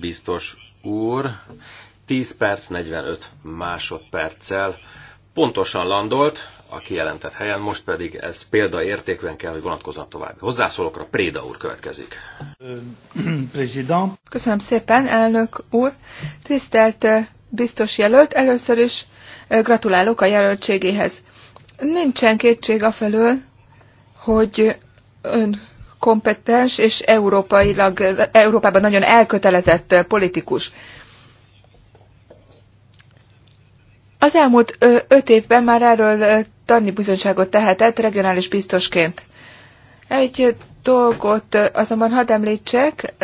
Biztos úr, 10 perc, 45 másodperccel pontosan landolt a kijelentett helyen, most pedig ez példaértékűen kell, hogy vonatkozzon tovább. Hozzászólokra Préda úr következik. Köszönöm szépen, elnök úr. Tisztelt biztos jelölt, először is gratulálok a jelöltségéhez. Nincsen kétség felől, hogy ön kompetens és európailag, Európában nagyon elkötelezett politikus. Az elmúlt öt évben már erről tanni bizonyságot tehetett regionális biztosként. Egy dolgot azonban hadd említsek,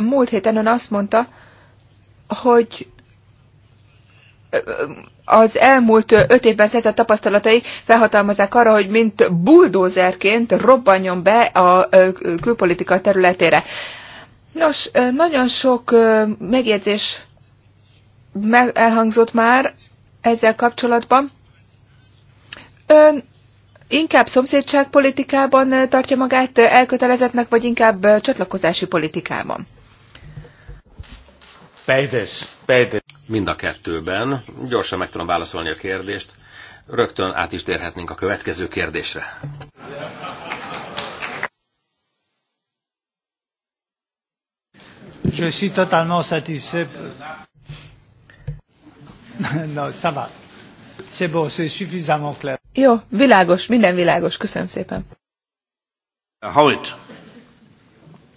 múlt héten ön azt mondta, hogy az elmúlt öt évben szerzett tapasztalatai felhatalmazák arra, hogy mint buldózerként robbanjon be a külpolitika területére. Nos, nagyon sok megjegyzés elhangzott már ezzel kapcsolatban. Ön inkább szomszédságpolitikában tartja magát elkötelezettnek, vagy inkább csatlakozási politikában? Pejdes, pejdes. Mind a kettőben. Gyorsan meg tudom válaszolni a kérdést. Rögtön át is térhetnénk a következő kérdésre. Je suis totalement satisfait. non, ça va. C'est bon, c'est suffisamment clair. Jó, világos, minden világos, köszönöm szépen. Hold.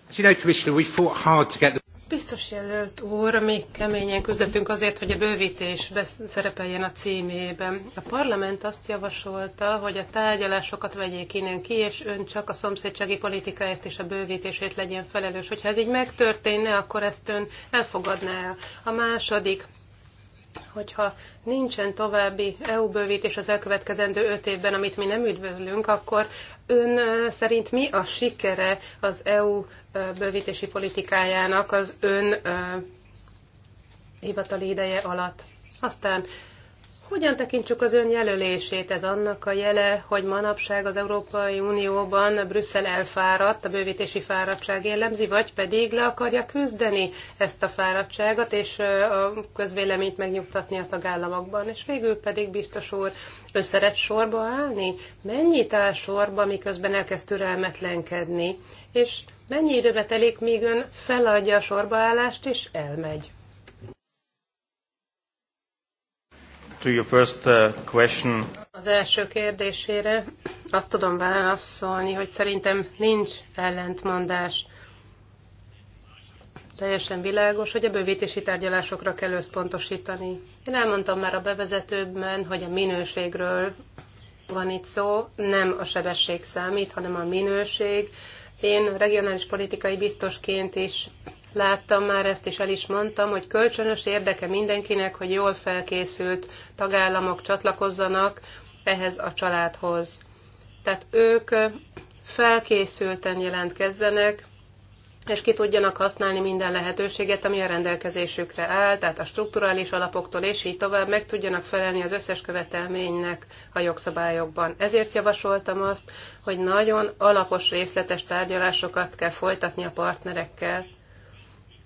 As you know, Commissioner, we fought hard to get the Biztos jelölt úr, mi keményen küzdöttünk azért, hogy a bővítés szerepeljen a címében. A parlament azt javasolta, hogy a tárgyalásokat vegyék innen ki, és ön csak a szomszédsági politikáért és a bővítését legyen felelős. Hogyha ez így megtörténne, akkor ezt ön elfogadná el. A második hogyha nincsen további EU bővítés az elkövetkezendő öt évben, amit mi nem üdvözlünk, akkor Ön szerint mi a sikere az EU bővítési politikájának az ön hivatali ideje alatt? Aztán hogyan tekintsük az ön jelölését? Ez annak a jele, hogy manapság az Európai Unióban Brüsszel elfáradt, a bővítési fáradtság jellemzi, vagy pedig le akarja küzdeni ezt a fáradtságot, és a közvéleményt megnyugtatni a tagállamokban. És végül pedig biztos úr, ön szeret sorba állni? Mennyit áll sorba, miközben elkezd türelmetlenkedni? És mennyi időbe telik, míg ön feladja a sorbaállást és elmegy? to your first uh, question. Az első kérdésére azt tudom válaszolni, hogy szerintem nincs ellentmondás. Teljesen világos, hogy a bővítési tárgyalásokra kell összpontosítani. Én elmondtam már a bevezetőben, hogy a minőségről van itt szó, nem a sebesség számít, hanem a minőség. Én regionális politikai biztosként is láttam már ezt, és el is mondtam, hogy kölcsönös érdeke mindenkinek, hogy jól felkészült tagállamok csatlakozzanak ehhez a családhoz. Tehát ők felkészülten jelentkezzenek, és ki tudjanak használni minden lehetőséget, ami a rendelkezésükre áll, tehát a strukturális alapoktól és így tovább meg tudjanak felelni az összes követelménynek a jogszabályokban. Ezért javasoltam azt, hogy nagyon alapos, részletes tárgyalásokat kell folytatni a partnerekkel.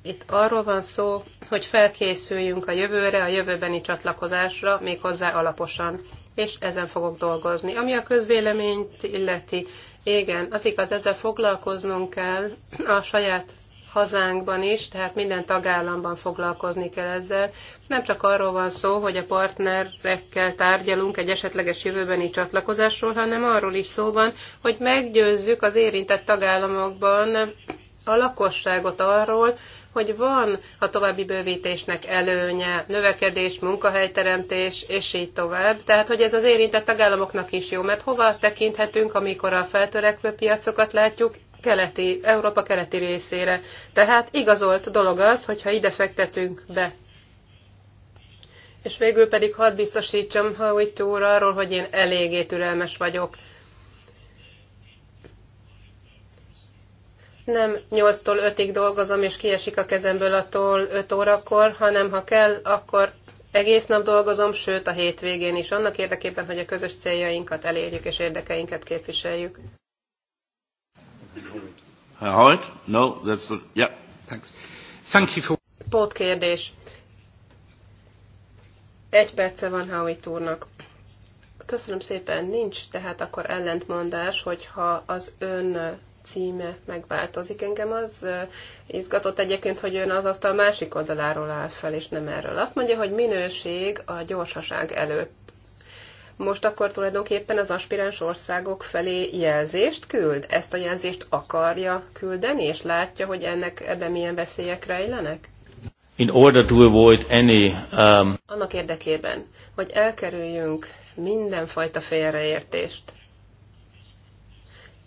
Itt arról van szó, hogy felkészüljünk a jövőre, a jövőbeni csatlakozásra, méghozzá alaposan, és ezen fogok dolgozni. Ami a közvéleményt illeti, igen, az igaz, ezzel foglalkoznunk kell a saját hazánkban is, tehát minden tagállamban foglalkozni kell ezzel. Nem csak arról van szó, hogy a partnerekkel tárgyalunk egy esetleges jövőbeni csatlakozásról, hanem arról is szó van, hogy meggyőzzük az érintett tagállamokban a lakosságot arról, hogy van a további bővítésnek előnye, növekedés, munkahelyteremtés, és így tovább. Tehát, hogy ez az érintett tagállamoknak is jó, mert hova tekinthetünk, amikor a feltörekvő piacokat látjuk, keleti, Európa keleti részére. Tehát igazolt dolog az, hogyha ide fektetünk be. És végül pedig hadd biztosítsam úgy túl arról, hogy én eléggé türelmes vagyok nem 8-tól 5-ig dolgozom, és kiesik a kezemből a toll 5 órakor, hanem ha kell, akkor egész nap dolgozom, sőt a hétvégén is, annak érdekében, hogy a közös céljainkat elérjük és érdekeinket képviseljük. No, that's not... Yeah. Thanks. Thank you for... Pót kérdés. Egy perce van Howie Túrnak. Köszönöm szépen, nincs tehát akkor ellentmondás, hogyha az ön címe megváltozik. Engem az izgatott egyébként, hogy ön az asztal másik oldaláról áll fel, és nem erről. Azt mondja, hogy minőség a gyorsaság előtt. Most akkor tulajdonképpen az aspiráns országok felé jelzést küld? Ezt a jelzést akarja küldeni, és látja, hogy ennek ebben milyen veszélyek rejlenek? In order to avoid any, um... Annak érdekében, hogy elkerüljünk mindenfajta félreértést,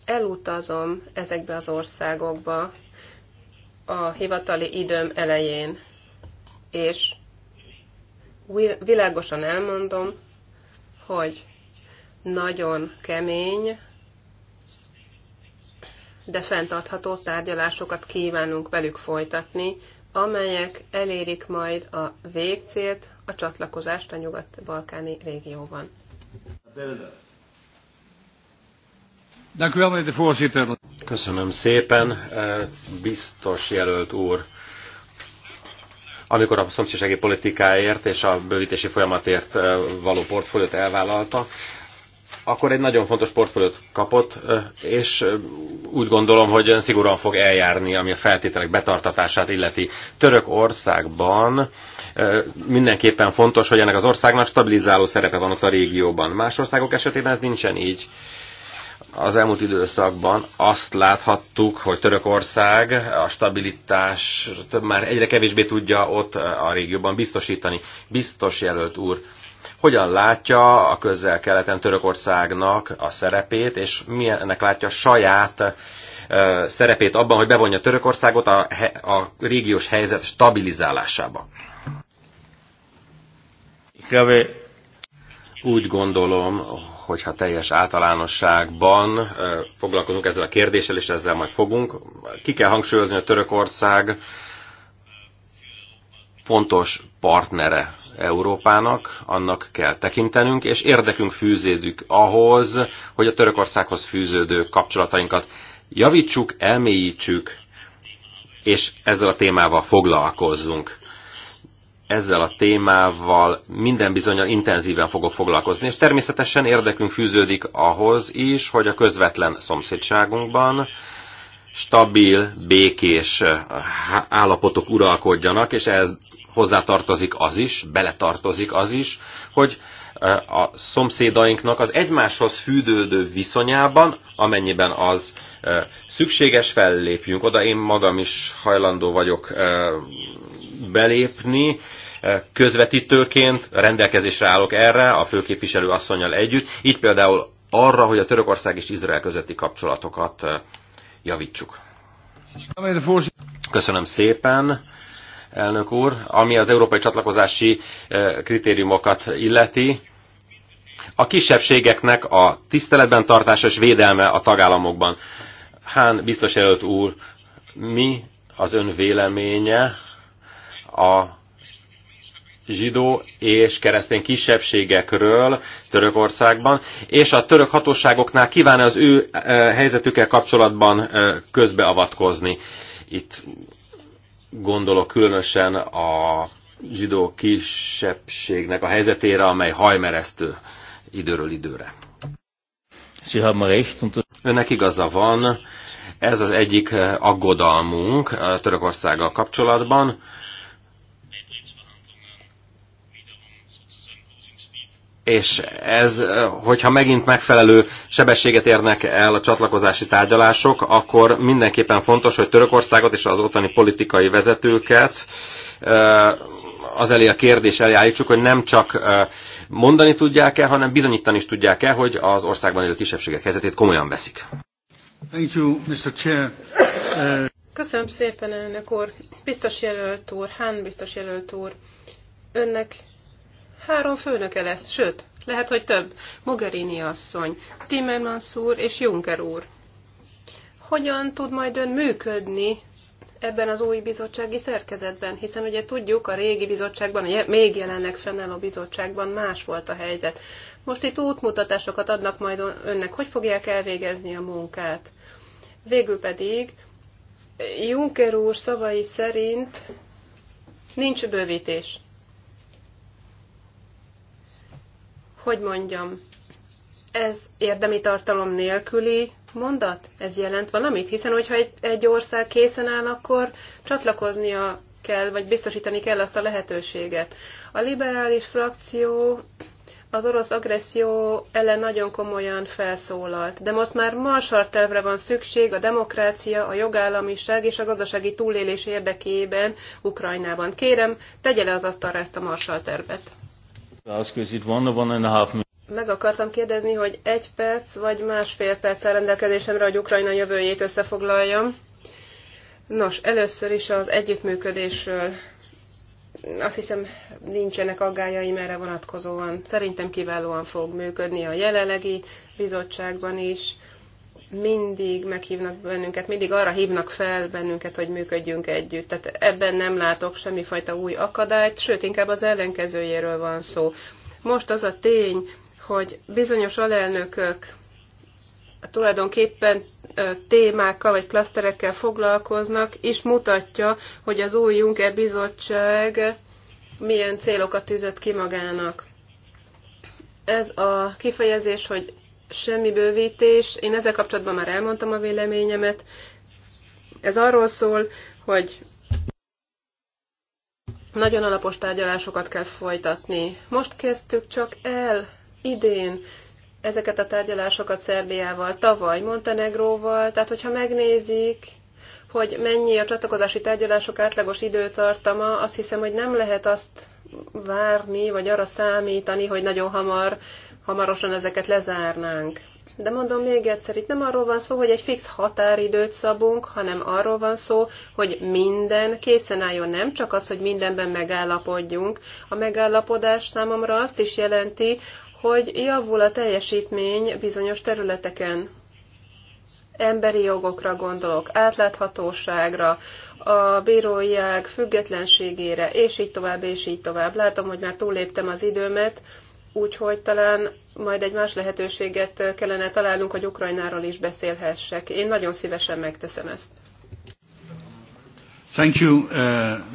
elutazom ezekbe az országokba a hivatali időm elején, és világosan elmondom, hogy nagyon kemény, de fenntartható tárgyalásokat kívánunk velük folytatni, amelyek elérik majd a végcélt, a csatlakozást a nyugat-balkáni régióban. Köszönöm szépen, eh, biztos jelölt úr. Amikor a szomszédsági politikáért és a bővítési folyamatért eh, való portfóliót elvállalta, akkor egy nagyon fontos portfóliót kapott, eh, és úgy gondolom, hogy ön szigorúan fog eljárni, ami a feltételek betartatását illeti. Törökországban mindenképpen fontos, hogy ennek az országnak stabilizáló szerepe van ott a régióban. Más országok esetében ez nincsen így az elmúlt időszakban azt láthattuk, hogy Törökország a stabilitás több már egyre kevésbé tudja ott a régióban biztosítani. Biztos jelölt úr, hogyan látja a közel-keleten Törökországnak a szerepét, és milyennek látja saját szerepét abban, hogy bevonja Törökországot a, a régiós helyzet stabilizálásába? Úgy gondolom, hogyha teljes általánosságban foglalkozunk ezzel a kérdéssel, és ezzel majd fogunk. Ki kell hangsúlyozni, hogy Törökország fontos partnere Európának, annak kell tekintenünk, és érdekünk fűződük ahhoz, hogy a Törökországhoz fűződő kapcsolatainkat javítsuk, elmélyítsük, és ezzel a témával foglalkozzunk ezzel a témával minden bizonyal intenzíven fogok foglalkozni, és természetesen érdekünk fűződik ahhoz is, hogy a közvetlen szomszédságunkban stabil, békés állapotok uralkodjanak, és ehhez hozzátartozik az is, beletartozik az is, hogy e, a szomszédainknak az egymáshoz fűdődő viszonyában, amennyiben az e, szükséges, fellépjünk oda. Én magam is hajlandó vagyok e, belépni, eh, közvetítőként rendelkezésre állok erre a főképviselő asszonyal együtt, így például arra, hogy a Törökország és Izrael közötti kapcsolatokat eh, javítsuk. Köszönöm szépen, elnök úr. Ami az európai csatlakozási eh, kritériumokat illeti, a kisebbségeknek a tiszteletben tartása és védelme a tagállamokban. Hán biztos előtt úr, mi az ön véleménye a zsidó és keresztény kisebbségekről Törökországban, és a török hatóságoknál kíván az ő eh, helyzetükkel kapcsolatban eh, közbeavatkozni. Itt gondolok különösen a zsidó kisebbségnek a helyzetére, amely hajmeresztő időről időre. Önnek igaza van, ez az egyik eh, aggodalmunk Törökországgal kapcsolatban, és ez, hogyha megint megfelelő sebességet érnek el a csatlakozási tárgyalások, akkor mindenképpen fontos, hogy Törökországot és az ottani politikai vezetőket eh, az elé a kérdés elé állítsuk, hogy nem csak eh, mondani tudják-e, hanem bizonyítani is tudják-e, hogy az országban élő kisebbségek helyzetét komolyan veszik. Thank you, Mr. Chair. Uh... Köszönöm szépen, önök úr. Biztos jelölt úr, Hán biztos jelölt úr. Önnek Három főnöke lesz, sőt, lehet, hogy több. Mogherini asszony, Timmermans úr és Juncker úr. Hogyan tud majd ön működni ebben az új bizottsági szerkezetben, hiszen ugye tudjuk, a régi bizottságban, a még jelenleg fennálló bizottságban más volt a helyzet. Most itt útmutatásokat adnak majd önnek, hogy fogják elvégezni a munkát. Végül pedig Juncker úr szavai szerint nincs bővítés. hogy mondjam, ez érdemi tartalom nélküli mondat? Ez jelent valamit? Hiszen, hogyha egy, egy ország készen áll, akkor csatlakoznia kell, vagy biztosítani kell azt a lehetőséget. A liberális frakció az orosz agresszió ellen nagyon komolyan felszólalt. De most már marsartelvre van szükség a demokrácia, a jogállamiság és a gazdasági túlélés érdekében Ukrajnában. Kérem, tegye le az asztalra ezt a marsaltervet. Meg akartam kérdezni, hogy egy perc vagy másfél perc a rendelkezésemre, hogy Ukrajna jövőjét összefoglaljam. Nos, először is az együttműködésről. Azt hiszem, nincsenek aggájaim erre vonatkozóan. Szerintem kiválóan fog működni a jelenlegi bizottságban is mindig meghívnak bennünket, mindig arra hívnak fel bennünket, hogy működjünk együtt. Tehát ebben nem látok semmifajta új akadályt, sőt, inkább az ellenkezőjéről van szó. Most az a tény, hogy bizonyos alelnökök tulajdonképpen témákkal vagy klaszterekkel foglalkoznak, és mutatja, hogy az új Juncker bizottság milyen célokat tűzött ki magának. Ez a kifejezés, hogy semmi bővítés. Én ezzel kapcsolatban már elmondtam a véleményemet. Ez arról szól, hogy nagyon alapos tárgyalásokat kell folytatni. Most kezdtük csak el, idén, ezeket a tárgyalásokat Szerbiával, tavaly Montenegróval, tehát hogyha megnézik, hogy mennyi a csatlakozási tárgyalások átlagos időtartama, azt hiszem, hogy nem lehet azt várni, vagy arra számítani, hogy nagyon hamar hamarosan ezeket lezárnánk. De mondom még egyszer, itt nem arról van szó, hogy egy fix határidőt szabunk, hanem arról van szó, hogy minden készen álljon, nem csak az, hogy mindenben megállapodjunk. A megállapodás számomra azt is jelenti, hogy javul a teljesítmény bizonyos területeken. Emberi jogokra gondolok, átláthatóságra, a bíróiág függetlenségére, és így tovább, és így tovább. Látom, hogy már túléptem az időmet, úgyhogy talán majd egy más lehetőséget kellene találnunk, hogy Ukrajnáról is beszélhessek. Én nagyon szívesen megteszem ezt. Thank you, uh,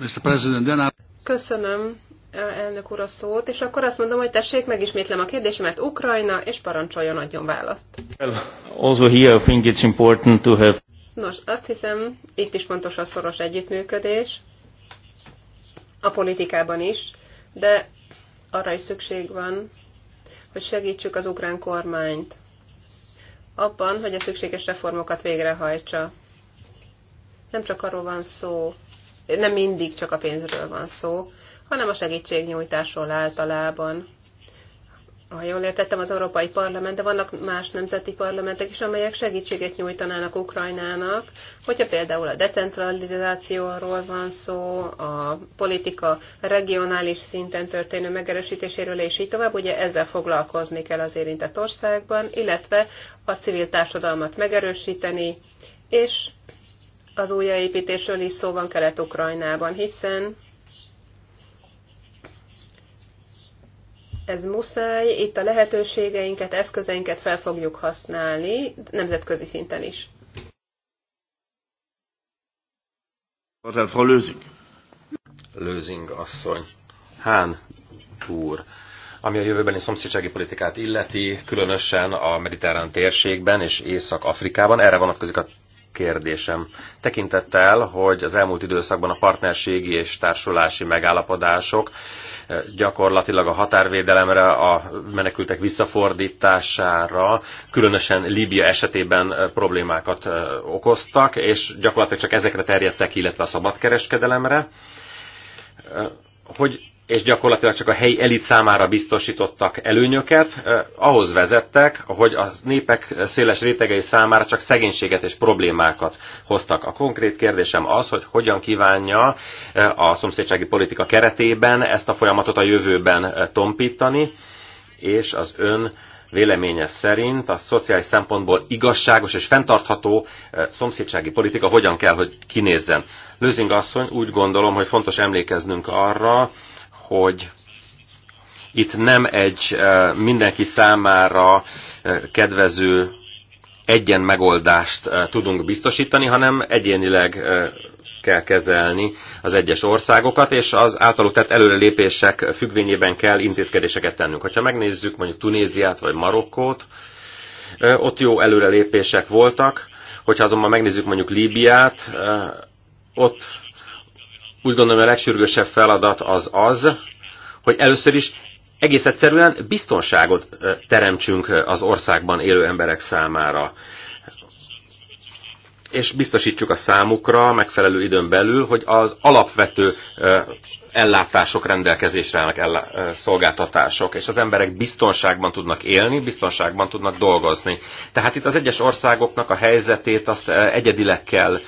Mr. President. Then I... Köszönöm, uh, elnök úr, a szót, és akkor azt mondom, hogy tessék, megismétlem a kérdésemet, Ukrajna, és parancsoljon, adjon választ. Well, also here I think it's important to have... Nos, azt hiszem, itt is fontos a szoros együttműködés, a politikában is, de arra is szükség van, hogy segítsük az ukrán kormányt abban, hogy a szükséges reformokat végrehajtsa. Nem csak arról van szó, nem mindig csak a pénzről van szó, hanem a segítségnyújtásról általában ha jól értettem, az Európai Parlament, de vannak más nemzeti parlamentek is, amelyek segítséget nyújtanának Ukrajnának, hogyha például a decentralizációról van szó, a politika regionális szinten történő megerősítéséről, és így tovább, ugye ezzel foglalkozni kell az érintett országban, illetve a civil társadalmat megerősíteni, és az újjáépítésről is szó van Kelet-Ukrajnában, hiszen ez muszáj, itt a lehetőségeinket, eszközeinket fel fogjuk használni nemzetközi szinten is. Lőzing. Lőzing asszony. Hán úr ami a jövőbeni szomszédsági politikát illeti, különösen a mediterrán térségben és Észak-Afrikában. Erre vonatkozik a kérdésem. Tekintettel, hogy az elmúlt időszakban a partnerségi és társulási megállapodások eh, gyakorlatilag a határvédelemre, a menekültek visszafordítására, különösen Líbia esetében eh, problémákat eh, okoztak, és gyakorlatilag csak ezekre terjedtek, illetve a szabadkereskedelemre. Hogy és gyakorlatilag csak a helyi elit számára biztosítottak előnyöket, eh, ahhoz vezettek, hogy a népek széles rétegei számára csak szegénységet és problémákat hoztak. A konkrét kérdésem az, hogy hogyan kívánja eh, a szomszédsági politika keretében ezt a folyamatot a jövőben eh, tompítani, és az ön véleménye szerint a szociális szempontból igazságos és fenntartható szomszédsági politika hogyan kell, hogy kinézzen. Lőzing asszony, úgy gondolom, hogy fontos emlékeznünk arra, hogy itt nem egy eh, mindenki számára eh, kedvező egyen megoldást eh, tudunk biztosítani, hanem egyénileg kell kezelni az egyes országokat, és az általuk tett előrelépések függvényében kell intézkedéseket tennünk. Ha megnézzük mondjuk Tunéziát vagy Marokkót, ott jó előrelépések voltak, hogyha azonban megnézzük mondjuk Líbiát, ott úgy gondolom, a legsürgősebb feladat az az, hogy először is egész egyszerűen biztonságot teremtsünk az országban élő emberek számára és biztosítsuk a számukra megfelelő időn belül, hogy az alapvető ellátások rendelkezésre állnak, szolgáltatások, és az emberek biztonságban tudnak élni, biztonságban tudnak dolgozni. Tehát itt az egyes országoknak a helyzetét azt egyedileg kell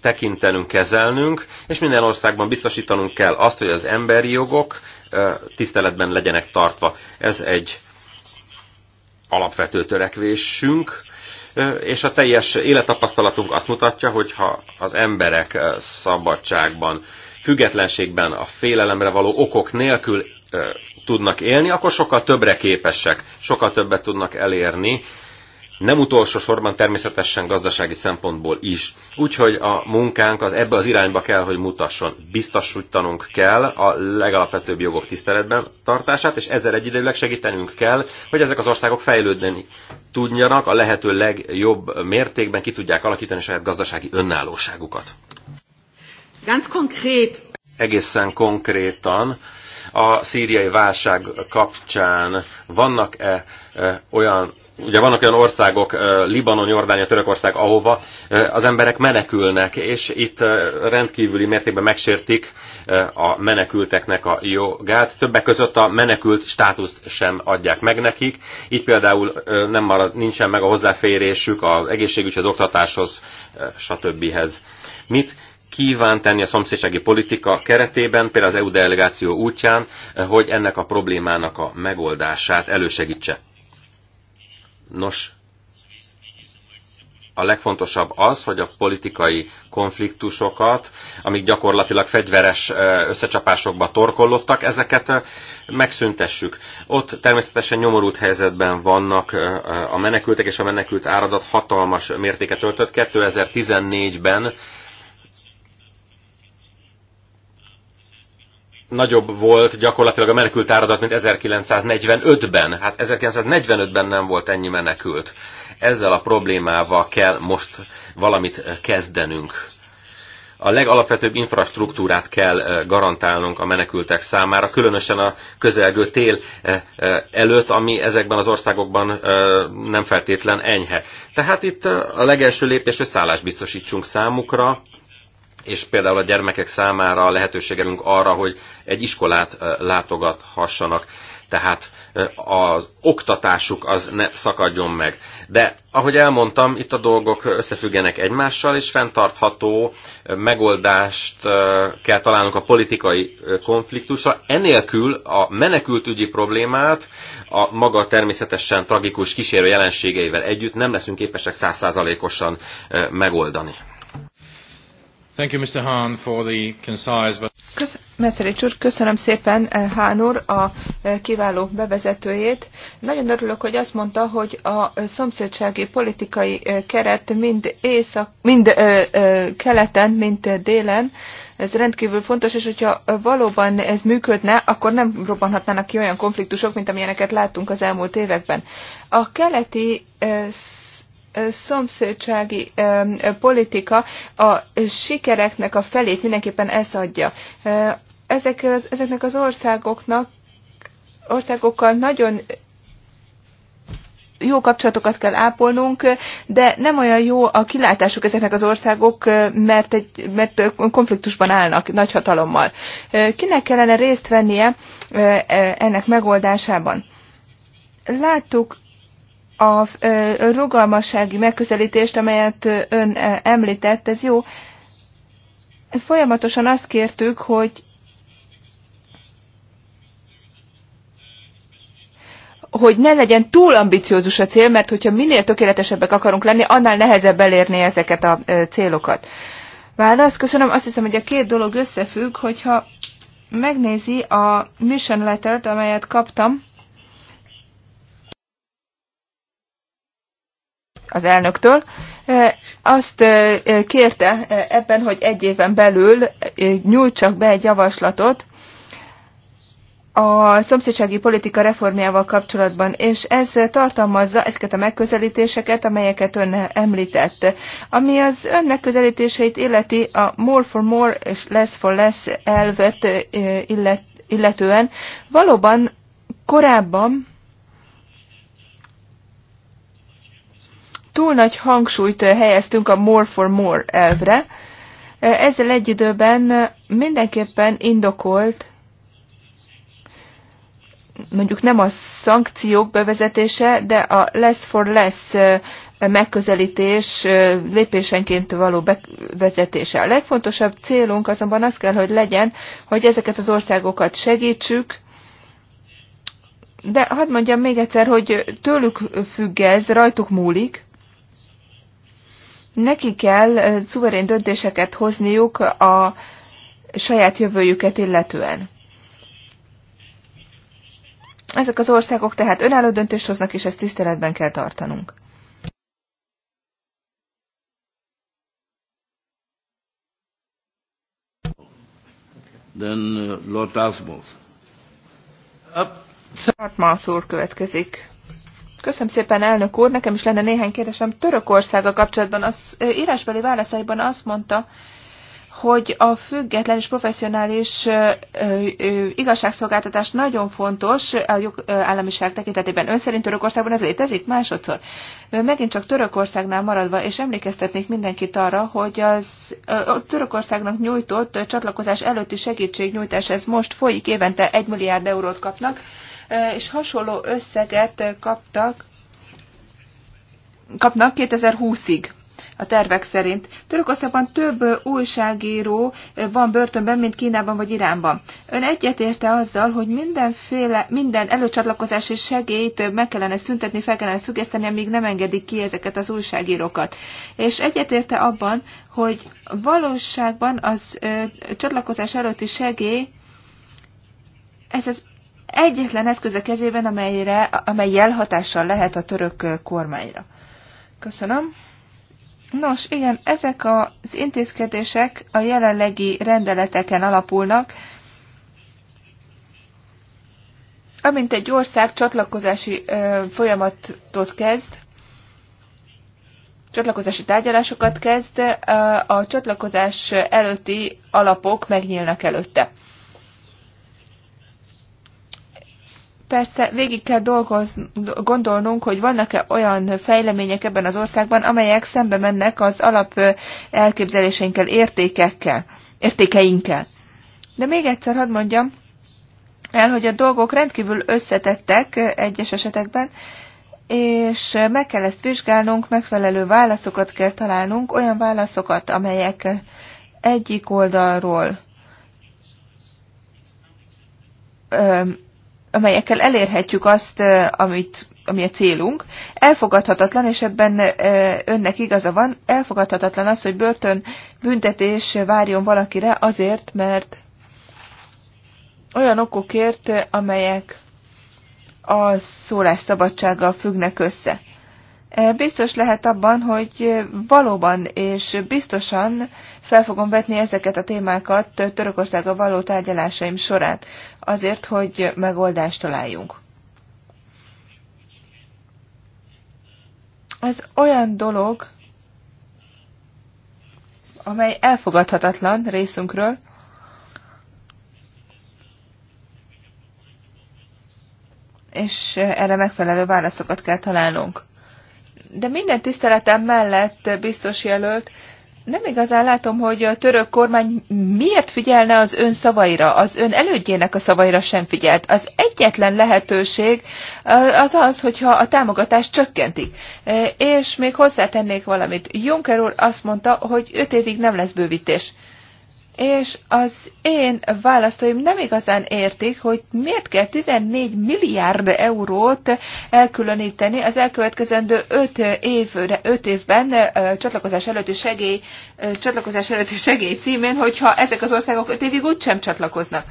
tekintenünk, kezelnünk, és minden országban biztosítanunk kell azt, hogy az emberi jogok tiszteletben legyenek tartva. Ez egy alapvető törekvésünk, és a teljes élettapasztalatunk azt mutatja, hogy ha az emberek szabadságban, függetlenségben, a félelemre való okok nélkül tudnak élni, akkor sokkal többre képesek, sokkal többet tudnak elérni, nem utolsó sorban természetesen gazdasági szempontból is. Úgyhogy a munkánk az ebbe az irányba kell, hogy mutasson. Biztosítanunk kell a legalapvetőbb jogok tiszteletben tartását, és ezzel egyidejűleg segítenünk kell, hogy ezek az országok fejlődni tudjanak, a lehető legjobb mértékben ki tudják alakítani saját gazdasági önállóságukat. Ganz konkrét. Egészen konkrétan a szíriai válság kapcsán vannak-e olyan ugye vannak olyan országok, Libanon, Jordánia, Törökország, ahova az emberek menekülnek, és itt rendkívüli mértékben megsértik a menekülteknek a jogát. Többek között a menekült státuszt sem adják meg nekik. Itt például nem marad, nincsen meg a hozzáférésük az egészségügyhez, az oktatáshoz, stb. Mit kíván tenni a szomszédsági politika keretében, például az EU delegáció útján, hogy ennek a problémának a megoldását elősegítse? Nos, a legfontosabb az, hogy a politikai konfliktusokat, amik gyakorlatilag fegyveres összecsapásokba torkollottak, ezeket megszüntessük. Ott természetesen nyomorult helyzetben vannak a menekültek, és a menekült áradat hatalmas mértéket öltött. 2014-ben nagyobb volt gyakorlatilag a menekült áradat, mint 1945-ben. Hát 1945-ben nem volt ennyi menekült. Ezzel a problémával kell most valamit kezdenünk. A legalapvetőbb infrastruktúrát kell eh, garantálnunk a menekültek számára, különösen a közelgő tél eh, eh, előtt, ami ezekben az országokban nem feltétlen enyhe. Tehát itt a legelső lépés, hogy szállást biztosítsunk számukra, és például a gyermekek számára lehetőségelünk arra, hogy egy iskolát látogathassanak. Tehát az oktatásuk az ne szakadjon meg. De ahogy elmondtam, itt a dolgok összefüggenek egymással, és fenntartható megoldást kell találnunk a politikai konfliktusra. Enélkül a menekültügyi problémát a maga természetesen tragikus kísérő jelenségeivel együtt nem leszünk képesek százszázalékosan megoldani úr, köszönöm szépen Hán eh, úr a eh, kiváló bevezetőjét. Nagyon örülök, hogy azt mondta, hogy a eh, szomszédsági politikai keret mind, észak, mind ö, ö, keleten, mind délen, ez rendkívül fontos, és hogyha valóban ez működne, akkor nem robbanhatnának ki olyan konfliktusok, mint amilyeneket láttunk az elmúlt években. A keleti szomszédsági politika a sikereknek a felét mindenképpen ez adja. Ezek, ezeknek az országoknak, országokkal nagyon jó kapcsolatokat kell ápolnunk, de nem olyan jó a kilátásuk ezeknek az országok, mert, egy, mert konfliktusban állnak nagy hatalommal. Kinek kellene részt vennie e, ennek megoldásában? Láttuk a rugalmassági megközelítést, amelyet ön említett, ez jó. Folyamatosan azt kértük, hogy hogy ne legyen túl ambiciózus a cél, mert hogyha minél tökéletesebbek akarunk lenni, annál nehezebb elérni ezeket a célokat. Válasz, köszönöm. Azt hiszem, hogy a két dolog összefügg, hogyha megnézi a mission lettert, amelyet kaptam, az elnöktől, azt kérte ebben, hogy egy éven belül nyújtsak be egy javaslatot a szomszédsági politika reformjával kapcsolatban, és ez tartalmazza ezeket a megközelítéseket, amelyeket ön említett. Ami az ön megközelítéseit illeti, a more for more és less for less elvet illetően valóban korábban túl nagy hangsúlyt eh, helyeztünk a more for more elvre, eh, ezzel egy időben eh, mindenképpen indokolt mondjuk nem a szankciók bevezetése, de a less for less megközelítés lépésenként való bevezetése. A legfontosabb célunk azonban az kell, hogy legyen, hogy ezeket az országokat segítsük, de hadd mondjam még egyszer, hogy tőlük függ ez, rajtuk múlik, Neki kell szuverén döntéseket hozniuk a saját jövőjüket illetően. Ezek az országok tehát önálló döntést hoznak, és ezt tiszteletben kell tartanunk. Then uh, Lord Asmus. Uh, Lord úr következik. Köszönöm szépen, elnök úr. Nekem is lenne néhány kérdésem a kapcsolatban. Az írásbeli válaszaiban azt mondta, hogy a független és professzionális igazságszolgáltatás nagyon fontos a államiság tekintetében. Ön szerint Törökországban ez létezik másodszor? Megint csak Törökországnál maradva, és emlékeztetnék mindenkit arra, hogy az a Törökországnak nyújtott csatlakozás előtti segítségnyújtás, ez most folyik, évente egy milliárd eurót kapnak és hasonló összeget kaptak, kapnak 2020-ig a tervek szerint. Törökországban több újságíró van börtönben, mint Kínában vagy Iránban. Ön egyetérte azzal, hogy mindenféle, minden előcsatlakozási segélyt meg kellene szüntetni, fel kellene függeszteni, amíg nem engedik ki ezeket az újságírókat. És egyetérte abban, hogy valóságban az ö, csatlakozás előtti segély ez az egyetlen eszköz a kezében, amelyre, amely jelhatással lehet a török kormányra. Köszönöm. Nos, igen, ezek az intézkedések a jelenlegi rendeleteken alapulnak, amint egy ország csatlakozási ö, folyamatot kezd, csatlakozási tárgyalásokat kezd, a csatlakozás előtti alapok megnyílnak előtte. Persze végig kell dolgoz, gondolnunk, hogy vannak-e olyan fejlemények ebben az országban, amelyek szembe mennek az alap elképzeléseinkkel, értékekkel, értékeinkkel. De még egyszer hadd mondjam el, hogy a dolgok rendkívül összetettek egyes esetekben, és meg kell ezt vizsgálnunk, megfelelő válaszokat kell találnunk, olyan válaszokat, amelyek egyik oldalról amelyekkel elérhetjük azt, amit, ami a célunk. Elfogadhatatlan, és ebben önnek igaza van, elfogadhatatlan az, hogy börtön büntetés várjon valakire azért, mert olyan okokért, amelyek a szólásszabadsággal függnek össze. Biztos lehet abban, hogy valóban és biztosan fel fogom vetni ezeket a témákat a való tárgyalásaim során, azért, hogy megoldást találjunk. Ez olyan dolog, amely elfogadhatatlan részünkről, és erre megfelelő válaszokat kell találnunk. De minden tiszteletem mellett, biztos jelölt, nem igazán látom, hogy a török kormány miért figyelne az ön szavaira, az ön elődjének a szavaira sem figyelt. Az egyetlen lehetőség az az, hogyha a támogatást csökkentik. És még hozzátennék valamit. Juncker úr azt mondta, hogy öt évig nem lesz bővítés és az én választóim nem igazán értik, hogy miért kell 14 milliárd eurót elkülöníteni az elkövetkezendő 5 évre, 5 évben csatlakozás előtti segély, csatlakozás előtti segély címén, hogyha ezek az országok 5 évig úgysem csatlakoznak.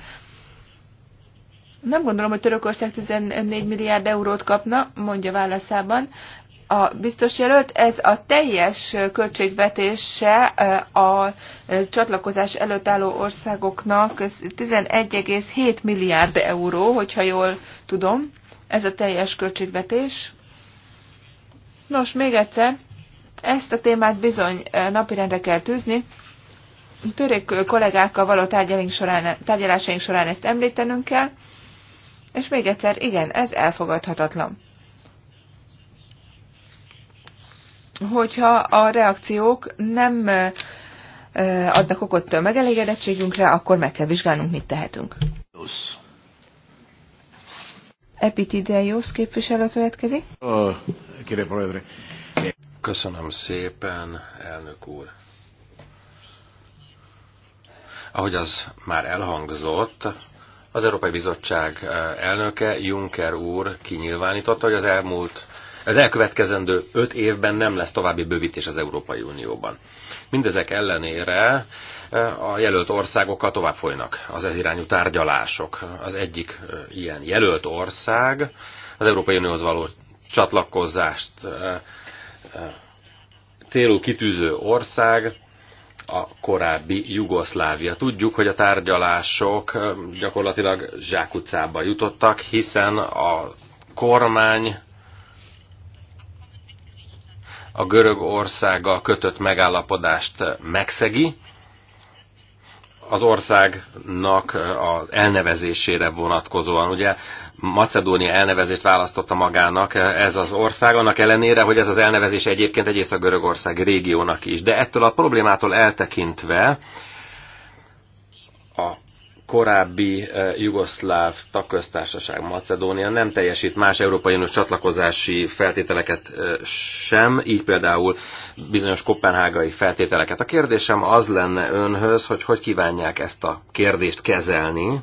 Nem gondolom, hogy Törökország 14 milliárd eurót kapna, mondja válaszában a biztos jelölt, ez a teljes költségvetése eh, a eh, csatlakozás előtt álló országoknak 11,7 milliárd euró, hogyha jól tudom, ez a teljes költségvetés. Nos, még egyszer, ezt a témát bizony eh, napirendre kell tűzni. Törék kollégákkal való során, tárgyalásaink során ezt említenünk kell. És még egyszer, igen, ez elfogadhatatlan. hogyha a reakciók nem adnak okot megelégedettségünkre, akkor meg kell vizsgálnunk, mit tehetünk. Epitideios képviselő következik. Köszönöm szépen, elnök úr. Ahogy az már elhangzott, az Európai Bizottság elnöke Juncker úr kinyilvánította, hogy az elmúlt az elkövetkezendő öt évben nem lesz további bővítés az Európai Unióban. Mindezek ellenére e, a jelölt országokkal tovább folynak az ez irányú tárgyalások. Az egyik e, ilyen jelölt ország az Európai Unióhoz való csatlakozást célú e, kitűző ország, a korábbi Jugoszlávia. Tudjuk, hogy a tárgyalások gyakorlatilag zsákutcába jutottak, hiszen a kormány a görög országgal kötött megállapodást megszegi, az országnak az elnevezésére vonatkozóan. Ugye Macedónia elnevezést választotta magának ez az ország, annak ellenére, hogy ez az elnevezés egyébként egy a Görögország régiónak is. De ettől a problémától eltekintve a korábbi eh, jugoszláv tagköztársaság Macedónia nem teljesít más Európai Uniós csatlakozási feltételeket eh, sem, így például bizonyos kopenhágai feltételeket. A kérdésem az lenne önhöz, hogy hogy kívánják ezt a kérdést kezelni,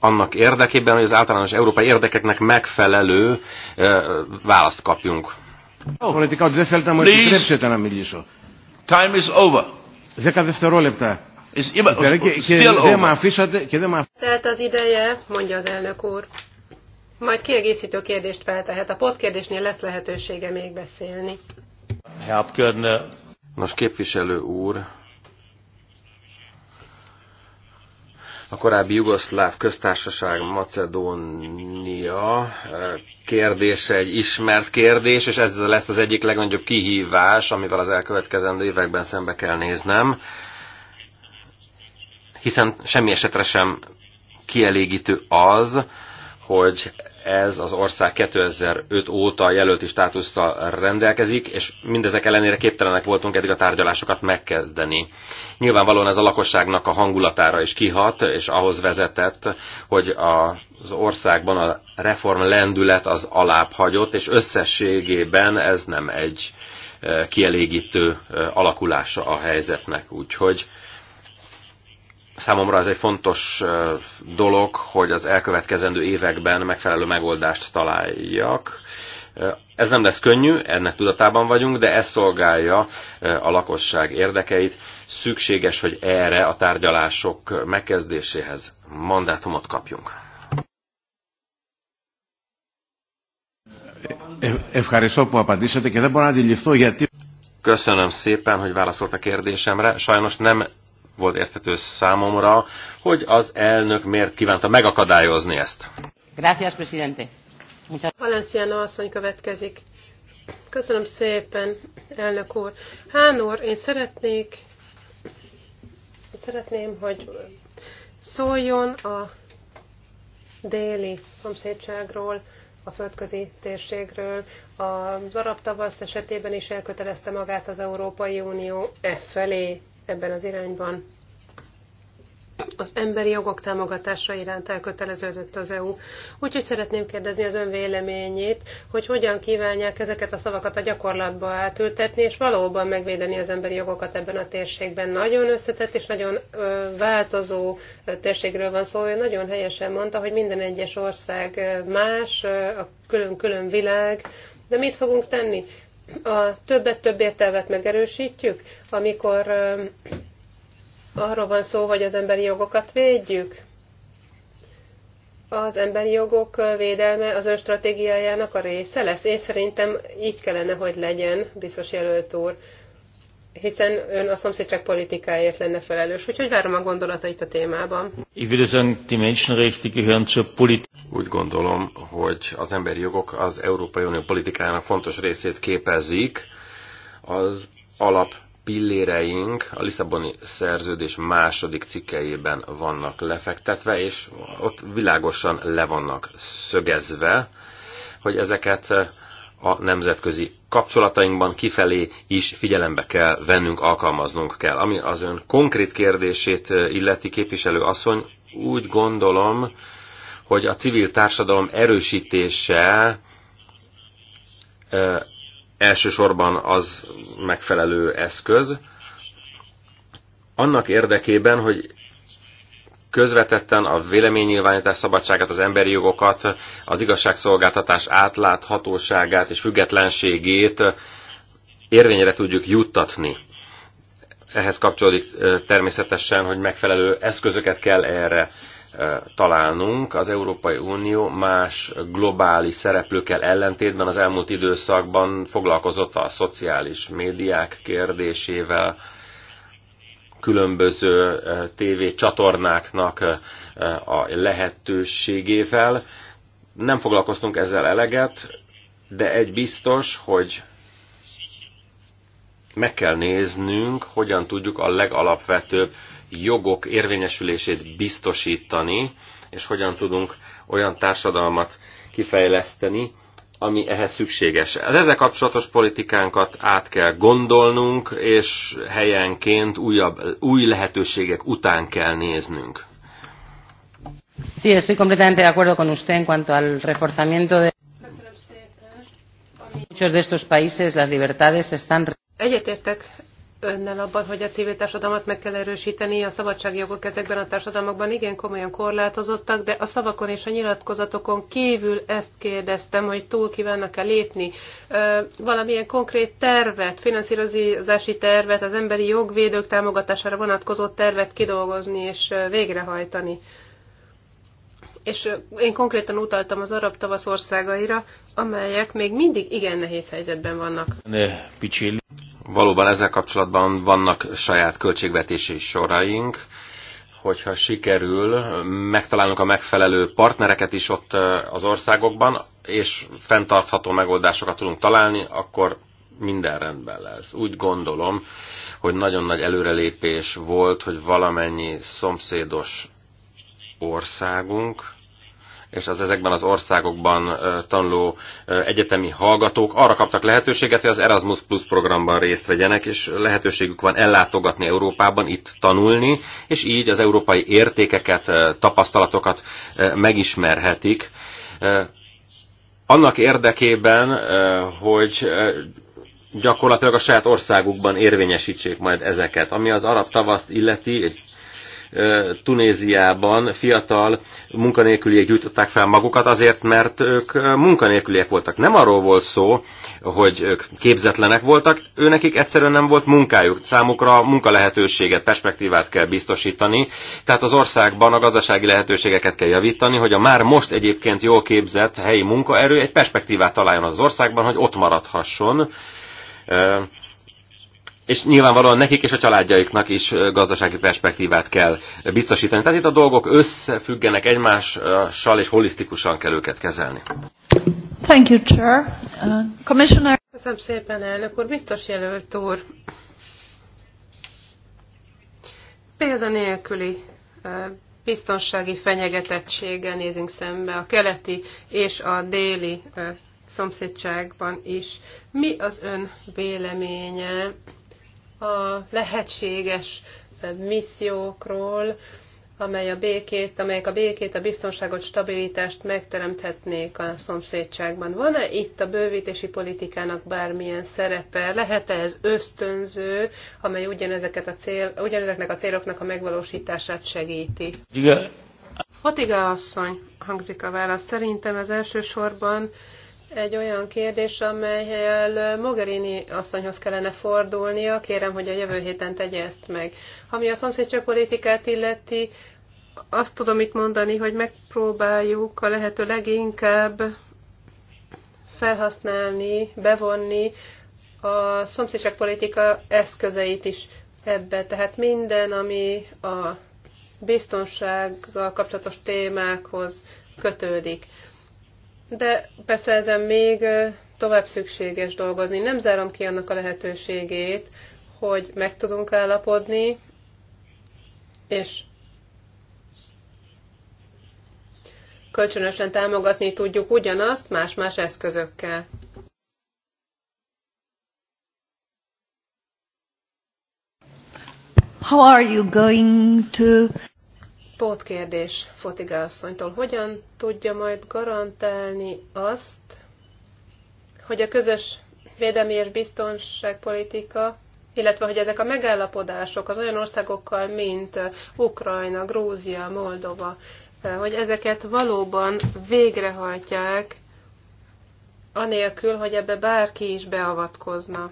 annak érdekében, hogy az általános európai érdekeknek megfelelő eh, választ kapjunk. Please, time is over. Δέκα δευτερόλεπτα. Tehát az ideje, mondja az elnök úr. Majd kiegészítő kérdést feltehet. A pótkérdésnél lesz lehetősége még beszélni. Nos, képviselő úr, a korábbi jugoszláv köztársaság Macedónia eh, kérdése egy ismert kérdés, és ez lesz az egyik legnagyobb kihívás, amivel az elkövetkezendő években szembe kell néznem, hiszen semmi esetre sem kielégítő az, hogy ez az ország 2005 óta jelölti státusztal rendelkezik, és mindezek ellenére képtelenek voltunk eddig a tárgyalásokat megkezdeni. Nyilvánvalóan ez a lakosságnak a hangulatára is kihat, és ahhoz vezetett, hogy az országban a reform lendület az alább hagyott, és összességében ez nem egy eh, kielégítő eh, alakulása a helyzetnek. Úgyhogy Számomra ez egy fontos dolog, hogy az elkövetkezendő években megfelelő megoldást találjak. Ez nem lesz könnyű, ennek tudatában vagyunk, de ez szolgálja a lakosság érdekeit. Szükséges, hogy erre a tárgyalások megkezdéséhez mandátumot kapjunk. Köszönöm szépen, hogy válaszolt a kérdésemre. Sajnos nem volt érthető számomra, hogy az elnök miért kívánta megakadályozni ezt. Gracias, presidente. Valenciano asszony következik. Köszönöm szépen, elnök úr. Hán úr, én szeretnék, szeretném, hogy szóljon a déli szomszédságról, a földközi térségről. Az arab tavasz esetében is elkötelezte magát az Európai Unió e felé ebben az irányban. Az emberi jogok támogatása iránt elköteleződött az EU. Úgyhogy szeretném kérdezni az ön véleményét, hogy hogyan kívánják ezeket a szavakat a gyakorlatba átültetni, és valóban megvédeni az emberi jogokat ebben a térségben. Nagyon összetett és nagyon változó térségről van szó. Ő nagyon helyesen mondta, hogy minden egyes ország más, a külön-külön világ, de mit fogunk tenni? a többet több elvet megerősítjük, amikor arról van szó, hogy az emberi jogokat védjük. Az emberi jogok védelme az ön stratégiájának a része lesz. Én szerintem így kellene, hogy legyen, biztos jelölt úr hiszen ön a szomszédság politikáért lenne felelős, úgyhogy várom a gondolatait a témában. Úgy gondolom, hogy az emberi jogok az Európai Unió politikájának fontos részét képezik. Az alap pilléreink a Lisszaboni szerződés második cikkeiben vannak lefektetve, és ott világosan le vannak szögezve, hogy ezeket a nemzetközi kapcsolatainkban kifelé is figyelembe kell vennünk, alkalmaznunk kell. Ami az ön konkrét kérdését eh, illeti képviselő asszony, úgy gondolom, hogy a civil társadalom erősítése eh, elsősorban az megfelelő eszköz, annak érdekében, hogy közvetetten a véleménynyilvánítás szabadságát, az emberi jogokat, az igazságszolgáltatás átláthatóságát és függetlenségét érvényre tudjuk juttatni. Ehhez kapcsolódik természetesen, hogy megfelelő eszközöket kell erre találnunk. Az Európai Unió más globális szereplőkkel ellentétben az elmúlt időszakban foglalkozott a szociális médiák kérdésével, különböző eh, TV csatornáknak eh, a lehetőségével. Nem foglalkoztunk ezzel eleget, de egy biztos, hogy meg kell néznünk, hogyan tudjuk a legalapvetőbb jogok érvényesülését biztosítani, és hogyan tudunk olyan társadalmat kifejleszteni, ami ehhez szükséges. Az ezzel kapcsolatos politikánkat át kell gondolnunk, és helyenként újabb, új lehetőségek után kell néznünk. Sí, estoy completamente de acuerdo con usted en cuanto al reforzamiento de muchos de estos países las libertades están Egyetértek önnel abban, hogy a civil társadalmat meg kell erősíteni, a szabadságjogok ezekben a társadalmakban igen komolyan korlátozottak, de a szavakon és a nyilatkozatokon kívül ezt kérdeztem, hogy túl kívánnak-e lépni. Valamilyen konkrét tervet, finanszírozási tervet, az emberi jogvédők támogatására vonatkozó tervet kidolgozni és végrehajtani és én konkrétan utaltam az arab tavasz országaira, amelyek még mindig igen nehéz helyzetben vannak. Valóban ezzel kapcsolatban vannak saját költségvetési soraink, hogyha sikerül, megtalálunk a megfelelő partnereket is ott eh, az országokban, és fenntartható megoldásokat tudunk találni, akkor minden rendben lesz. Úgy gondolom, hogy nagyon nagy előrelépés volt, hogy valamennyi szomszédos országunk és az ezekben az országokban tanuló egyetemi hallgatók arra kaptak lehetőséget, hogy az Erasmus Plus programban részt vegyenek, és lehetőségük van ellátogatni Európában, itt tanulni, és így az európai értékeket, tapasztalatokat megismerhetik. Annak érdekében, hogy gyakorlatilag a saját országukban érvényesítsék majd ezeket. Ami az arab tavaszt illeti, egy Tunéziában fiatal munkanélküliek gyújtották fel magukat azért, mert ők munkanélküliek voltak. Nem arról volt szó, hogy ők képzetlenek voltak, őnekik egyszerűen nem volt munkájuk. Számukra munkalehetőséget, perspektívát kell biztosítani, tehát az országban a gazdasági lehetőségeket kell javítani, hogy a már most egyébként jól képzett helyi munkaerő egy perspektívát találjon az országban, hogy ott maradhasson és nyilvánvalóan nekik és a családjaiknak is gazdasági perspektívát kell biztosítani. Tehát itt a dolgok összefüggenek egymással, és holisztikusan kell őket kezelni. Thank you, Chair. Uh, Commissioner... Köszönöm szépen, elnök úr, biztos jelölt úr. Példanélküli biztonsági fenyegetettséggel nézünk szembe a keleti és a déli szomszédságban is. Mi az ön véleménye a lehetséges missziókról, amely a békét, amelyek a békét, a biztonságot, stabilitást megteremthetnék a szomszédságban. Van-e itt a bővítési politikának bármilyen szerepe? Lehet-e ez ösztönző, amely ugyanezeket a cél, ugyanezeknek a céloknak a megvalósítását segíti? Igen. Hatiga asszony, hangzik a válasz. Szerintem ez elsősorban egy olyan kérdés, amelyel Mogherini asszonyhoz kellene fordulnia. Kérem, hogy a jövő héten tegye ezt meg. Ami a politikát illeti, azt tudom itt mondani, hogy megpróbáljuk a lehető leginkább felhasználni, bevonni a politika eszközeit is ebbe. Tehát minden, ami a biztonsággal kapcsolatos témákhoz kötődik de persze ezen még tovább szükséges dolgozni. Nem zárom ki annak a lehetőségét, hogy meg tudunk állapodni, és kölcsönösen támogatni tudjuk ugyanazt más-más eszközökkel. How are you going to kérdés Fotiga asszonytól. Hogyan tudja majd garantálni azt, hogy a közös védelmi és biztonságpolitika, illetve hogy ezek a megállapodások az olyan országokkal, mint Ukrajna, Grúzia, Moldova, hogy ezeket valóban végrehajtják, anélkül, hogy ebbe bárki is beavatkozna.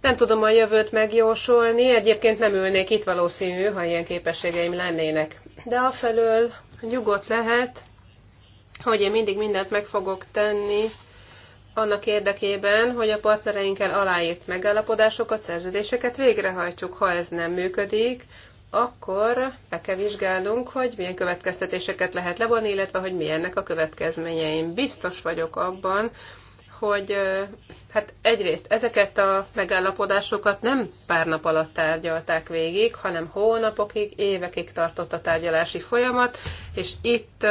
Nem tudom a jövőt megjósolni, egyébként nem ülnék itt valószínű, ha ilyen képességeim lennének. De afelől nyugodt lehet, hogy én mindig mindent meg fogok tenni annak érdekében, hogy a partnereinkkel aláírt megállapodásokat, szerződéseket végrehajtsuk. Ha ez nem működik, akkor be kell vizsgálnunk, hogy milyen következtetéseket lehet levonni, illetve hogy milyennek a következményeim. Biztos vagyok abban, hogy hát egyrészt ezeket a megállapodásokat nem pár nap alatt tárgyalták végig, hanem hónapokig, évekig tartott a tárgyalási folyamat, és itt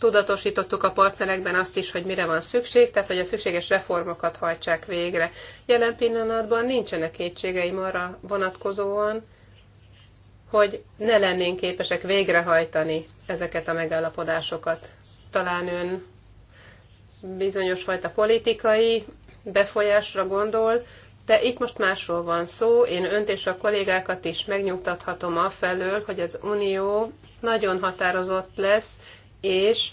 tudatosítottuk a partnerekben azt is, hogy mire van szükség, tehát hogy a szükséges reformokat hajtsák végre. Jelen pillanatban nincsenek kétségeim arra vonatkozóan, hogy ne lennénk képesek végrehajtani ezeket a megállapodásokat. Talán ön bizonyos fajta politikai befolyásra gondol, de itt most másról van szó, én önt és a kollégákat is megnyugtathatom afelől, hogy az Unió nagyon határozott lesz, és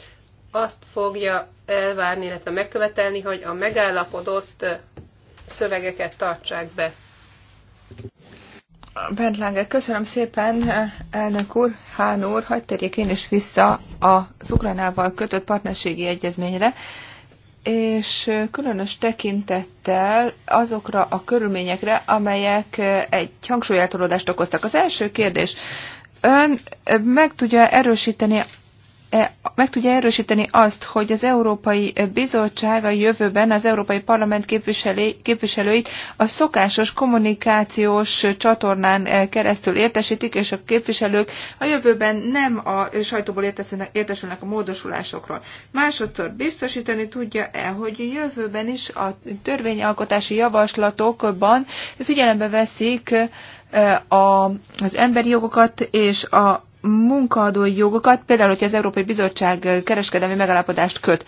azt fogja elvárni, illetve megkövetelni, hogy a megállapodott szövegeket tartsák be. Bent Lange, köszönöm szépen, elnök úr, Hán úr, hagyd térjek én is vissza az Ukránával kötött partnerségi egyezményre és különös tekintettel azokra a körülményekre, amelyek egy hangsúlyeltolódást okoztak. Az első kérdés, ön meg tudja erősíteni E, meg tudja erősíteni azt, hogy az Európai Bizottság a jövőben az Európai Parlament képviselőit a szokásos kommunikációs csatornán e, keresztül értesítik, és a képviselők a jövőben nem a sajtóból értesülnek, értesülnek a módosulásokról. Másodszor biztosítani tudja e hogy a jövőben is a törvényalkotási javaslatokban figyelembe veszik e, az emberi jogokat és a munkaadói jogokat, például, hogy az Európai Bizottság kereskedelmi megállapodást köt.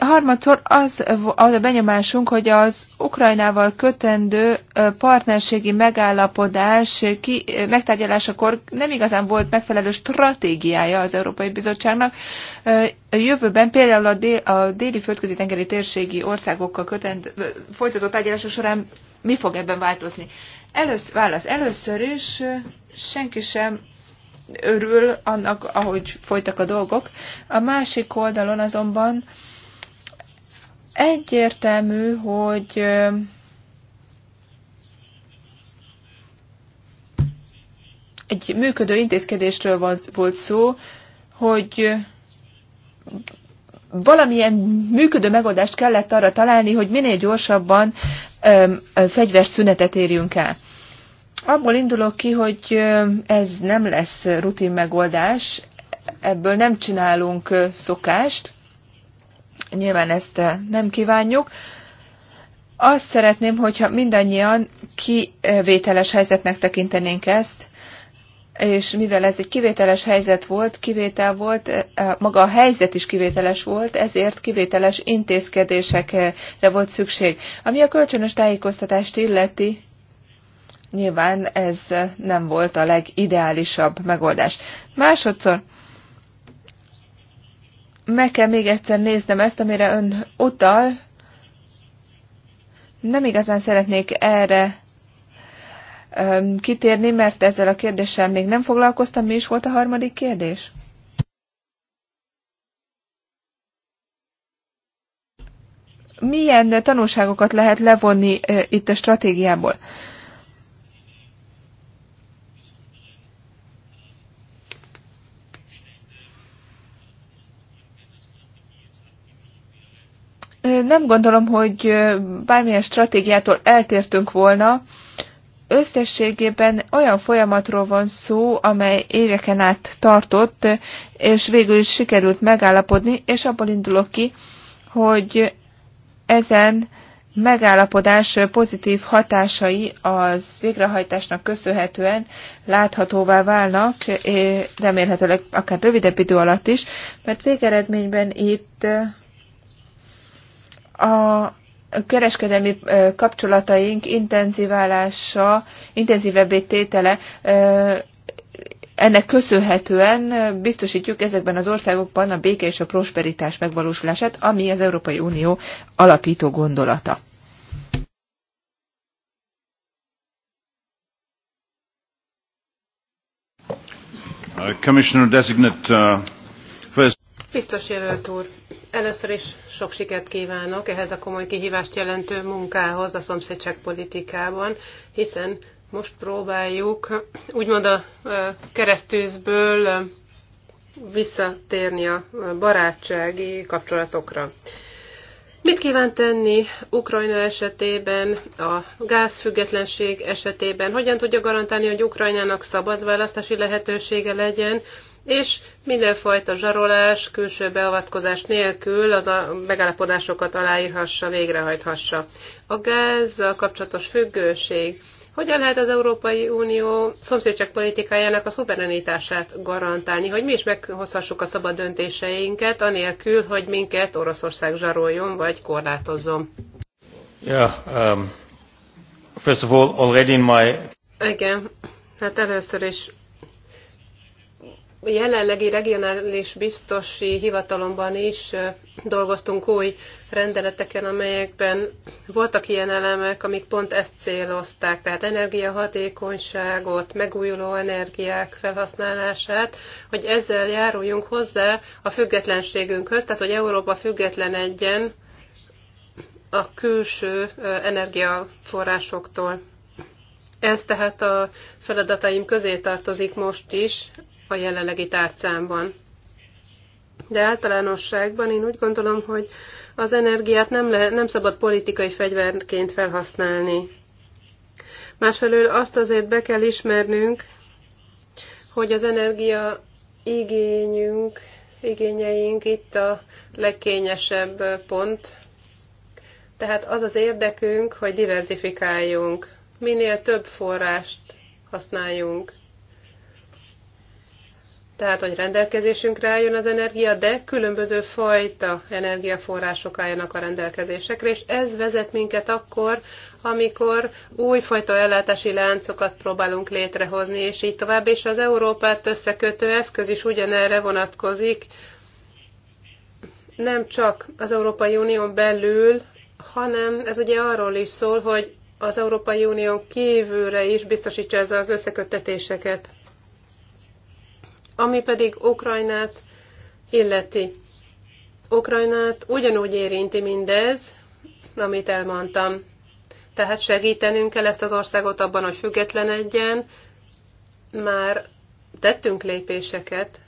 Harmadszor az, az a benyomásunk, hogy az Ukrajnával kötendő partnerségi megállapodás ki, megtárgyalásakor nem igazán volt megfelelő stratégiája az Európai Bizottságnak. A jövőben például a, dél, a déli földközi tengeri térségi országokkal kötendő, folytatott tárgyalások során mi fog ebben változni? Elősz, válasz. Először is senki sem örül annak, ahogy folytak a dolgok. A másik oldalon azonban egyértelmű, hogy egy működő intézkedésről volt szó, hogy valamilyen működő megoldást kellett arra találni, hogy minél gyorsabban fegyverszünetet érjünk el. Abból indulok ki, hogy ez nem lesz rutin megoldás, ebből nem csinálunk szokást, nyilván ezt nem kívánjuk. Azt szeretném, hogyha mindannyian kivételes helyzetnek tekintenénk ezt, és mivel ez egy kivételes helyzet volt, kivétel volt, maga a helyzet is kivételes volt, ezért kivételes intézkedésekre volt szükség. Ami a kölcsönös tájékoztatást illeti, nyilván ez nem volt a legideálisabb megoldás. Másodszor meg kell még egyszer néznem ezt, amire ön utal. Nem igazán szeretnék erre kitérni, mert ezzel a kérdéssel még nem foglalkoztam. Mi is volt a harmadik kérdés? Milyen tanulságokat lehet levonni itt a stratégiából? Nem gondolom, hogy bármilyen stratégiától eltértünk volna. Összességében olyan folyamatról van szó, amely éveken át tartott, és végül is sikerült megállapodni, és abból indulok ki, hogy ezen megállapodás pozitív hatásai az végrehajtásnak köszönhetően láthatóvá válnak, remélhetőleg akár rövidebb idő alatt is, mert végeredményben itt a kereskedelmi kapcsolataink intenziválása, intenzívebbé tétele ennek köszönhetően biztosítjuk ezekben az országokban a béke és a prosperitás megvalósulását, ami az Európai Unió alapító gondolata. Commissioner designate uh, Biztos jelölt úr, először is sok sikert kívánok ehhez a komoly kihívást jelentő munkához a szomszédság politikában, hiszen most próbáljuk úgymond a keresztűzből visszatérni a barátsági kapcsolatokra. Mit kíván tenni Ukrajna esetében, a gázfüggetlenség esetében? Hogyan tudja garantálni, hogy Ukrajnának szabad választási lehetősége legyen, és mindenfajta zsarolás, külső beavatkozás nélkül az a megállapodásokat aláírhassa, végrehajthassa. A gázzal kapcsolatos függőség. Hogyan lehet az Európai Unió szomszédság politikájának a szuverenitását garantálni, hogy mi is meghozhassuk a szabad döntéseinket, anélkül, hogy minket Oroszország zsaroljon vagy korlátozzon? Yeah, um, first of all, already in my... Igen, hát először is jelenlegi regionális biztosi hivatalomban is dolgoztunk új rendeleteken, amelyekben voltak ilyen elemek, amik pont ezt célozták, tehát energiahatékonyságot, megújuló energiák felhasználását, hogy ezzel járuljunk hozzá a függetlenségünkhöz, tehát hogy Európa független egyen a külső energiaforrásoktól. Ez tehát a feladataim közé tartozik most is, a jelenlegi tárcámban. De általánosságban én úgy gondolom, hogy az energiát nem, le, nem szabad politikai fegyverként felhasználni. Másfelől azt azért be kell ismernünk, hogy az energia igényünk, igényeink itt a legkényesebb pont. Tehát az az érdekünk, hogy diversifikáljunk, minél több forrást használjunk tehát, hogy rendelkezésünkre álljon az energia, de különböző fajta energiaforrások álljanak a rendelkezésekre, és ez vezet minket akkor, amikor újfajta ellátási láncokat próbálunk létrehozni, és így tovább, és az Európát összekötő eszköz is ugyanerre vonatkozik, nem csak az Európai Unión belül, hanem ez ugye arról is szól, hogy az Európai Unión kívülre is biztosítsa ez az összeköttetéseket. Ami pedig Ukrajnát illeti. Ukrajnát ugyanúgy érinti mindez, amit elmondtam. Tehát segítenünk kell ezt az országot abban, hogy függetlenedjen. Már tettünk lépéseket.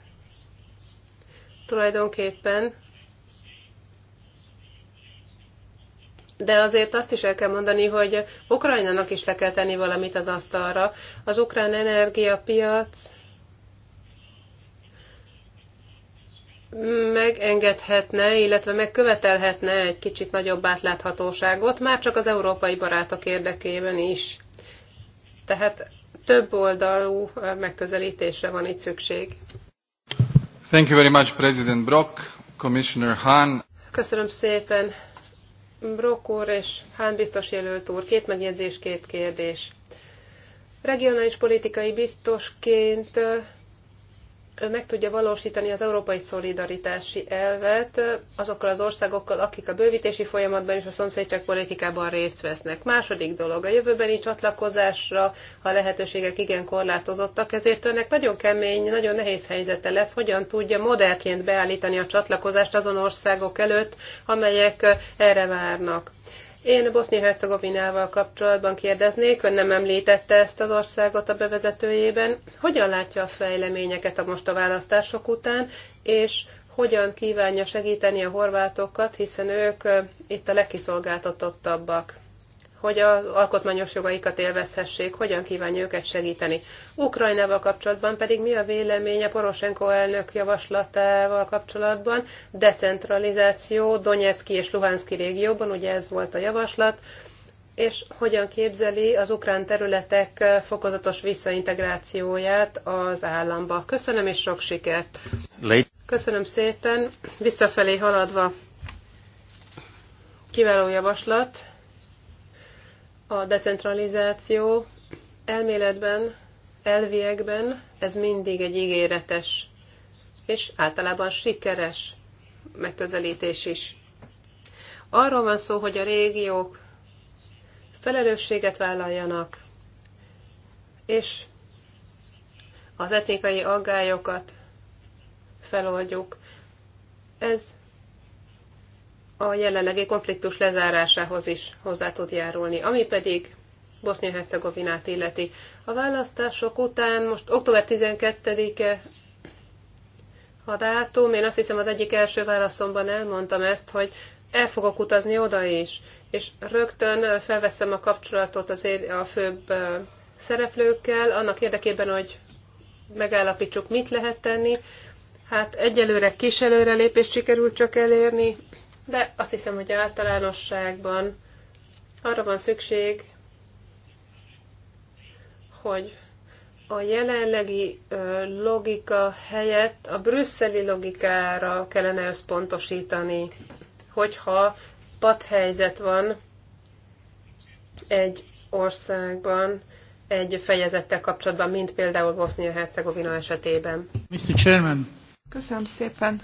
Tulajdonképpen De azért azt is el kell mondani, hogy Ukrajnának is le kell tenni valamit az asztalra. Az ukrán energiapiac megengedhetne, illetve megkövetelhetne egy kicsit nagyobb átláthatóságot, már csak az európai barátok érdekében is. Tehát több oldalú megközelítésre van itt szükség. Thank you very much, President Brock, Commissioner Hahn. Köszönöm szépen, Brock úr és Hahn biztos jelölt úr. Két megjegyzés, két kérdés. Regionális politikai biztosként meg tudja valósítani az európai szolidaritási elvet azokkal az országokkal, akik a bővítési folyamatban és a szomszédság politikában részt vesznek. Második dolog, a jövőbeni csatlakozásra a lehetőségek igen korlátozottak, ezért önnek nagyon kemény, nagyon nehéz helyzete lesz, hogyan tudja modellként beállítani a csatlakozást azon országok előtt, amelyek erre várnak. Én Bosznia-Hercegovinával kapcsolatban kérdeznék, ön nem említette ezt az országot a bevezetőjében. Hogyan látja a fejleményeket a most a választások után, és hogyan kívánja segíteni a horvátokat, hiszen ők itt a legkiszolgáltatottabbak hogy az alkotmányos jogaikat élvezhessék, hogyan kívánja őket segíteni. Ukrajnával kapcsolatban pedig mi a véleménye Poroshenko elnök javaslatával kapcsolatban? Decentralizáció Donetszki és Luhanszki régióban, ugye ez volt a javaslat, és hogyan képzeli az ukrán területek fokozatos visszaintegrációját az államba. Köszönöm és sok sikert! Köszönöm szépen, visszafelé haladva. Kiváló javaslat, a decentralizáció elméletben, elviekben ez mindig egy ígéretes és általában sikeres megközelítés is. Arról van szó, hogy a régiók felelősséget vállaljanak, és az etnikai aggályokat feloldjuk. Ez a jelenlegi konfliktus lezárásához is hozzá tud járulni. Ami pedig Bosznia-Hercegovinát illeti. A választások után most október 12-e a dátum, én azt hiszem az egyik első válaszomban elmondtam ezt, hogy el fogok utazni oda is, és rögtön felveszem a kapcsolatot az ér- a főbb szereplőkkel, annak érdekében, hogy megállapítsuk, mit lehet tenni. Hát egyelőre kis előrelépést sikerült csak elérni, de azt hiszem, hogy általánosságban arra van szükség, hogy a jelenlegi logika helyett a brüsszeli logikára kellene összpontosítani, hogyha padhelyzet van egy országban, egy fejezettel kapcsolatban, mint például Bosznia-Hercegovina esetében. Mr. Chairman. Köszönöm szépen,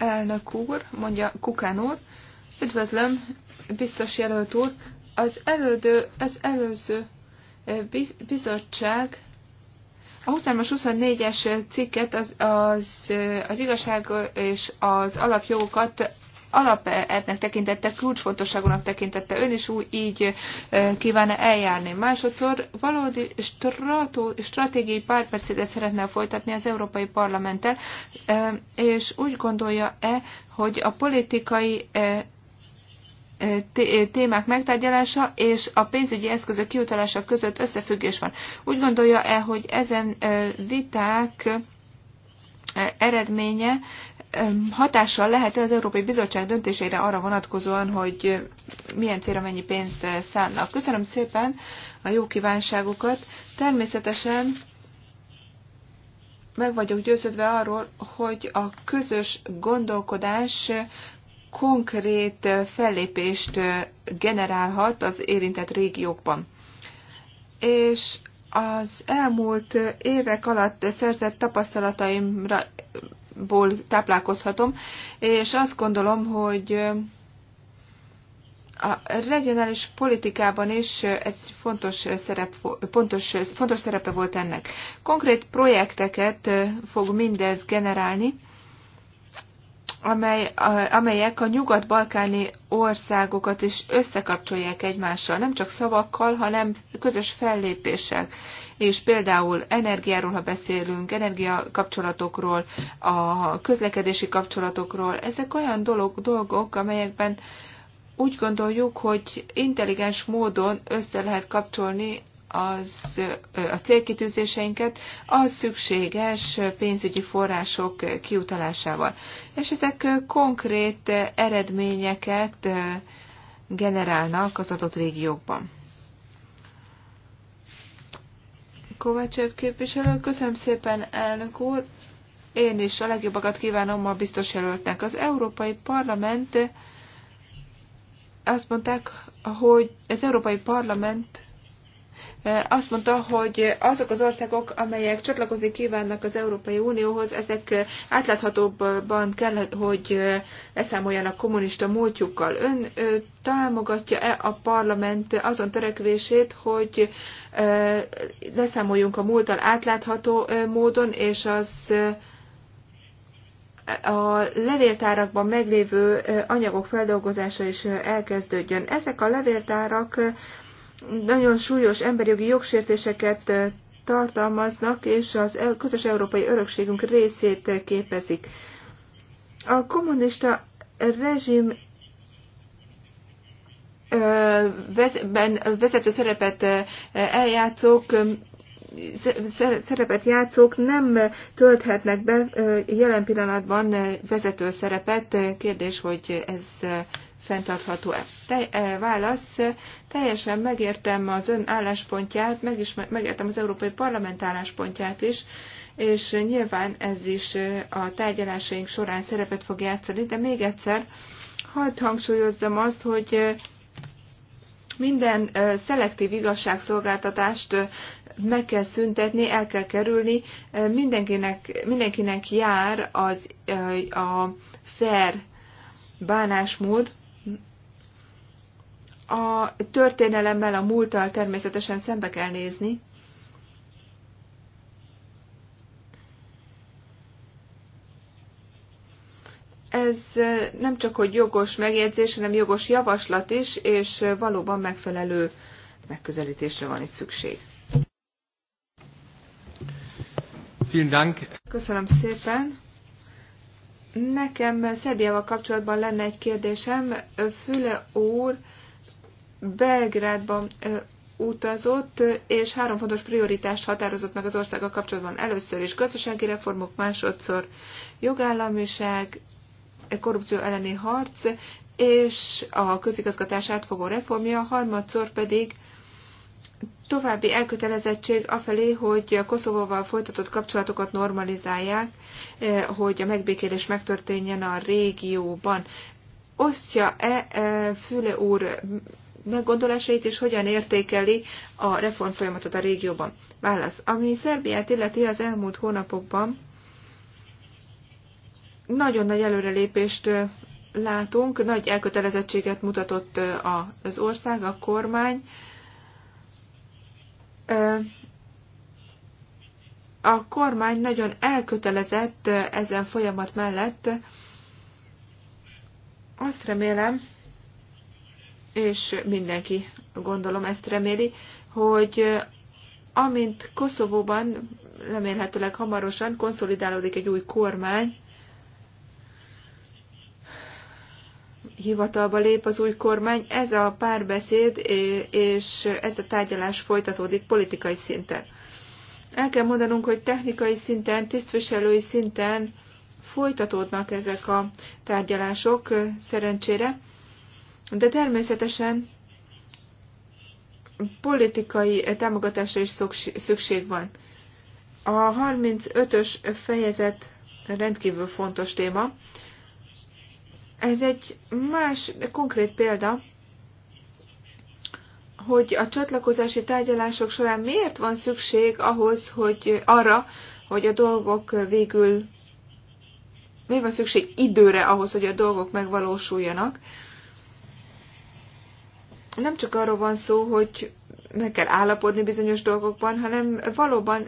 elnök úr, mondja Kukán úr. Üdvözlöm, biztos jelölt úr. Az, elődő, az előző bizottság a 23-as 24-es cikket az, az, az igazság és az alapjogokat alapelvnek tekintette, kulcsfontosságúnak tekintette ön is úgy így kívánna eljárni. Másodszor valódi strató, stratégiai párbeszédet szeretne folytatni az Európai Parlamenttel, és úgy gondolja-e, hogy a politikai témák megtárgyalása és a pénzügyi eszközök kiutalása között összefüggés van. Úgy gondolja-e, hogy ezen viták E, eredménye e, hatással lehet az Európai Bizottság döntésére arra vonatkozóan, hogy milyen célra mennyi pénzt e, szánnak. Köszönöm szépen a jó kívánságokat. Természetesen meg vagyok győződve arról, hogy a közös gondolkodás konkrét fellépést generálhat az érintett régiókban. És az elmúlt évek alatt szerzett tapasztalataimból táplálkozhatom, és azt gondolom, hogy a regionális politikában is ez fontos, szerep, fontos, fontos szerepe volt ennek. Konkrét projekteket fog mindez generálni, amely, amelyek a nyugat-balkáni országokat is összekapcsolják egymással, nem csak szavakkal, hanem közös fellépéssel. És például energiáról, ha beszélünk, energiakapcsolatokról, a közlekedési kapcsolatokról, ezek olyan dolog, dolgok, amelyekben úgy gondoljuk, hogy intelligens módon össze lehet kapcsolni az, a célkitűzéseinket a szükséges pénzügyi források kiutalásával. És ezek konkrét eredményeket generálnak az adott régiókban. Kovácsöv képviselő, köszönöm szépen, elnök úr. Én is a legjobbakat kívánom a biztos jelöltnek. Az Európai Parlament azt mondták, hogy az Európai Parlament azt mondta, hogy azok az országok, amelyek csatlakozni kívánnak az Európai Unióhoz, ezek átláthatóbban kell, hogy leszámoljanak kommunista múltjukkal. Ön támogatja-e a parlament azon törekvését, hogy leszámoljunk a múltal átlátható módon, és az a levéltárakban meglévő anyagok feldolgozása is elkezdődjön. Ezek a levéltárak nagyon súlyos emberjogi jogsértéseket eh, tartalmaznak, és az e- közös európai örökségünk részét képezik. A kommunista rezsim eh, vezető szerepet eh, eljátszók szerepet játszók nem tölthetnek be jelen pillanatban vezető szerepet. Kérdés, hogy ez fenntartható -e? Te, válasz, teljesen megértem az ön álláspontját, megismer, megértem az Európai Parlament álláspontját is, és nyilván ez is e, a tárgyalásaink során szerepet fog játszani, de még egyszer hadd hangsúlyozzam azt, hogy e, minden e, szelektív igazságszolgáltatást meg kell szüntetni, el kell kerülni. Mindenkinek, mindenkinek jár az, a fair bánásmód, a történelemmel, a múlttal természetesen szembe kell nézni, ez nem csak hogy jogos megjegyzés, hanem jogos javaslat is, és valóban megfelelő megközelítésre van itt szükség. Köszönöm szépen. Nekem Szerbiával kapcsolatban lenne egy kérdésem. Füle úr, Belgrádban utazott, és három fontos prioritást határozott meg az országgal kapcsolatban. Először is gazdasági reformok, másodszor jogállamiság, korrupció elleni harc, és a közigazgatás átfogó reformja, harmadszor pedig további elkötelezettség afelé, hogy a Koszovóval folytatott kapcsolatokat normalizálják, hogy a megbékélés megtörténjen a régióban. Osztja-e Füle úr meggondolásait, és hogyan értékeli a reform folyamatot a régióban? Válasz. Ami Szerbiát illeti az elmúlt hónapokban, nagyon nagy előrelépést látunk, nagy elkötelezettséget mutatott az ország, a kormány. A kormány nagyon elkötelezett ezen folyamat mellett. Azt remélem, és mindenki gondolom ezt reméli, hogy amint Koszovóban remélhetőleg hamarosan konszolidálódik egy új kormány, hivatalba lép az új kormány, ez a párbeszéd és ez a tárgyalás folytatódik politikai szinten. El kell mondanunk, hogy technikai szinten, tisztviselői szinten folytatódnak ezek a tárgyalások szerencsére. De természetesen politikai támogatásra is szükség van. A 35-ös fejezet rendkívül fontos téma. Ez egy más konkrét példa, hogy a csatlakozási tárgyalások során miért van szükség ahhoz, hogy arra, hogy a dolgok végül, miért van szükség időre ahhoz, hogy a dolgok megvalósuljanak nem csak arról van szó, hogy meg kell állapodni bizonyos dolgokban, hanem valóban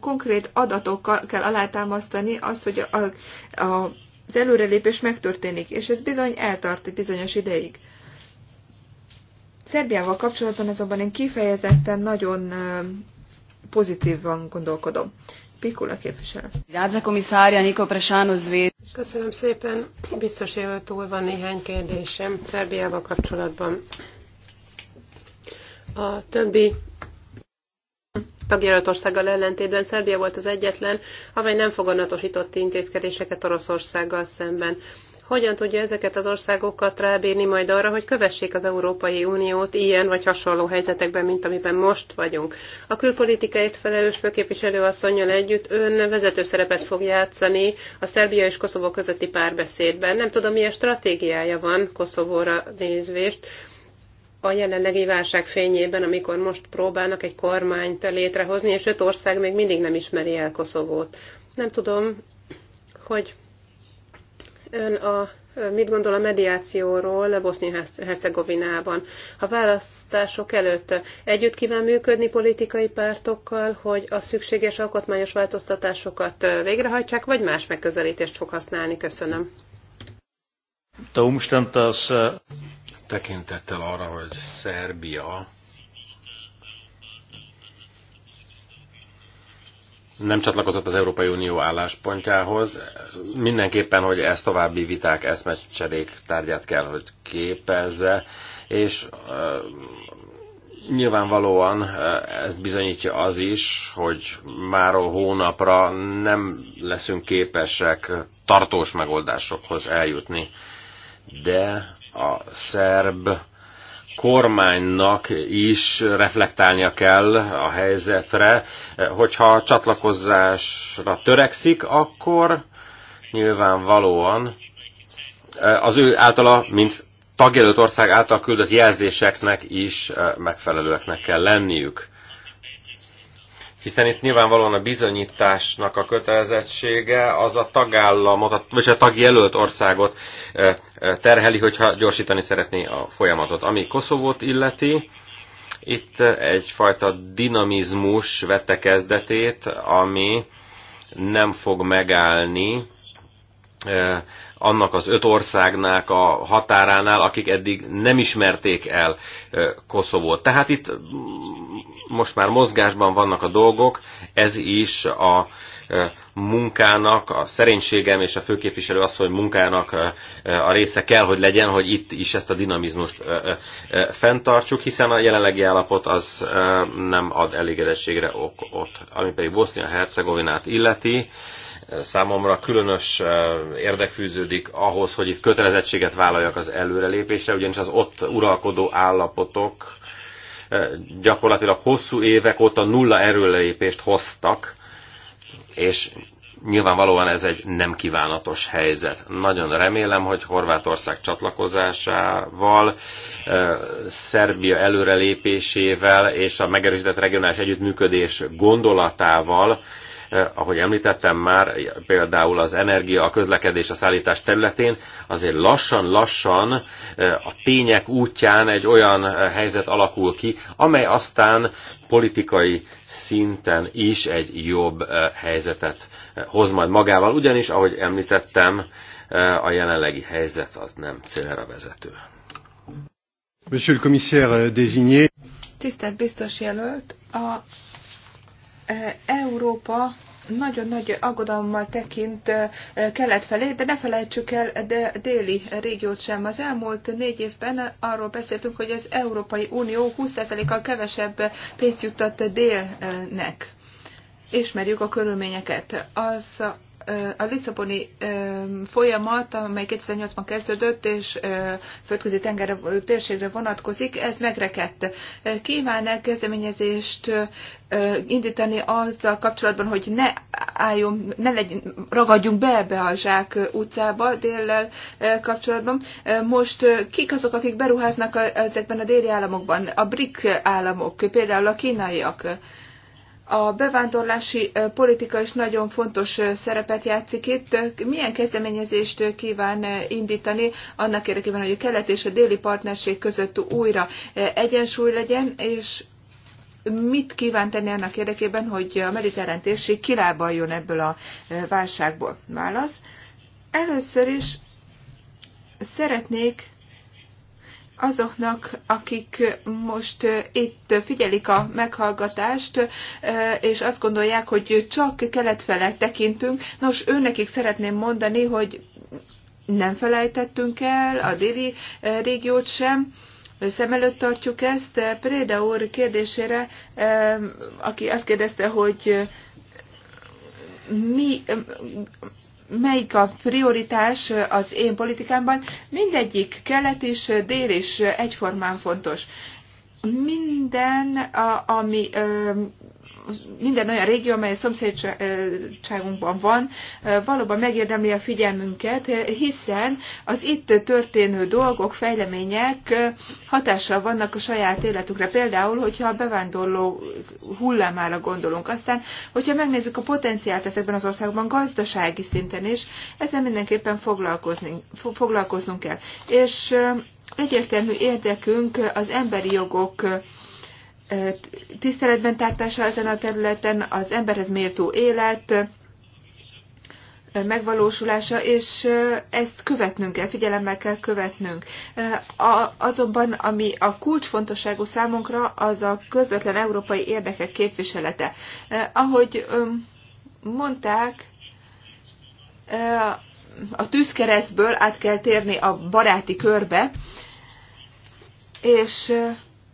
konkrét adatokkal kell alátámasztani azt, hogy a, a, az előrelépés megtörténik, és ez bizony eltart egy bizonyos ideig. Szerbiával kapcsolatban azonban én kifejezetten nagyon pozitívan gondolkodom. Pikula képviselő. Rádza komisszárja Niko Presánó Zvéd. Köszönöm szépen. Biztos jelölt túl van néhány kérdésem Szerbiával kapcsolatban. A többi tagjelölt országgal ellentétben Szerbia volt az egyetlen, amely nem foganatosított intézkedéseket Oroszországgal szemben. Hogyan tudja ezeket az országokat rábírni majd arra, hogy kövessék az Európai Uniót ilyen vagy hasonló helyzetekben, mint amiben most vagyunk? A külpolitikáért felelős főképviselő asszonyjal együtt ön vezető szerepet fog játszani a Szerbia és Koszovó közötti párbeszédben. Nem tudom, milyen stratégiája van Koszovóra nézvést a jelenlegi válság fényében, amikor most próbálnak egy kormányt létrehozni, és öt ország még mindig nem ismeri el Koszovót. Nem tudom, hogy ön a, mit gondol a mediációról Bosznia-Hercegovinában. A választások előtt együtt kíván működni politikai pártokkal, hogy a szükséges alkotmányos változtatásokat végrehajtsák, vagy más megközelítést fog használni? Köszönöm. De tekintettel arra, hogy Szerbia nem csatlakozott az Európai Unió álláspontjához. Mindenképpen, hogy ez további viták, eszmecserék tárgyát kell, hogy képezze, és nyilvánvalóan ezt bizonyítja az is, hogy már a hónapra nem leszünk képesek tartós megoldásokhoz eljutni. De a szerb kormánynak is reflektálnia kell a helyzetre. Hogyha csatlakozásra törekszik, akkor nyilvánvalóan az ő általa, mint tagjelölt ország által küldött jelzéseknek is megfelelőeknek kell lenniük hiszen itt nyilvánvalóan a bizonyításnak a kötelezettsége az a tagállamot, vagy a tagjelölt országot terheli, hogyha gyorsítani szeretné a folyamatot. Ami Koszovót illeti, itt egyfajta dinamizmus vette kezdetét, ami nem fog megállni annak az öt országnak a határánál, akik eddig nem ismerték el Koszovót. Tehát itt most már mozgásban vannak a dolgok, ez is a munkának, a szerénységem és a főképviselő az, hogy munkának a része kell, hogy legyen, hogy itt is ezt a dinamizmust fenntartsuk, hiszen a jelenlegi állapot az nem ad elégedettségre okot. Ami pedig Bosznia-Hercegovinát illeti, számomra különös eh, érdekfűződik ahhoz, hogy itt kötelezettséget vállaljak az előrelépésre, ugyanis az ott uralkodó állapotok eh, gyakorlatilag hosszú évek óta nulla erőlépést hoztak, és nyilvánvalóan ez egy nem kívánatos helyzet. Nagyon remélem, hogy Horvátország csatlakozásával, eh, Szerbia előrelépésével és a megerősített regionális együttműködés gondolatával Eh, ahogy említettem már, például az energia, a közlekedés, a szállítás területén, azért lassan-lassan eh, a tények útján egy olyan eh, helyzet alakul ki, amely aztán politikai szinten is egy jobb helyzetet hoz majd magával, ugyanis, ahogy említettem, a jelenlegi helyzet az nem célra vezető. Monsieur le commissaire euh, désigné. Tisztelt biztos jelölt, a Európa nagyon nagy aggodalommal tekint kelet felé, de ne felejtsük el de déli régiót sem. Az elmúlt négy évben arról beszéltünk, hogy az Európai Unió 20%-kal kevesebb pénzt juttat délnek. Ismerjük a körülményeket. Az a Lisszaboni folyamat, amely 2008-ban kezdődött, és földközi tengerre, térségre vonatkozik, ez megrekedt. Kíván-e kezdeményezést indítani azzal kapcsolatban, hogy ne álljon, ne legyen, ragadjunk be ebbe a zsák utcába déllel kapcsolatban. Most kik azok, akik beruháznak ezekben a déli államokban? A BRIC államok, például a kínaiak a bevándorlási politika is nagyon fontos szerepet játszik itt. Milyen kezdeményezést kíván indítani annak érdekében, hogy a kelet és a déli partnerség között újra egyensúly legyen, és mit kíván tenni annak érdekében, hogy a mediterrán térség kilábaljon ebből a válságból? Válasz. Először is szeretnék azoknak, akik most eh, itt figyelik a meghallgatást, eh, és azt gondolják, hogy csak kelet tekintünk. Nos, őnekik szeretném mondani, hogy nem felejtettünk el a déli eh, régiót sem, szem előtt tartjuk ezt. Préda úr kérdésére, aki azt kérdezte, hogy mi melyik a prioritás az én politikámban, mindegyik kelet és dél is egyformán fontos. Minden, ami minden olyan régió, amely a szomszédságunkban van, valóban megérdemli a figyelmünket, hiszen az itt történő dolgok, fejlemények hatással vannak a saját életünkre. Például, hogyha a bevándorló hullámára gondolunk. Aztán, hogyha megnézzük a potenciált ezekben az országban gazdasági szinten is, ezzel mindenképpen foglalkozni, foglalkoznunk kell. És egyértelmű érdekünk az emberi jogok tiszteletben tartása ezen a területen, az emberhez méltó élet megvalósulása, és ezt követnünk kell, figyelemmel kell követnünk. Azonban, ami a kulcsfontosságú számunkra, az a közvetlen európai érdekek képviselete. Ahogy mondták, a tűzkeresztből át kell térni a baráti körbe, és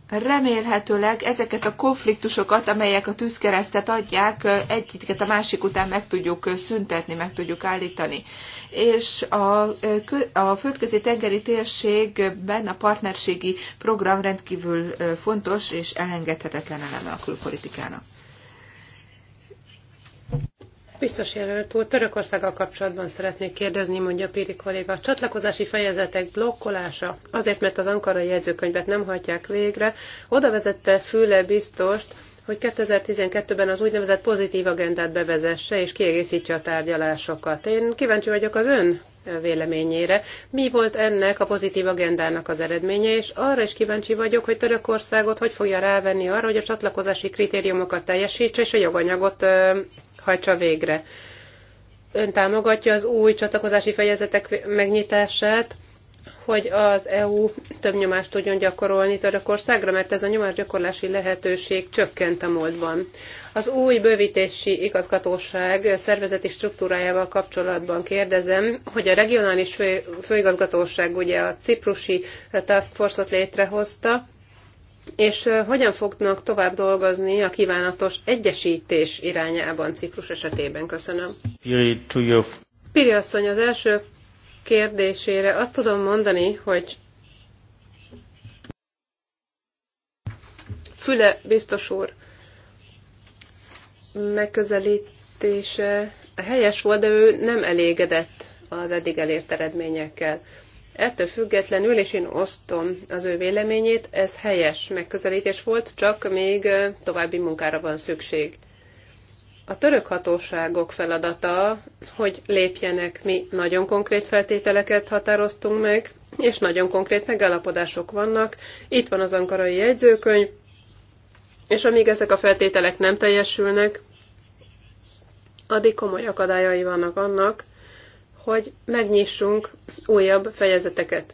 remélhetőleg ezeket a konfliktusokat, amelyek a tűzkeresztet adják, egyiket a másik után meg tudjuk szüntetni, meg tudjuk állítani. És a, a földközi tengeri térségben a partnerségi program rendkívül fontos és elengedhetetlen eleme a külpolitikának. Biztos jelölt úr, Törökországgal kapcsolatban szeretnék kérdezni, mondja Péri kolléga. A csatlakozási fejezetek blokkolása, azért mert az Ankara jegyzőkönyvet nem hagyják végre, oda vezette Füle biztost, hogy 2012-ben az úgynevezett pozitív agendát bevezesse és kiegészítse a tárgyalásokat. Én kíváncsi vagyok az ön véleményére. Mi volt ennek a pozitív agendának az eredménye, és arra is kíváncsi vagyok, hogy Törökországot hogy fogja rávenni arra, hogy a csatlakozási kritériumokat teljesítse, és a joganyagot hajtsa végre. Ön támogatja az új csatlakozási fejezetek megnyitását, hogy az EU több nyomást tudjon gyakorolni Törökországra, mert ez a nyomásgyakorlási lehetőség csökkent a múltban. Az új bővítési igazgatóság szervezeti struktúrájával kapcsolatban kérdezem, hogy a regionális fő, főigazgatóság ugye a ciprusi task force-ot létrehozta, és hogyan fognak tovább dolgozni a kívánatos egyesítés irányában Ciprus esetében? Köszönöm. Piri asszony, az első kérdésére azt tudom mondani, hogy Füle biztos úr megközelítése helyes volt, de ő nem elégedett az eddig elért eredményekkel. Ettől függetlenül, és én osztom az ő véleményét, ez helyes megközelítés volt, csak még további munkára van szükség. A török hatóságok feladata, hogy lépjenek, mi nagyon konkrét feltételeket határoztunk meg, és nagyon konkrét megállapodások vannak. Itt van az ankarai jegyzőkönyv, és amíg ezek a feltételek nem teljesülnek, addig komoly akadályai vannak annak, hogy megnyissunk újabb fejezeteket.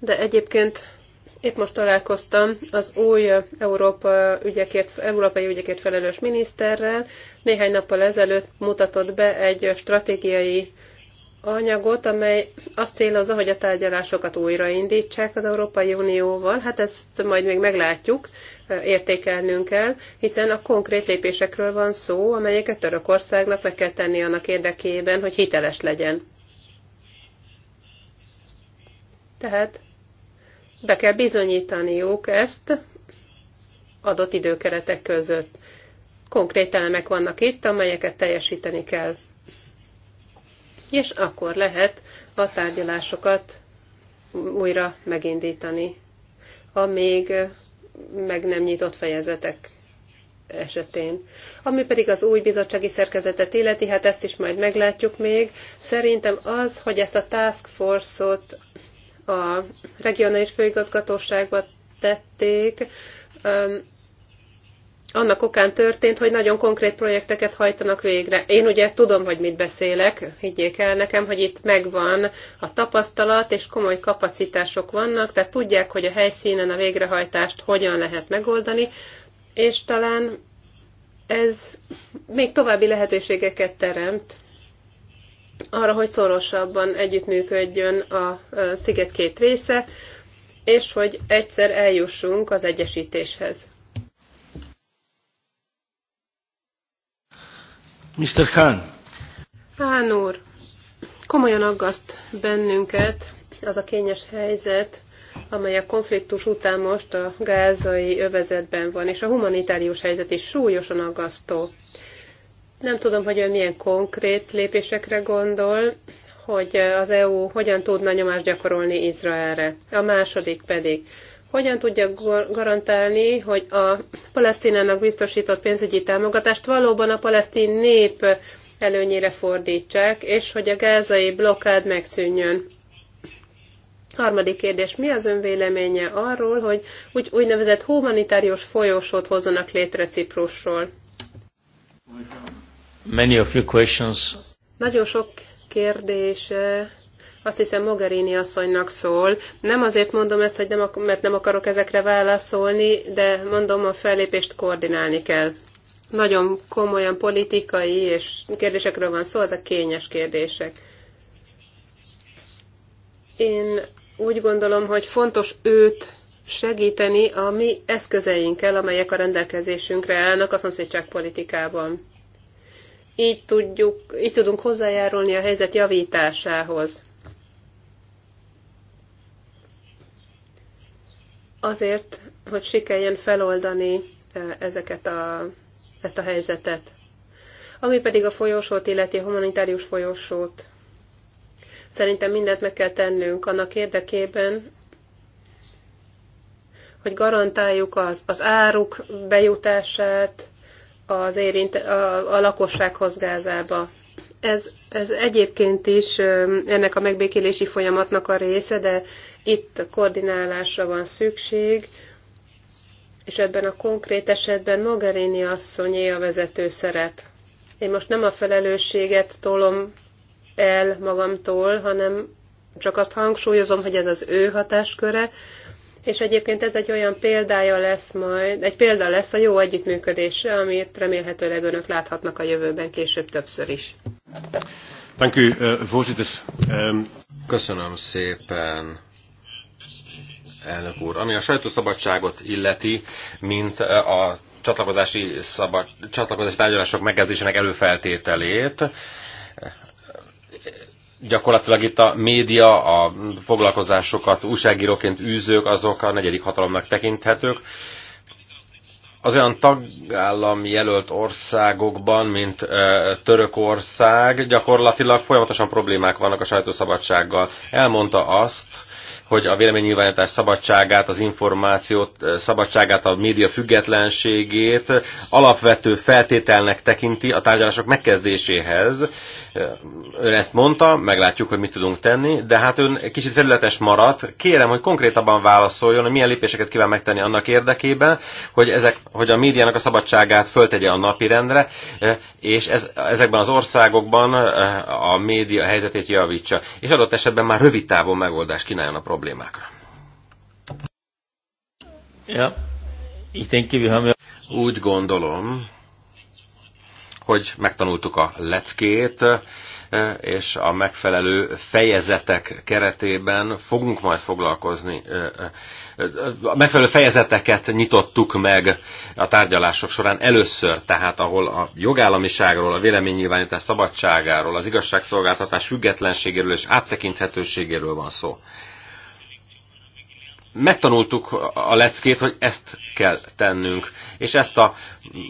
De egyébként itt most találkoztam az új Európa ügyekért, európai ügyekért felelős miniszterrel. Néhány nappal ezelőtt mutatott be egy stratégiai anyagot, amely azt célozza, hogy a tárgyalásokat újraindítsák az Európai Unióval. Hát ezt majd még meglátjuk, értékelnünk kell, hiszen a konkrét lépésekről van szó, amelyeket Törökországnak meg kell tenni annak érdekében, hogy hiteles legyen. Tehát be kell bizonyítaniuk ezt adott időkeretek között. Konkrét elemek vannak itt, amelyeket teljesíteni kell. És akkor lehet a tárgyalásokat újra megindítani. Ha még meg nem nyitott fejezetek esetén. Ami pedig az új bizottsági szerkezetet illeti, hát ezt is majd meglátjuk még. Szerintem az, hogy ezt a task force-ot a regionális főigazgatóságba tették, annak okán történt, hogy nagyon konkrét projekteket hajtanak végre. Én ugye tudom, hogy mit beszélek, higgyék el nekem, hogy itt megvan a tapasztalat, és komoly kapacitások vannak, tehát tudják, hogy a helyszínen a végrehajtást hogyan lehet megoldani, és talán ez még további lehetőségeket teremt arra, hogy szorosabban együttműködjön a sziget két része, és hogy egyszer eljussunk az egyesítéshez. Mr. Khan. Khan úr, komolyan aggaszt bennünket az a kényes helyzet, amely a konfliktus után most a gázai övezetben van, és a humanitárius helyzet is súlyosan aggasztó. Nem tudom, hogy ön milyen konkrét lépésekre gondol, hogy az EU hogyan tudna nyomást gyakorolni Izraelre. A második pedig, hogyan tudja garantálni, hogy a palesztinának biztosított pénzügyi támogatást valóban a palesztin nép előnyére fordítsák, és hogy a gázai blokkád megszűnjön. Harmadik kérdés, mi az ön véleménye arról, hogy úgy, úgynevezett humanitárius folyosót hozzanak létre Ciprusról? Many of your questions. Nagyon sok kérdése azt hiszem Mogherini asszonynak szól. Nem azért mondom ezt, hogy nem, mert nem akarok ezekre válaszolni, de mondom, a fellépést koordinálni kell. Nagyon komolyan politikai és kérdésekről van szó, ezek kényes kérdések. Én úgy gondolom, hogy fontos őt segíteni a mi eszközeinkkel, amelyek a rendelkezésünkre állnak a politikában. Így, tudjuk, így tudunk hozzájárulni a helyzet javításához. azért, hogy sikerjen feloldani ezeket a, ezt a helyzetet. Ami pedig a folyosót illeti, a humanitárius folyosót. Szerintem mindent meg kell tennünk annak érdekében, hogy garantáljuk az, az áruk bejutását az érint, a, a lakosság hozgázába. Ez, ez egyébként is ennek a megbékélési folyamatnak a része, de itt a koordinálásra van szükség, és ebben a konkrét esetben Mogherini asszonyé a vezető szerep. Én most nem a felelősséget tolom el magamtól, hanem csak azt hangsúlyozom, hogy ez az ő hatásköre, és egyébként ez egy olyan példája lesz majd, egy példa lesz a jó együttműködésre, amit remélhetőleg önök láthatnak a jövőben később többször is. Thank you, uh, Köszönöm szépen elnök úr. Ami a sajtószabadságot illeti, mint a csatlakozási, szabad, csatlakozási tárgyalások megkezdésének előfeltételét, gyakorlatilag itt a média, a foglalkozásokat újságíróként űzők, azok a negyedik hatalomnak tekinthetők. Az olyan tagállam jelölt országokban, mint Törökország, gyakorlatilag folyamatosan problémák vannak a sajtószabadsággal. Elmondta azt, hogy a véleménynyilvánítás szabadságát, az információt szabadságát, a média függetlenségét alapvető feltételnek tekinti a tárgyalások megkezdéséhez, Ön ezt mondta, meglátjuk, hogy mit tudunk tenni, de hát ön kicsit felületes maradt. Kérem, hogy konkrétabban válaszoljon, hogy milyen lépéseket kíván megtenni annak érdekében, hogy, ezek, hogy a médiának a szabadságát föltegye a napirendre, és ez, ezekben az országokban a média helyzetét javítsa, és adott esetben már rövid távon megoldást kínáljon a problémákra. Ja, ja... Úgy gondolom, hogy megtanultuk a leckét, és a megfelelő fejezetek keretében fogunk majd foglalkozni. A megfelelő fejezeteket nyitottuk meg a tárgyalások során először, tehát ahol a jogállamiságról, a véleménynyilvánítás szabadságáról, az igazságszolgáltatás függetlenségéről és áttekinthetőségéről van szó megtanultuk a leckét, hogy ezt kell tennünk. És ezt a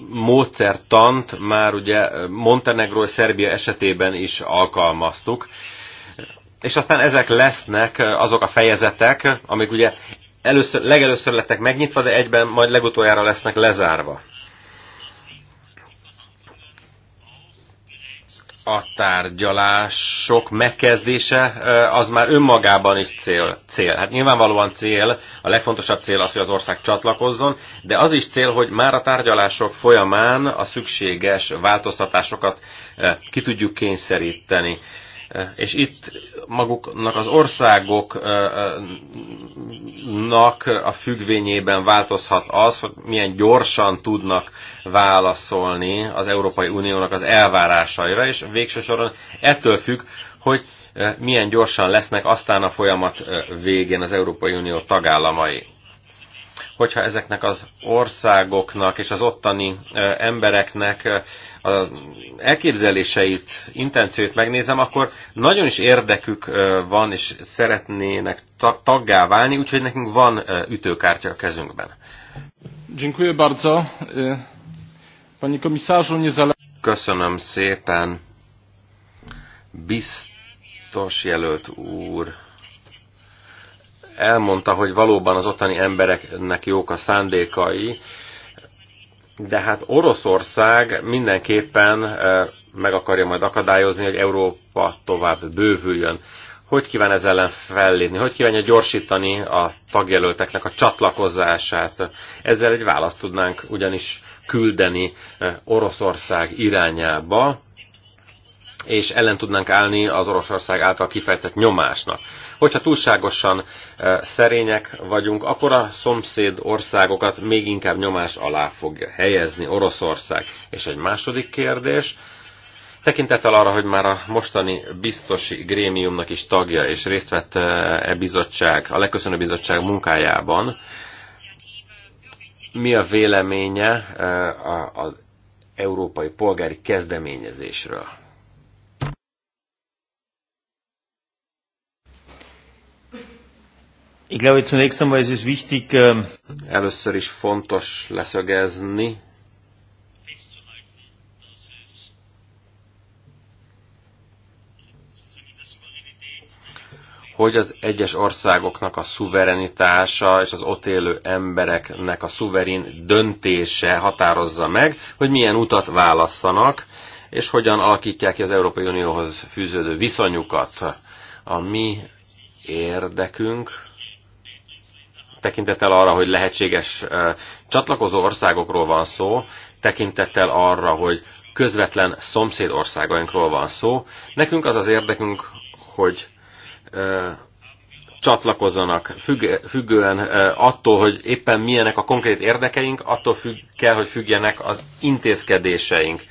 módszertant már ugye Montenegro és Szerbia esetében is alkalmaztuk. És aztán ezek lesznek azok a fejezetek, amik ugye először, legelőször lettek megnyitva, de egyben majd legutoljára lesznek lezárva. a tárgyalások megkezdése eh, az már önmagában is cél. cél. Hát nyilvánvalóan cél, a legfontosabb cél az, hogy az ország csatlakozzon, de az is cél, hogy már a tárgyalások folyamán a szükséges változtatásokat eh, ki tudjuk kényszeríteni. És itt maguknak az országoknak a függvényében változhat az, hogy milyen gyorsan tudnak válaszolni az Európai Uniónak az elvárásaira, és végső soron ettől függ, hogy milyen gyorsan lesznek aztán a folyamat végén az Európai Unió tagállamai hogyha ezeknek az országoknak és az ottani embereknek az elképzeléseit, intencióit megnézem, akkor nagyon is érdekük van, és szeretnének taggá válni, úgyhogy nekünk van ütőkártya a kezünkben. Dziękuję bardzo. Panie komisarzu, Köszönöm szépen. Biztos jelölt úr elmondta, hogy valóban az ottani embereknek jók a szándékai, de hát Oroszország mindenképpen e, meg akarja majd akadályozni, hogy Európa tovább bővüljön. Hogy kíván ez ellen fellépni? Hogy kívánja gyorsítani a tagjelölteknek a csatlakozását? Ezzel egy választ tudnánk ugyanis küldeni e, Oroszország irányába, és ellen tudnánk állni az Oroszország által kifejtett nyomásnak. Hogyha túlságosan e, szerények vagyunk, akkor a szomszéd országokat még inkább nyomás alá fog helyezni Oroszország. És egy második kérdés, Tekintettel arra, hogy már a mostani biztosi grémiumnak is tagja és részt vett e, e bizottság, a legköszönő bizottság munkájában, mi a véleménye e, az európai polgári kezdeményezésről? Ich glaube, zunächst einmal ist es wichtig, ähm, Először is fontos leszögezni, hogy az egyes országoknak a szuverenitása és az ott élő embereknek a szuverén döntése határozza meg, hogy milyen utat válasszanak, és hogyan alakítják ki az Európai Unióhoz fűződő viszonyukat. A mi érdekünk, tekintettel arra, hogy lehetséges csatlakozó országokról van szó, tekintettel arra, hogy közvetlen szomszéd országainkról van szó. Nekünk az az érdekünk, hogy csatlakozzanak, függ, függően attól, hogy éppen milyenek a konkrét érdekeink, attól függ, kell, hogy függjenek az intézkedéseink.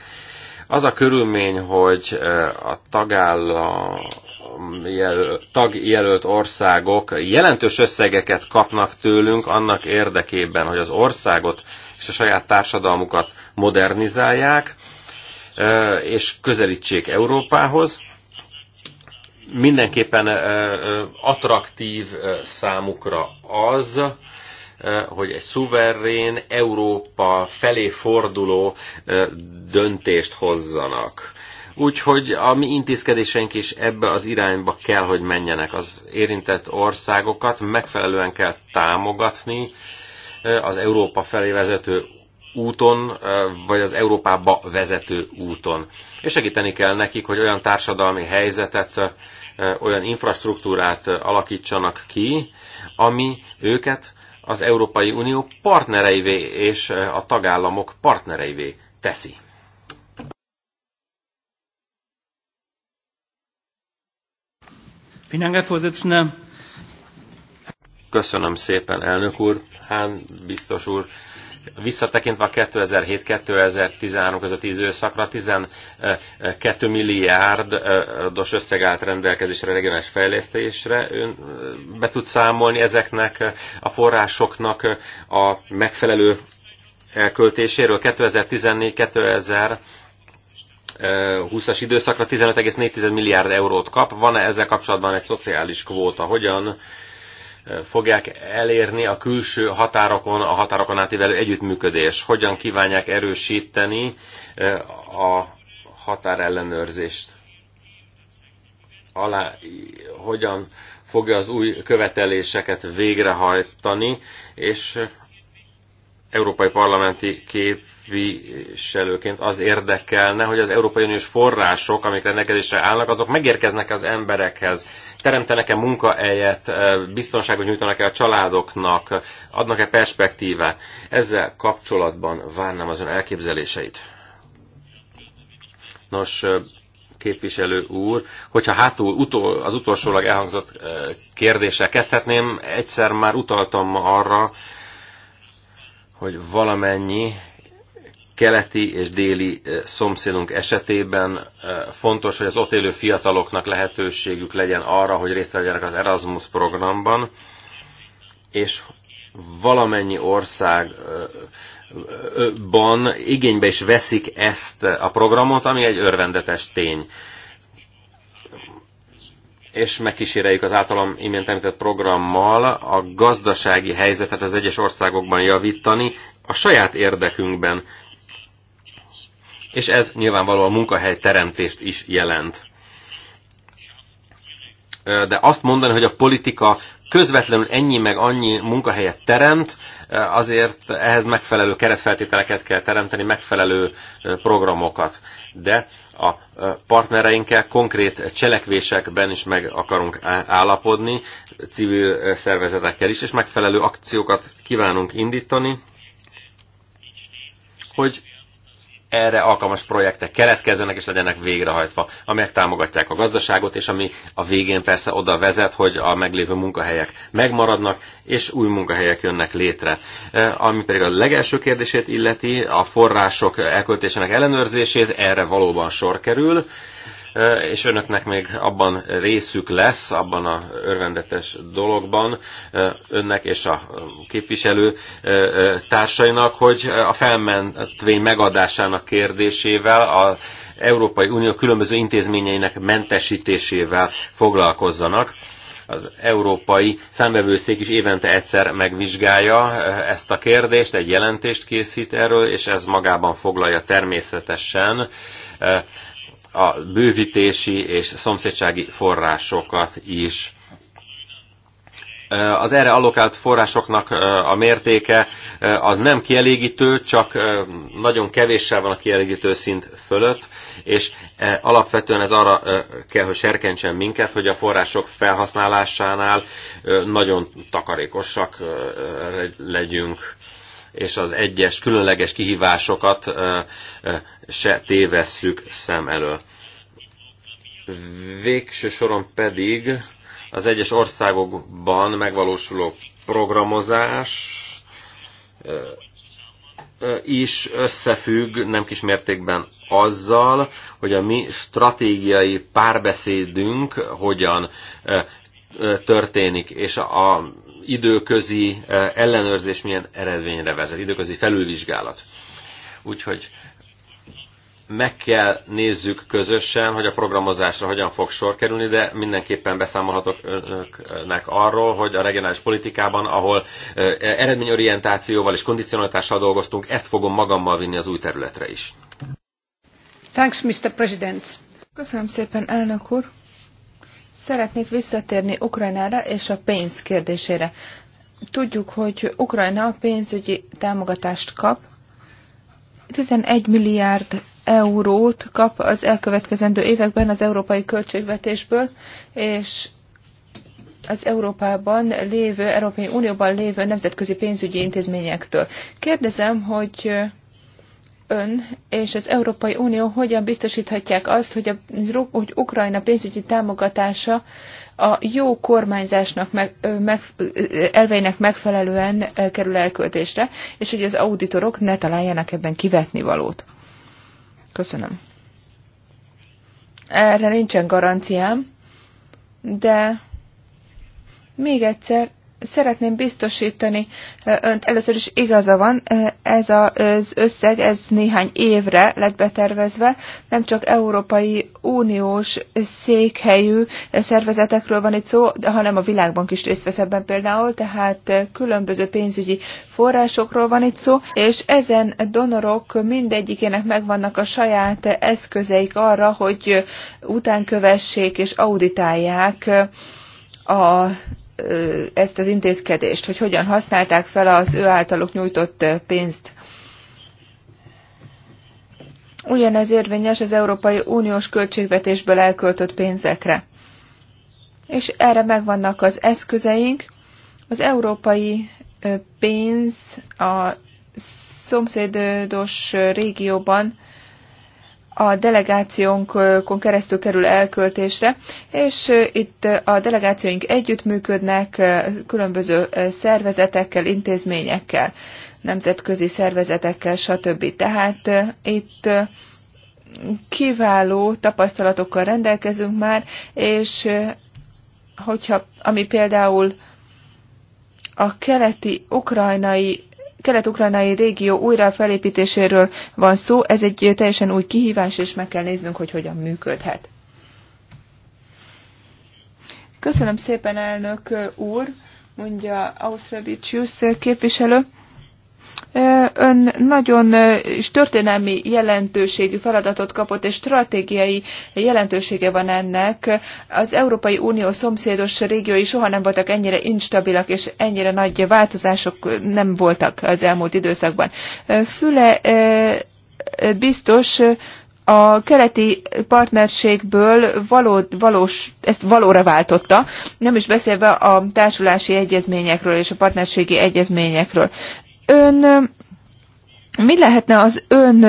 Az a körülmény, hogy a tagállam, tagjelölt országok jelentős összegeket kapnak tőlünk annak érdekében, hogy az országot és a saját társadalmukat modernizálják, és közelítsék Európához. Mindenképpen attraktív számukra az, hogy egy szuverén Európa felé forduló döntést hozzanak. Úgyhogy a mi intézkedéseink is ebbe az irányba kell, hogy menjenek. Az érintett országokat megfelelően kell támogatni az Európa felé vezető úton, vagy az Európába vezető úton. És segíteni kell nekik, hogy olyan társadalmi helyzetet, olyan infrastruktúrát alakítsanak ki, ami őket az Európai Unió partnereivé és a tagállamok partnereivé teszi. Köszönöm szépen, elnök úr. Hán biztos úr, visszatekintve a 2007-2013 közötti időszakra 12 milliárdos összeg állt rendelkezésre regionális fejlesztésre. Ön be tud számolni ezeknek a forrásoknak a megfelelő elköltéséről 2014-2000 20-as időszakra 15,4 milliárd eurót kap. Van-e ezzel kapcsolatban egy szociális kvóta? Hogyan eh, fogják elérni a külső határokon, a határokon átívelő együttműködés? Hogyan kívánják erősíteni eh, a határellenőrzést? Alá, hogyan fogja az új követeléseket végrehajtani, és európai parlamenti képviselőként az érdekelne, hogy az Európai Uniós források, amik rendelkezésre állnak, azok megérkeznek az emberekhez, teremtenek-e munkahelyet, biztonságot nyújtanak-e a családoknak, adnak-e perspektívát. Ezzel kapcsolatban várnám az ön elképzeléseit. Nos, képviselő úr, hogyha hátul utol, az utolsólag elhangzott kérdéssel kezdhetném, egyszer már utaltam arra, hogy valamennyi keleti és déli szomszédunk esetében fontos, hogy az ott élő fiataloknak lehetőségük legyen arra, hogy részt vegyenek az Erasmus programban, és valamennyi országban igénybe is veszik ezt a programot, ami egy örvendetes tény és megkíséreljük az általam imént említett programmal a gazdasági helyzetet az egyes országokban javítani a saját érdekünkben. És ez nyilvánvalóan munkahely teremtést is jelent. De azt mondani, hogy a politika közvetlenül ennyi meg annyi munkahelyet teremt, eh, azért ehhez megfelelő keretfeltételeket kell teremteni, megfelelő eh, programokat. De a eh, partnereinkkel konkrét cselekvésekben is meg akarunk állapodni, civil szervezetekkel is, és megfelelő akciókat kívánunk indítani, hogy erre alkalmas projektek keletkezzenek és legyenek végrehajtva, amelyek támogatják a gazdaságot, és ami a végén persze oda vezet, hogy a meglévő munkahelyek megmaradnak, és új munkahelyek jönnek létre. E, ami pedig a legelső kérdését illeti, a források elköltésének ellenőrzését, erre valóban sor kerül és önöknek még abban részük lesz, abban a örvendetes dologban, önnek és a képviselő társainak, hogy a felmentvény megadásának kérdésével a Európai Unió különböző intézményeinek mentesítésével foglalkozzanak az európai számbevőszék is évente egyszer megvizsgálja ezt a kérdést, egy jelentést készít erről, és ez magában foglalja természetesen a bővítési és szomszédsági forrásokat is. Az erre allokált forrásoknak a mértéke az nem kielégítő, csak nagyon kevéssel van a kielégítő szint fölött, és alapvetően ez arra kell, hogy serkentsen minket, hogy a források felhasználásánál nagyon takarékosak legyünk és az egyes különleges kihívásokat se tévesszük szem elől. Végső soron pedig az egyes országokban megvalósuló programozás is összefügg nem kis mértékben azzal, hogy a mi stratégiai párbeszédünk hogyan történik, és a, a időközi ellenőrzés milyen eredményre vezet, időközi felülvizsgálat. Úgyhogy meg kell nézzük közösen, hogy a programozásra hogyan fog sor kerülni, de mindenképpen beszámolhatok önöknek arról, hogy a regionális politikában, ahol eredményorientációval és kondicionalitással dolgoztunk, ezt fogom magammal vinni az új területre is. Thanks, Mr. President. Köszönöm szépen, elnök úr. Szeretnék visszatérni Ukrajnára és a pénz kérdésére. Tudjuk, hogy Ukrajna pénzügyi támogatást kap, 11 milliárd eurót kap az elkövetkezendő években az európai költségvetésből, és az Európában lévő, Európai Unióban lévő nemzetközi pénzügyi intézményektől. Kérdezem, hogy ön és az Európai Unió hogyan biztosíthatják azt, hogy, a, hogy Ukrajna pénzügyi támogatása a jó kormányzásnak meg, meg, elveinek megfelelően kerül elköltésre, és hogy az auditorok ne találjanak ebben kivetni valót. Köszönöm. Erre nincsen garanciám, de még egyszer Szeretném biztosítani önt, először is igaza van, ez az összeg, ez néhány évre lett betervezve, nem csak Európai Uniós székhelyű szervezetekről van itt szó, hanem a Világbank is részt vesz ebben például, tehát különböző pénzügyi forrásokról van itt szó, és ezen donorok mindegyikének megvannak a saját eszközeik arra, hogy utánkövessék és auditálják a ezt az intézkedést, hogy hogyan használták fel az ő általuk nyújtott pénzt. Ugyanez érvényes az Európai Uniós költségvetésből elköltött pénzekre. És erre megvannak az eszközeink. Az európai pénz a szomszédos régióban a delegációnkon keresztül kerül elköltésre, és itt a delegációink együttműködnek különböző szervezetekkel, intézményekkel, nemzetközi szervezetekkel, stb. Tehát itt kiváló tapasztalatokkal rendelkezünk már, és hogyha, ami például a keleti ukrajnai kelet-ukrajnai régió újra felépítéséről van szó, ez egy teljesen új kihívás, és meg kell néznünk, hogy hogyan működhet. Köszönöm szépen, elnök úr, mondja Ausztravicius képviselő. Ön nagyon is történelmi jelentőségű feladatot kapott, és stratégiai jelentősége van ennek. Az Európai Unió szomszédos régiói soha nem voltak ennyire instabilak, és ennyire nagy változások nem voltak az elmúlt időszakban. Füle biztos a keleti partnerségből való, valós, ezt valóra váltotta, nem is beszélve a társulási egyezményekről és a partnerségi egyezményekről ön, mi lehetne az ön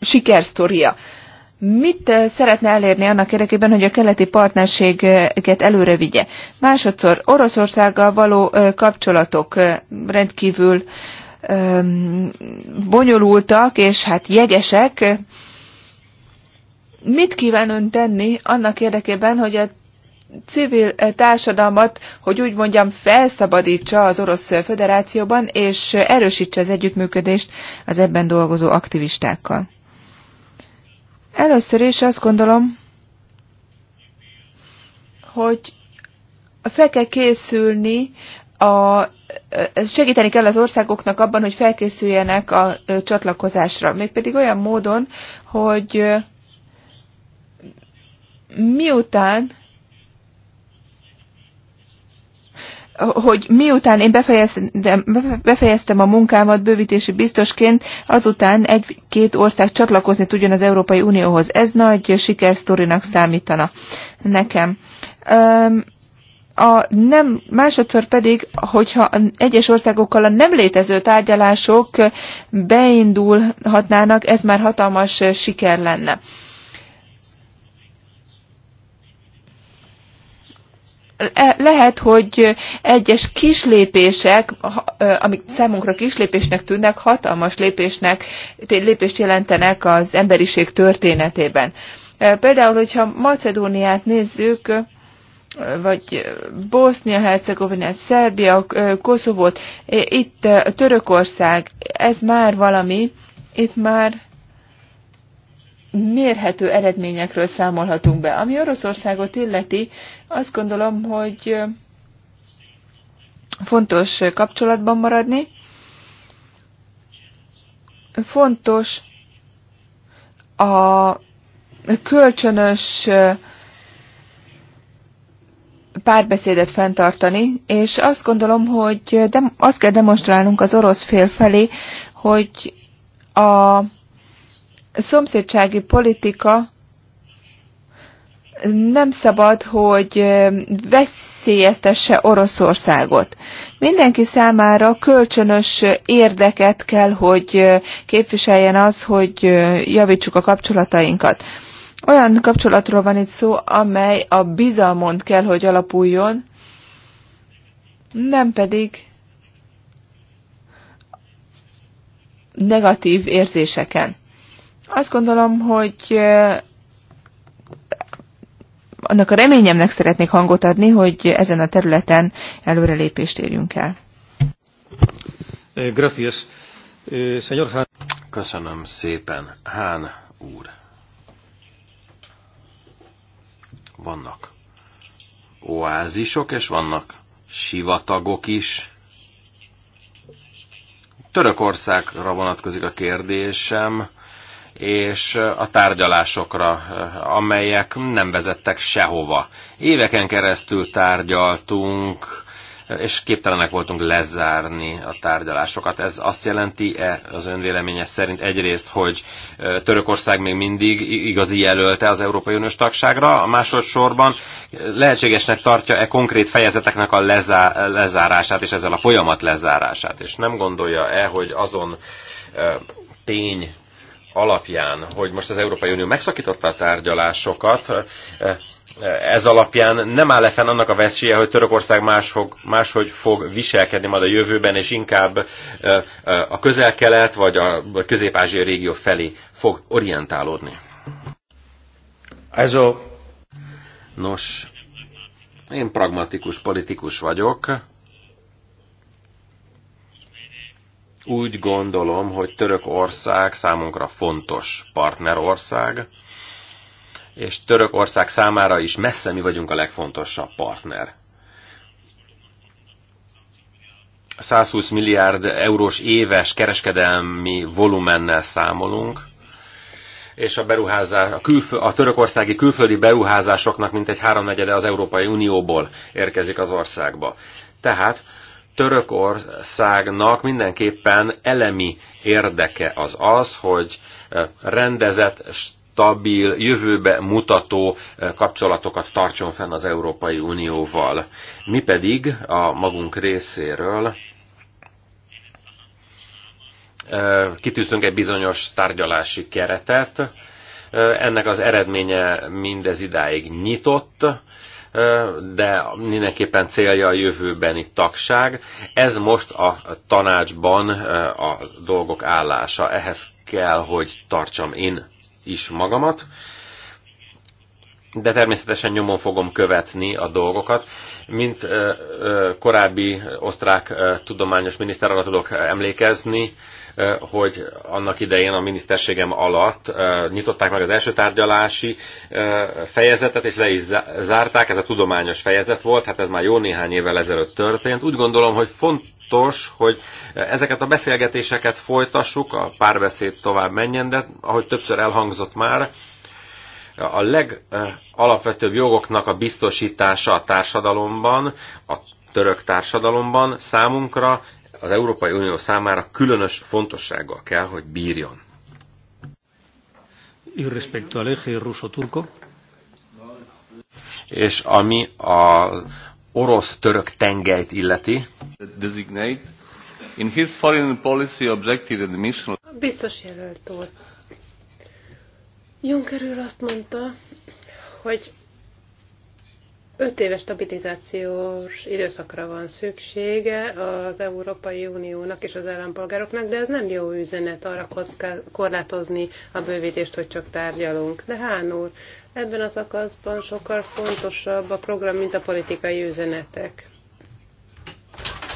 sikersztoria? Mit szeretne elérni annak érdekében, hogy a keleti partnerséget előre vigye? Másodszor Oroszországgal való kapcsolatok rendkívül bonyolultak, és hát jegesek. Mit kíván ön tenni annak érdekében, hogy a civil eh, társadalmat, hogy úgy mondjam, felszabadítsa az Orosz Föderációban, és erősítse az együttműködést az ebben dolgozó aktivistákkal. Először is azt gondolom, hogy fel kell készülni a eh, segíteni kell az országoknak abban, hogy felkészüljenek a eh, csatlakozásra. Mégpedig olyan módon, hogy miután hogy miután én befejeztem, befejeztem a munkámat bővítési biztosként, azután egy-két ország csatlakozni tudjon az Európai Unióhoz. Ez nagy sikersztorinak számítana nekem. A nem, másodszor pedig, hogyha egyes országokkal a nem létező tárgyalások beindulhatnának, ez már hatalmas siker lenne. lehet, hogy egyes kislépések, amik számunkra kislépésnek tűnnek, hatalmas lépésnek, lépést jelentenek az emberiség történetében. Például, hogyha Macedóniát nézzük, vagy Bosznia-Hercegovinát, Szerbia, Koszovót, itt Törökország, ez már valami, itt már mérhető eredményekről számolhatunk be. Ami Oroszországot illeti, azt gondolom, hogy fontos kapcsolatban maradni, fontos a kölcsönös párbeszédet fenntartani, és azt gondolom, hogy de, azt kell demonstrálnunk az orosz fél felé, hogy a szomszédsági politika nem szabad, hogy veszélyeztesse Oroszországot. Mindenki számára kölcsönös érdeket kell, hogy képviseljen az, hogy javítsuk a kapcsolatainkat. Olyan kapcsolatról van itt szó, amely a bizalmon kell, hogy alapuljon, nem pedig negatív érzéseken. Azt gondolom, hogy annak a reményemnek szeretnék hangot adni, hogy ezen a területen előrelépést érjünk el. Eh, gracias. Eh, señor Köszönöm szépen, Hán úr. Vannak oázisok, és vannak sivatagok is. Törökországra vonatkozik a kérdésem és a tárgyalásokra, amelyek nem vezettek sehova. Éveken keresztül tárgyaltunk, és képtelenek voltunk lezárni a tárgyalásokat. Ez azt jelenti-e az önvéleménye szerint egyrészt, hogy Törökország még mindig igazi jelölte az Európai Uniós tagságra, a másodszorban lehetségesnek tartja-e konkrét fejezeteknek a lezá lezárását, és ezzel a folyamat lezárását, és nem gondolja-e, hogy azon tény alapján, hogy most az Európai Unió megszakította a tárgyalásokat, eh, eh, ez alapján nem áll -e fenn annak a veszélye, hogy Törökország máshogy, máshogy fog viselkedni majd a jövőben, és inkább eh, a közel-kelet vagy a közép régió felé fog orientálódni? Ez a... Nos, én pragmatikus politikus vagyok, Úgy gondolom, hogy Törökország számunkra fontos partnerország, és Törökország számára is messze mi vagyunk a legfontosabb partner. 120 milliárd eurós éves kereskedelmi volumennel számolunk, és a, beruházás, a, külfö, a törökországi külföldi beruházásoknak mintegy háromnegyede az Európai Unióból érkezik az országba. Tehát Törökországnak mindenképpen elemi érdeke az az, hogy eh, rendezett, stabil, jövőbe mutató eh, kapcsolatokat tartson fenn az Európai Unióval. Mi pedig a magunk részéről eh, kitűztünk egy bizonyos tárgyalási keretet. Ennek az eredménye mindez idáig nyitott, de mindenképpen célja a jövőbeni tagság. Ez most a tanácsban a dolgok állása. Ehhez kell, hogy tartsam én is magamat, de természetesen nyomon fogom követni a dolgokat. Mint korábbi osztrák tudományos miniszter tudok emlékezni, Eh, hogy annak idején a miniszterségem alatt eh, nyitották meg az első tárgyalási eh, fejezetet, és le is zárták, ez a tudományos fejezet volt, hát ez már jó néhány évvel ezelőtt történt. Úgy gondolom, hogy fontos, hogy ezeket a beszélgetéseket folytassuk, a párbeszéd tovább menjen, de ahogy többször elhangzott már, a legalapvetőbb jogoknak a biztosítása a társadalomban, a török társadalomban számunkra az Európai Unió számára különös fontossággal kell, hogy bírjon. És ami a orosz-török tengelyt illeti. in his foreign policy objective Biztos jelölt úr. Juncker úr azt mondta, hogy Öt éves stabilizációs időszakra van szüksége az Európai Uniónak és az állampolgároknak, de ez nem jó üzenet arra korlátozni a bővítést, hogy csak tárgyalunk. De Hán úr, ebben az akaszban sokkal fontosabb a program, mint a politikai üzenetek.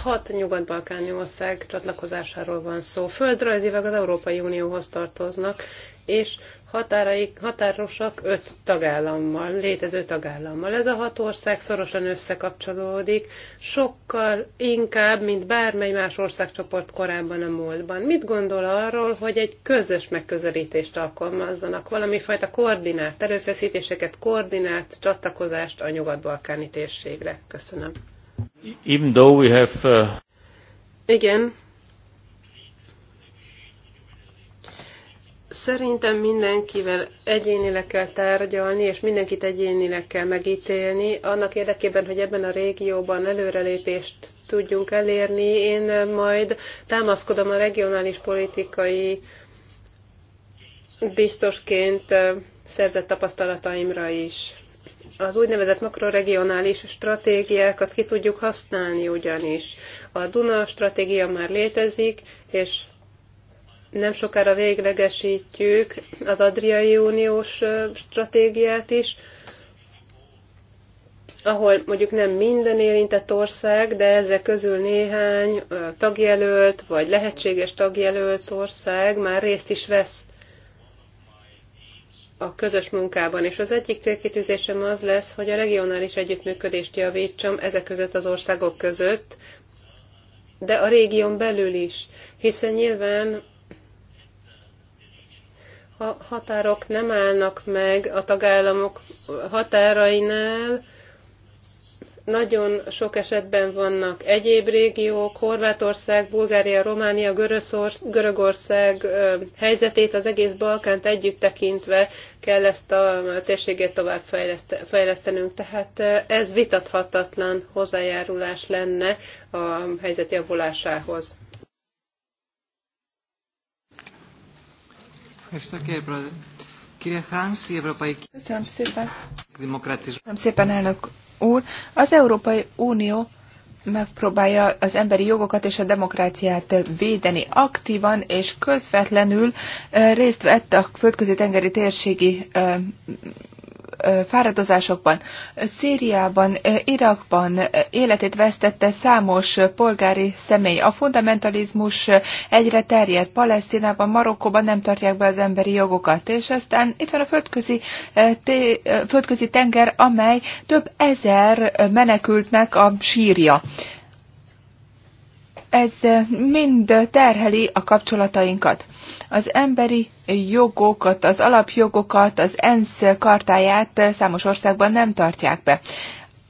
Hat nyugat-balkáni ország csatlakozásáról van szó. Földrajzilag az Európai Unióhoz tartoznak, és határaik, határosak öt tagállammal, létező tagállammal. Ez a hat ország szorosan összekapcsolódik, sokkal inkább, mint bármely más országcsoport korábban a múltban. Mit gondol arról, hogy egy közös megközelítést alkalmazzanak, valami fajta koordinált erőfeszítéseket, koordinált csatlakozást a nyugat-balkáni térségre? Köszönöm. Even though we have, uh... Igen, Szerintem mindenkivel egyénileg kell tárgyalni, és mindenkit egyénileg kell megítélni, annak érdekében, hogy ebben a régióban előrelépést tudjunk elérni. Én majd támaszkodom a regionális politikai biztosként szerzett tapasztalataimra is. Az úgynevezett makroregionális stratégiákat ki tudjuk használni ugyanis. A Duna stratégia már létezik, és nem sokára véglegesítjük az Adriai Uniós stratégiát is, ahol mondjuk nem minden érintett ország, de ezek közül néhány tagjelölt vagy lehetséges tagjelölt ország már részt is vesz a közös munkában, és az egyik célkitűzésem az lesz, hogy a regionális együttműködést javítsam ezek között az országok között, de a régión belül is, hiszen nyilván a határok nem állnak meg a tagállamok határainál, nagyon sok esetben vannak egyéb régiók, Horvátország, Bulgária, Románia, Görögország helyzetét, az egész Balkánt együtt tekintve kell ezt a térséget tovább fejlesztenünk. Tehát ez vitathatatlan hozzájárulás lenne a helyzet javulásához Ευχαριστώ κύριε Πρόεδρε. Κύριε Χάνς, η Ευρωπαϊκή... Köszönöm szépen. Δημοκρατισμό. Köszönöm szépen, elnök úr. Az Európai Unió megpróbálja az emberi jogokat és a demokráciát védeni. Aktívan és közvetlenül eh, részt vett a földközi tengeri térségi eh, fáradozásokban. Szíriában, Irakban életét vesztette számos polgári személy. A fundamentalizmus egyre terjed. Palesztinában, Marokkóban nem tartják be az emberi jogokat. És aztán itt van a földközi, földközi tenger, amely több ezer menekültnek a sírja ez mind terheli a kapcsolatainkat. Az emberi jogokat, az alapjogokat, az ENSZ kartáját számos országban nem tartják be.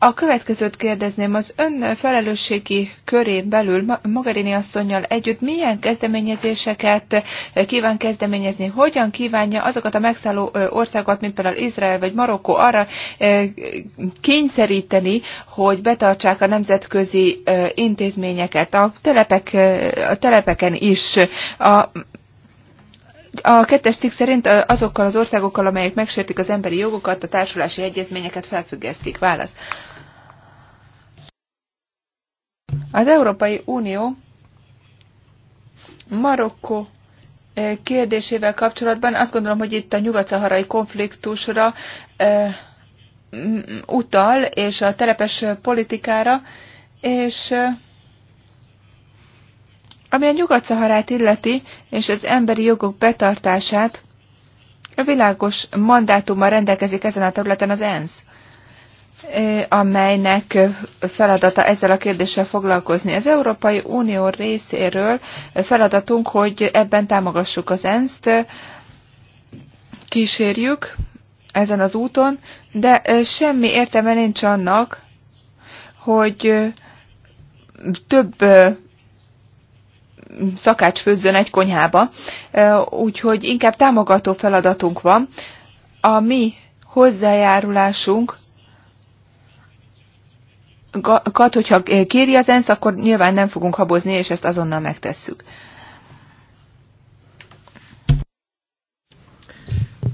A következőt kérdezném, az ön felelősségi körén belül Magarini asszonynal együtt milyen kezdeményezéseket kíván kezdeményezni, hogyan kívánja azokat a megszálló országokat, mint például Izrael vagy Marokkó arra kényszeríteni, hogy betartsák a nemzetközi intézményeket a, telepek, a telepeken is. A, a kettes cikk szerint azokkal az országokkal, amelyek megsértik az emberi jogokat, a társulási egyezményeket felfüggesztik. Válasz. Az Európai Unió Marokkó kérdésével kapcsolatban azt gondolom, hogy itt a nyugat-szaharai konfliktusra utal, és a telepes politikára, és ami a nyugat-szaharát illeti, és az emberi jogok betartását, a világos mandátummal rendelkezik ezen a területen az ENSZ. Eh, amelynek eh, feladata ezzel a kérdéssel foglalkozni. Az Európai Unió részéről eh, feladatunk, hogy ebben támogassuk az ENSZ-t, kísérjük ezen az úton, de semmi értelme nincs annak, hogy több szakács főzzön egy konyhába, úgyhogy inkább támogató feladatunk van. A mi hozzájárulásunk kat, hogyha kéri az ENSZ, akkor nyilván nem fogunk habozni, és ezt azonnal megtesszük.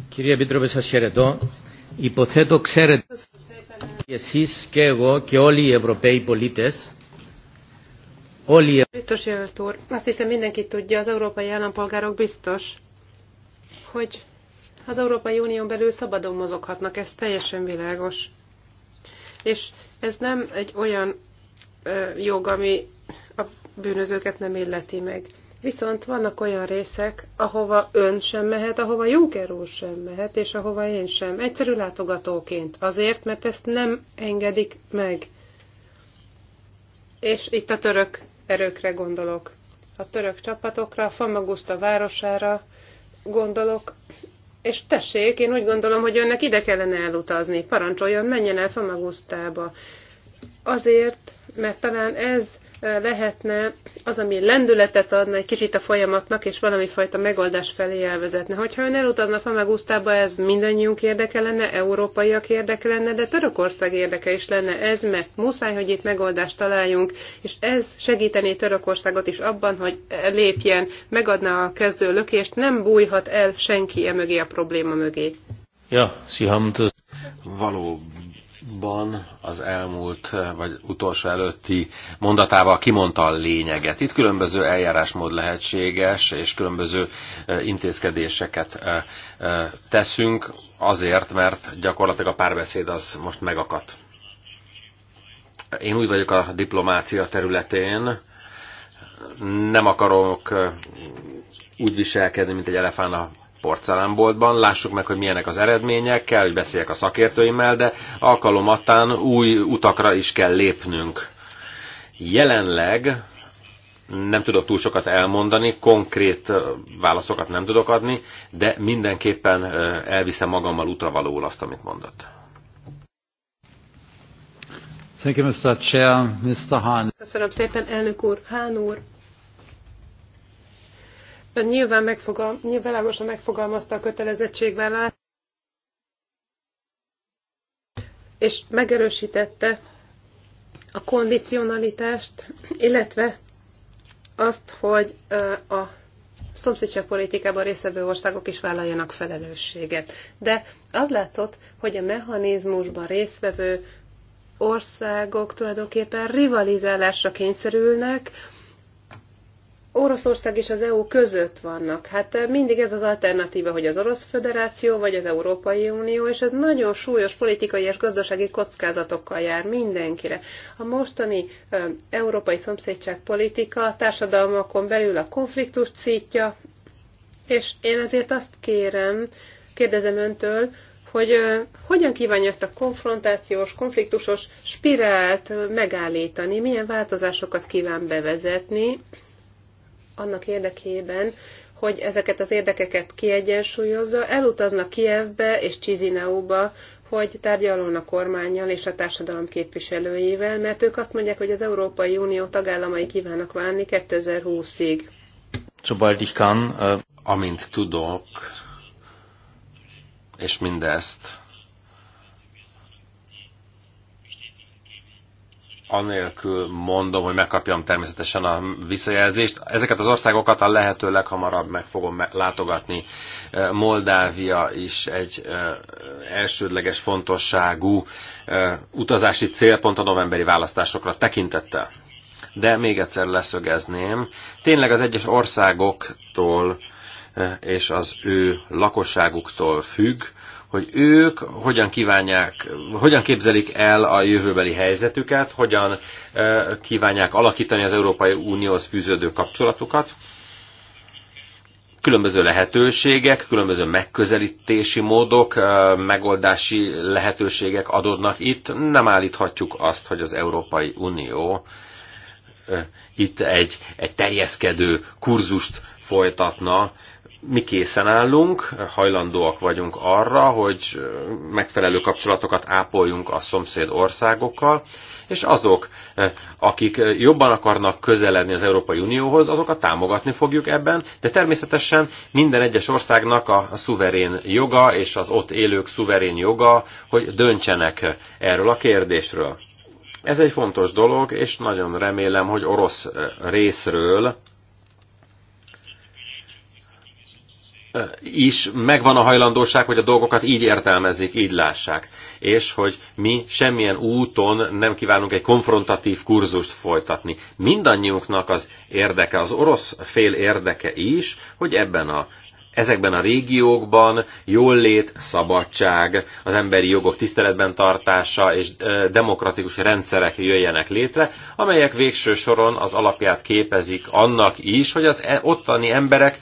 Κυρία Επίτροπε, σας χαιρετώ. Υποθέτω ξέρετε και εσείς και εγώ και όλοι οι Ευρωπαίοι πολίτες όλοι οι... Biztos jelölt úr, azt hiszem mindenki tudja, az európai állampolgárok biztos, hogy az Európai Unión belül szabadon mozoghatnak, ez teljesen világos. És ez nem egy olyan ö, jog, ami a bűnözőket nem illeti meg. Viszont vannak olyan részek, ahova ön sem mehet, ahova Juncker úr sem mehet, és ahova én sem. Egyszerű látogatóként. Azért, mert ezt nem engedik meg. És itt a török erőkre gondolok. A török csapatokra, a Famagusta városára gondolok, és tessék, én úgy gondolom, hogy önnek ide kellene elutazni. Parancsoljon, menjen el Famagusztába. Azért, mert talán ez lehetne az, ami lendületet adna egy kicsit a folyamatnak, és valami fajta megoldás felé elvezetne. Hogyha ön elutazna Famagusztába, ez mindannyiunk érdeke lenne, európaiak érdeke lenne, de Törökország érdeke is lenne ez, mert muszáj, hogy itt megoldást találjunk, és ez segítené Törökországot is abban, hogy lépjen, megadna a kezdő lökést, nem bújhat el senki e mögé a probléma mögé. Ja, Sie valóban Ban az elmúlt, vagy utolsó előtti mondatával kimondta a lényeget. Itt különböző eljárásmód lehetséges, és különböző e, intézkedéseket e, e, teszünk azért, mert gyakorlatilag a párbeszéd az most megakadt. Én úgy vagyok a diplomácia területén, nem akarok úgy viselkedni, mint egy elefánt a porcelánboltban, lássuk meg, hogy milyenek az eredmények, kell, hogy beszéljek a szakértőimmel, de alkalomattán új utakra is kell lépnünk. Jelenleg nem tudok túl sokat elmondani, konkrét válaszokat nem tudok adni, de mindenképpen elviszem magammal útra valóul azt, amit mondott. Thank you, Mr. Chair, Mr. Hahn. Köszönöm szépen, elnök úr, Hán úr nyilván, megfogal, nyilván világosan megfogalmazta a kötelezettségvállalást, és megerősítette a kondicionalitást, illetve azt, hogy a politikában részvevő országok is vállaljanak felelősséget. De az látszott, hogy a mechanizmusban részvevő országok tulajdonképpen rivalizálásra kényszerülnek, Oroszország és az EU között vannak. Hát eh, mindig ez az alternatíva, hogy az Orosz Föderáció vagy az Európai Unió, és ez nagyon súlyos politikai és gazdasági kockázatokkal jár mindenkire. A mostani ö, eh, európai szomszédság politika a társadalmakon belül a konfliktus szítja, és én azért azt kérem, kérdezem öntől, hogy ö, eh, hogyan kívánja ezt a konfrontációs, konfliktusos spirált megállítani, milyen változásokat kíván bevezetni, annak érdekében, hogy ezeket az érdekeket kiegyensúlyozza, elutaznak Kievbe és Csizineóba, hogy tárgyalon a kormányjal és a társadalom képviselőivel, mert ők azt mondják, hogy az Európai Unió tagállamai kívánnak válni 2020-ig. Sobald ich kann, äh, amint tudok, és mindezt anélkül mondom, hogy megkapjam természetesen a visszajelzést. Ezeket az országokat a lehető leghamarabb meg fogom látogatni. Eh, Moldávia is egy eh, elsődleges fontosságú eh, utazási célpont a novemberi választásokra tekintettel. De még egyszer leszögezném, tényleg az egyes országoktól és az ő lakosságuktól függ, hogy ők hogyan kívánják, hogyan képzelik el a jövőbeli helyzetüket, hogyan kívánják alakítani az Európai Unióhoz fűződő kapcsolatukat. Különböző lehetőségek, különböző megközelítési módok, megoldási lehetőségek adódnak itt. Nem állíthatjuk azt, hogy az Európai Unió itt egy, egy terjeszkedő kurzust folytatna, mi készen állunk, hajlandóak vagyunk arra, hogy megfelelő kapcsolatokat ápoljunk a szomszéd országokkal, és azok, akik jobban akarnak közeledni az Európai Unióhoz, azokat támogatni fogjuk ebben, de természetesen minden egyes országnak a szuverén joga és az ott élők szuverén joga, hogy döntsenek erről a kérdésről. Ez egy fontos dolog, és nagyon remélem, hogy orosz részről is megvan a hajlandóság, hogy a dolgokat így értelmezzék, így lássák. És hogy mi semmilyen úton nem kívánunk egy konfrontatív kurzust folytatni. Mindannyiunknak az érdeke, az orosz fél érdeke is, hogy ebben a ezekben a régiókban jólét, szabadság, az emberi jogok tiszteletben tartása és demokratikus rendszerek jöjjenek létre, amelyek végső soron az alapját képezik annak is, hogy az e-, ottani emberek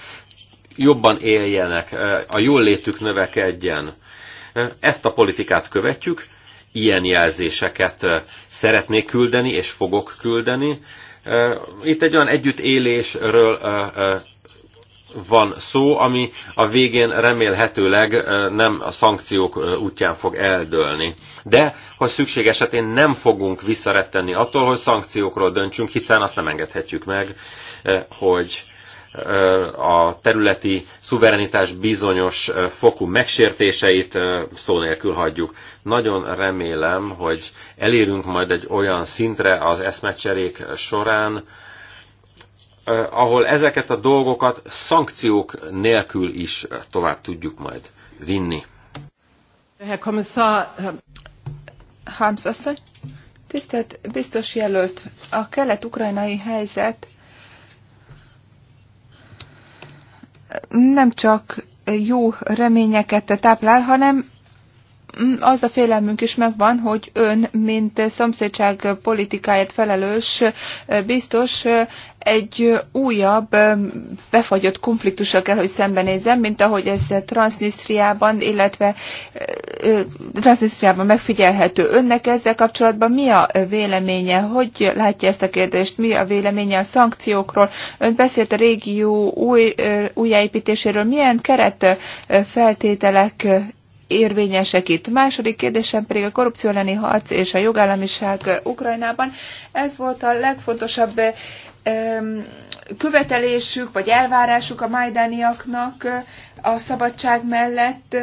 jobban éljenek, a jól létük növekedjen. Ezt a politikát követjük, ilyen jelzéseket szeretnék küldeni, és fogok küldeni. Itt egy olyan együttélésről van szó, ami a végén remélhetőleg nem a szankciók útján fog eldőlni. De, ha szükség esetén nem fogunk visszaretteni attól, hogy szankciókról döntsünk, hiszen azt nem engedhetjük meg, hogy a területi szuverenitás bizonyos fokú megsértéseit szó nélkül hagyjuk. Nagyon remélem, hogy elérünk majd egy olyan szintre az eszmecserék során, ahol ezeket a dolgokat szankciók nélkül is tovább tudjuk majd vinni. Herr Kommissar, Harms tisztelt biztos jelölt, a kelet-ukrajnai helyzet nem csak jó reményeket táplál, hanem az a félelmünk is megvan, hogy ön, mint szomszédság politikáért felelős biztos egy újabb befagyott konfliktussal kell, hogy szembenézzem, mint ahogy ez Transnistriában, illetve Transnistriában megfigyelhető. Önnek ezzel kapcsolatban mi a véleménye? Hogy látja ezt a kérdést? Mi a véleménye a szankciókról? Ön beszélt a régió új, újjáépítéséről. Milyen keret feltételek érvényesek itt. Második kérdésem pedig a korrupció elleni harc és a jogállamiság Ukrajnában. Ez volt a legfontosabb követelésük vagy elvárásuk a majdániaknak a szabadság mellett.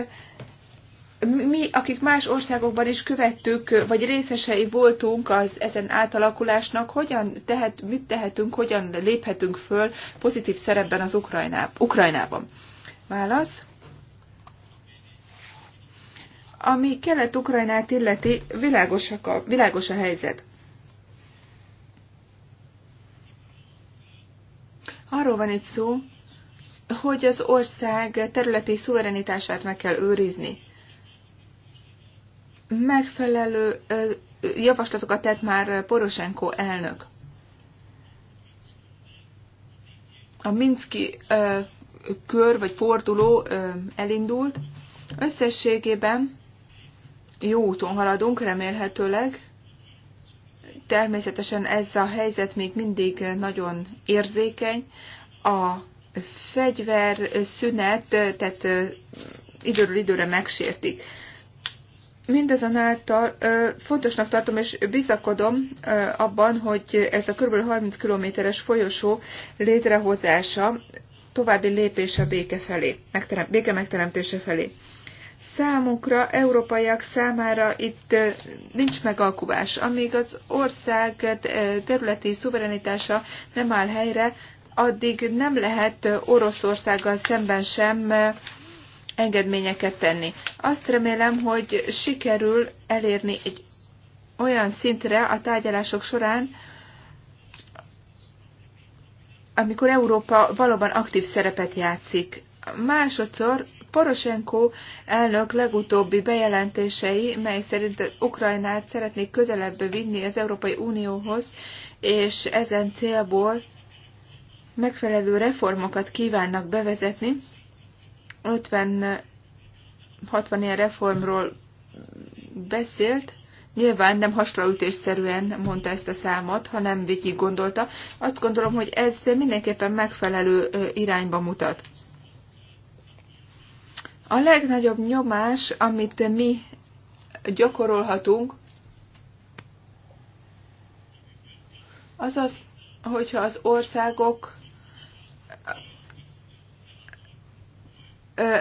Mi, akik más országokban is követtük, vagy részesei voltunk az ezen átalakulásnak, hogyan tehet, mit tehetünk, hogyan léphetünk föl pozitív szerepben az Ukrajná, Ukrajnában? Válasz? Ami kelet-ukrajnát illeti, világos a, világos a helyzet. Arról van itt szó, hogy az ország területi szuverenitását meg kell őrizni. Megfelelő javaslatokat tett már Poroshenko elnök. A Minszki kör vagy forduló elindult. Összességében jó úton haladunk, remélhetőleg. Természetesen ez a helyzet még mindig nagyon érzékeny. A szünet, tehát időről időre megsértik. Mindazonáltal fontosnak tartom és bizakodom abban, hogy ez a kb. 30 kilométeres folyosó létrehozása további lépés a béke felé, megterem, béke megteremtése felé számukra, európaiak számára itt nincs megalkuvás. Amíg az ország területi szuverenitása nem áll helyre, addig nem lehet Oroszországgal szemben sem engedményeket tenni. Azt remélem, hogy sikerül elérni egy olyan szintre a tárgyalások során, amikor Európa valóban aktív szerepet játszik. Másodszor Poroshenko elnök legutóbbi bejelentései, mely szerint Ukrajnát szeretnék közelebb vinni az Európai Unióhoz, és ezen célból megfelelő reformokat kívánnak bevezetni. 50-60 ilyen reformról beszélt, Nyilván nem hasraütésszerűen mondta ezt a számot, hanem végig gondolta. Azt gondolom, hogy ez mindenképpen megfelelő irányba mutat. A legnagyobb nyomás, amit mi gyakorolhatunk, az az, hogyha az országok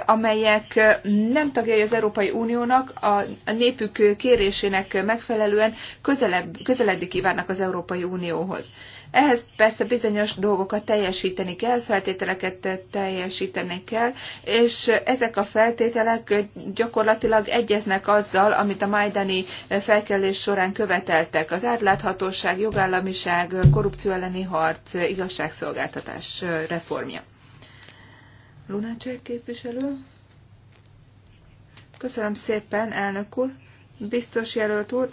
amelyek nem tagjai az Európai Uniónak, a népük kérésének megfelelően közelebb, közeledni kívánnak az Európai Unióhoz. Ehhez persze bizonyos dolgokat teljesíteni kell, feltételeket teljesíteni kell, és ezek a feltételek gyakorlatilag egyeznek azzal, amit a majdani felkelés során követeltek. Az átláthatóság, jogállamiság, korrupció elleni harc, igazságszolgáltatás reformja. Lunácsek képviselő. Köszönöm szépen, elnök úr. Biztos jelölt úr,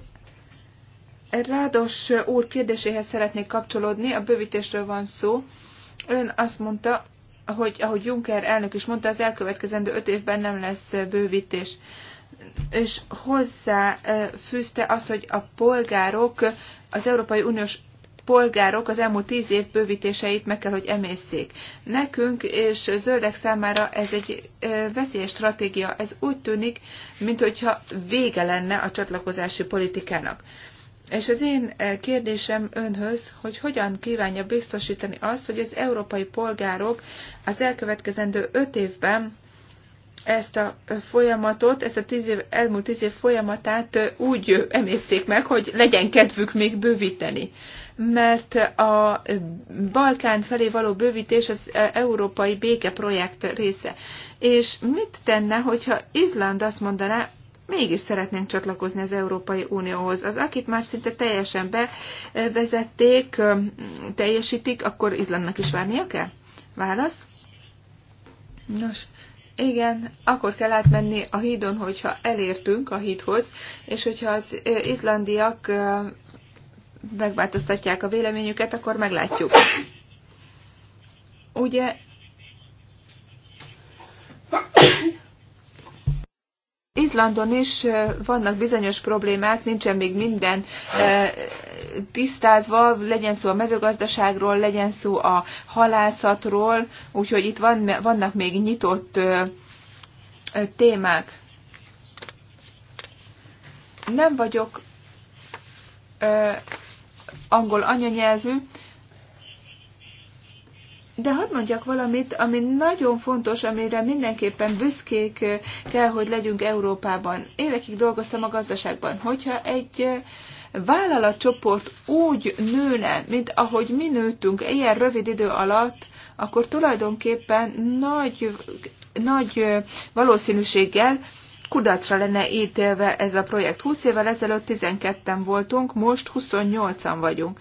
Rádos úr kérdéséhez szeretnék kapcsolódni, a bővítésről van szó. Ön azt mondta, hogy ahogy Juncker elnök is mondta, az elkövetkezendő öt évben nem lesz bővítés. És hozzá fűzte azt, hogy a polgárok az Európai Uniós polgárok az elmúlt tíz év bővítéseit meg kell, hogy emészszék. Nekünk és zöldek számára ez egy veszélyes stratégia. Ez úgy tűnik, mintha vége lenne a csatlakozási politikának. És az én kérdésem önhöz, hogy hogyan kívánja biztosítani azt, hogy az európai polgárok az elkövetkezendő öt évben ezt a folyamatot, ezt a tíz év, elmúlt tíz év folyamatát úgy emészték meg, hogy legyen kedvük még bővíteni mert a Balkán felé való bővítés az e, európai békeprojekt része. És mit tenne, hogyha Izland azt mondaná, mégis szeretnénk csatlakozni az Európai Unióhoz. Az, akit már szinte teljesen bevezették, teljesítik, akkor Izlandnak is várnia kell? Válasz? Nos, igen, akkor kell átmenni a hídon, hogyha elértünk a hídhoz, és hogyha az izlandiak megváltoztatják a véleményüket, akkor meglátjuk. Ugye Izlandon is vannak bizonyos problémák, nincsen még minden tisztázva, legyen szó a mezőgazdaságról, legyen szó a halászatról, úgyhogy itt van, vannak még nyitott témák. Nem vagyok angol anyanyelvű, de hadd mondjak valamit, ami nagyon fontos, amire mindenképpen büszkék kell, hogy legyünk Európában. Évekig dolgoztam a gazdaságban. Hogyha egy vállalatcsoport úgy nőne, mint ahogy mi nőttünk ilyen rövid idő alatt, akkor tulajdonképpen nagy, nagy valószínűséggel kudarcra lenne ítélve ez a projekt. 20 évvel ezelőtt 12-en voltunk, most 28-an vagyunk.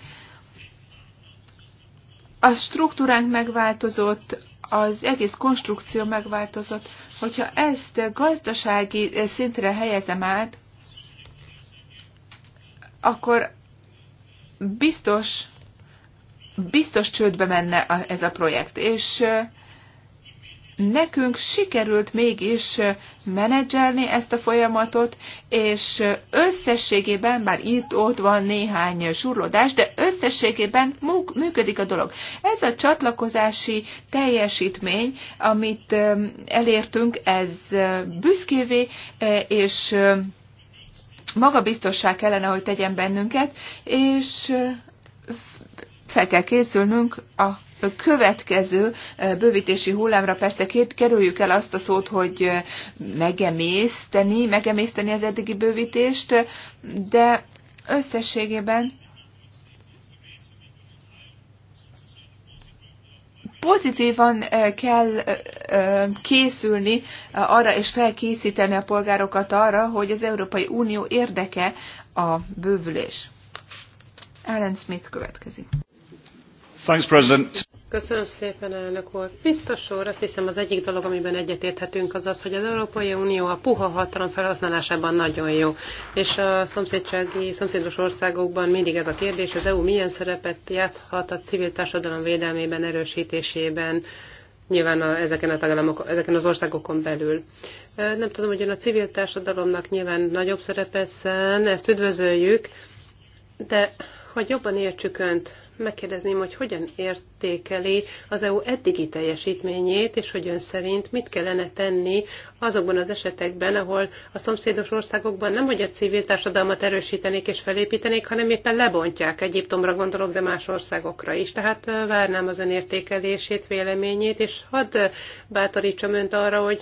A struktúránk megváltozott, az egész konstrukció megváltozott. Hogyha ezt gazdasági szintre helyezem át, akkor biztos, biztos csődbe menne ez a projekt. És nekünk sikerült mégis menedzselni ezt a folyamatot, és összességében, bár itt ott van néhány surlódás, de összességében működik a dolog. Ez a csatlakozási teljesítmény, amit elértünk, ez büszkévé, és magabiztossá kellene, hogy tegyen bennünket, és fel kell készülnünk a következő bővítési hullámra persze két, kerüljük el azt a szót, hogy megemészteni, megemészteni az eddigi bővítést, de összességében pozitívan kell készülni arra, és felkészíteni a polgárokat arra, hogy az Európai Unió érdeke a bővülés. Ellen Smith következik. Thanks, President. Köszönöm szépen, elnök úr. Biztos úr, azt hiszem az egyik dolog, amiben egyetérthetünk, az az, hogy az Európai Unió a puha hatalom felhasználásában nagyon jó. És a szomszédsági, szomszédos országokban mindig ez a kérdés, az EU milyen szerepet játszhat a civil társadalom védelmében, erősítésében, nyilván a, ezeken, a tagállamok, ezeken az országokon belül. Nem tudom, hogy a civil társadalomnak nyilván nagyobb szerepet szán, ezt üdvözöljük, de hogy jobban értsük önt, megkérdezném, hogy hogyan értékeli az EU eddigi teljesítményét, és hogy ön szerint mit kellene tenni azokban az esetekben, ahol a szomszédos országokban nem hogy a civil társadalmat erősítenék és felépítenék, hanem éppen lebontják Egyiptomra gondolok, de más országokra is. Tehát várnám az ön értékelését, véleményét, és hadd bátorítsam önt arra, hogy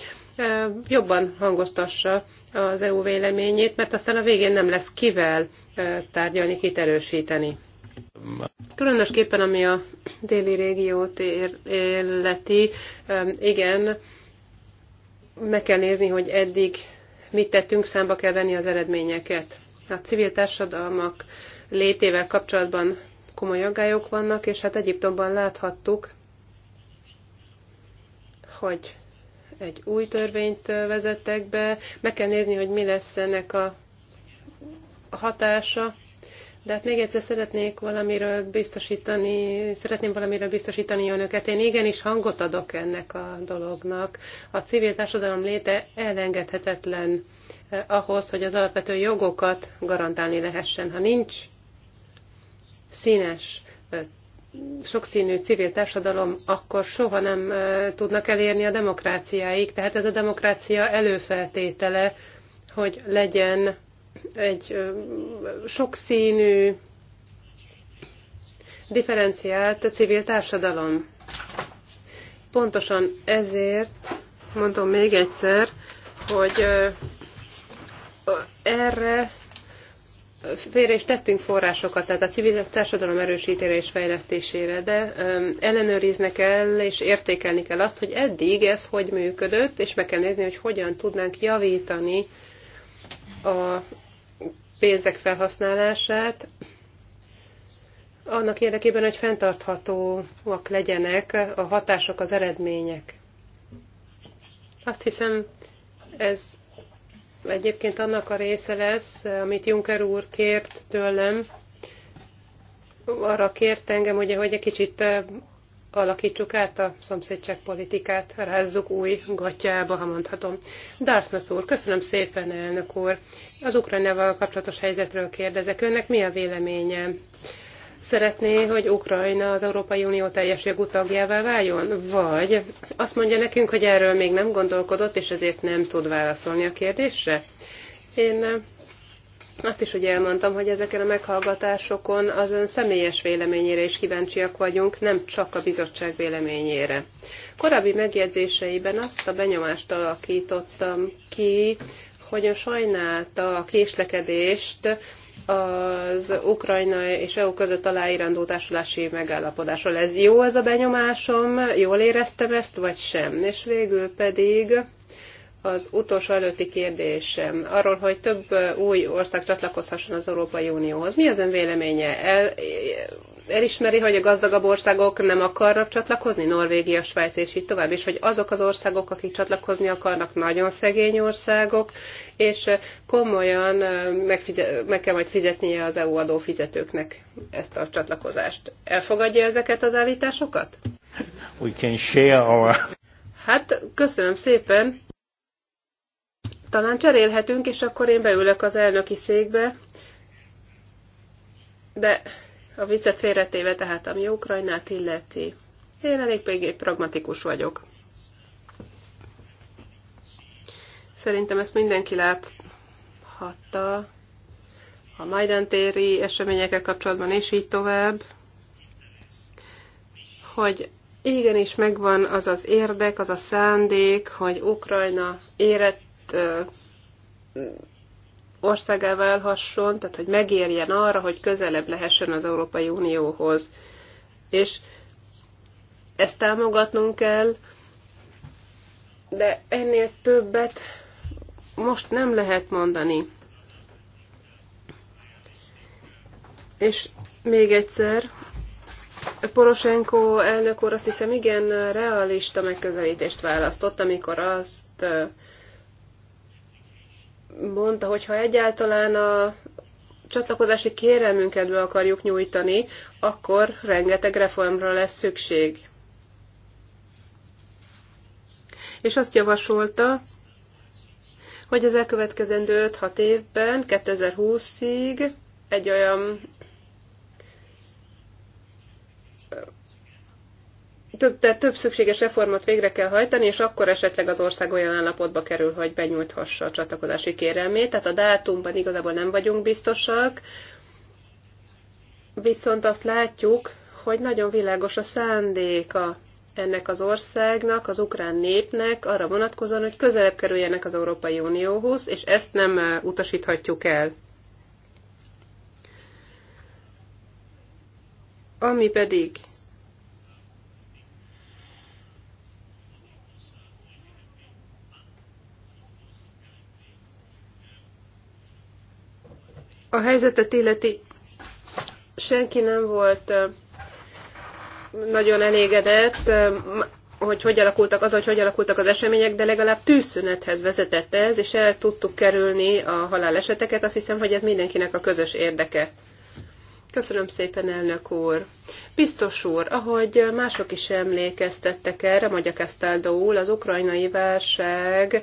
jobban hangoztassa az EU véleményét, mert aztán a végén nem lesz kivel tárgyalni, kit erősíteni. Különösképpen ami a déli régiót illeti, igen, meg kell nézni, hogy eddig mit tettünk, számba kell venni az eredményeket. A civil társadalmak létével kapcsolatban komoly aggályok vannak, és hát Egyiptomban láthattuk, hogy egy új törvényt vezettek be. Meg kell nézni, hogy mi lesz ennek a hatása. De hát még egyszer szeretnék valamiről biztosítani, szeretném valamiről biztosítani önöket. Én igenis hangot adok ennek a dolognak. A civil társadalom léte elengedhetetlen eh, ahhoz, hogy az alapvető jogokat garantálni lehessen. Ha nincs színes, eh, sokszínű civil társadalom, akkor soha nem eh, tudnak elérni a demokráciáig. Tehát ez a demokrácia előfeltétele, hogy legyen egy sokszínű, differenciált civil társadalom. Pontosan ezért mondom még egyszer, hogy erre félre is tettünk forrásokat, tehát a civil társadalom erősítére és fejlesztésére, de ellenőriznek el és értékelni kell azt, hogy eddig ez hogy működött, és meg kell nézni, hogy hogyan tudnánk javítani a pénzek felhasználását, annak érdekében, hogy fenntarthatóak legyenek a hatások, az eredmények. Azt hiszem, ez egyébként annak a része lesz, amit Juncker úr kért tőlem. Arra kért engem, ugye, hogy egy kicsit alakítsuk át a politikát, rázzuk új gatyába, ha mondhatom. Dartmouth úr, köszönöm szépen, elnök úr. Az Ukrajnával kapcsolatos helyzetről kérdezek. Önnek mi a véleménye? Szeretné, hogy Ukrajna az Európai Unió teljes jogú tagjává váljon? Vagy azt mondja nekünk, hogy erről még nem gondolkodott, és ezért nem tud válaszolni a kérdésre? Én azt is, hogy elmondtam, hogy ezeken a meghallgatásokon az ön személyes véleményére is kíváncsiak vagyunk, nem csak a bizottság véleményére. Korábbi megjegyzéseiben azt a benyomást alakítottam ki, hogy a sajnálta a késlekedést az Ukrajna és EU között aláírandó társulási megállapodásról. Ez jó az a benyomásom? Jól éreztem ezt, vagy sem? És végül pedig az utolsó előtti kérdésem arról, hogy több új ország csatlakozhasson az Európai Unióhoz. Mi az ön véleménye? El, elismeri, hogy a gazdagabb országok nem akarnak csatlakozni, Norvégia, Svájc és így tovább, és hogy azok az országok, akik csatlakozni akarnak, nagyon szegény országok, és komolyan megfize- meg kell majd fizetnie az EU adófizetőknek ezt a csatlakozást. Elfogadja ezeket az állításokat? We can share our... Hát, köszönöm szépen! talán cserélhetünk, és akkor én beülök az elnöki székbe, de a viccet félretéve tehát, ami Ukrajnát illeti. Én elég pragmatikus vagyok. Szerintem ezt mindenki láthatta a Majdan téri eseményekkel kapcsolatban, és így tovább, hogy igenis megvan az az érdek, az a szándék, hogy Ukrajna érett országá válhasson, tehát hogy megérjen arra, hogy közelebb lehessen az Európai Unióhoz. És ezt támogatnunk kell, de ennél többet most nem lehet mondani. És még egyszer, Poroshenko elnök úr azt hiszem igen realista megközelítést választott, amikor azt mondta, hogy ha egyáltalán a csatlakozási kérelmünket be akarjuk nyújtani, akkor rengeteg reformra lesz szükség. És azt javasolta, hogy az elkövetkezendő 5-6 évben, 2020-ig egy olyan több, tehát több szükséges reformot végre kell hajtani, és akkor esetleg az ország olyan állapotba kerül, hogy benyújthassa a csatlakozási kérelmét. Tehát a dátumban igazából nem vagyunk biztosak, viszont azt látjuk, hogy nagyon világos a szándéka ennek az országnak, az ukrán népnek arra vonatkozóan, hogy közelebb kerüljenek az Európai Unióhoz, és ezt nem utasíthatjuk el. Ami pedig a helyzetet illeti senki nem volt nagyon elégedett, hogy hogy alakultak az, hogy hogy alakultak az események, de legalább tűzszünethez vezetett ez, és el tudtuk kerülni a haláleseteket. Azt hiszem, hogy ez mindenkinek a közös érdeke. Köszönöm szépen, elnök úr. Biztos úr, ahogy mások is emlékeztettek erre, Magyar Kestáldó úr, az ukrajnai válság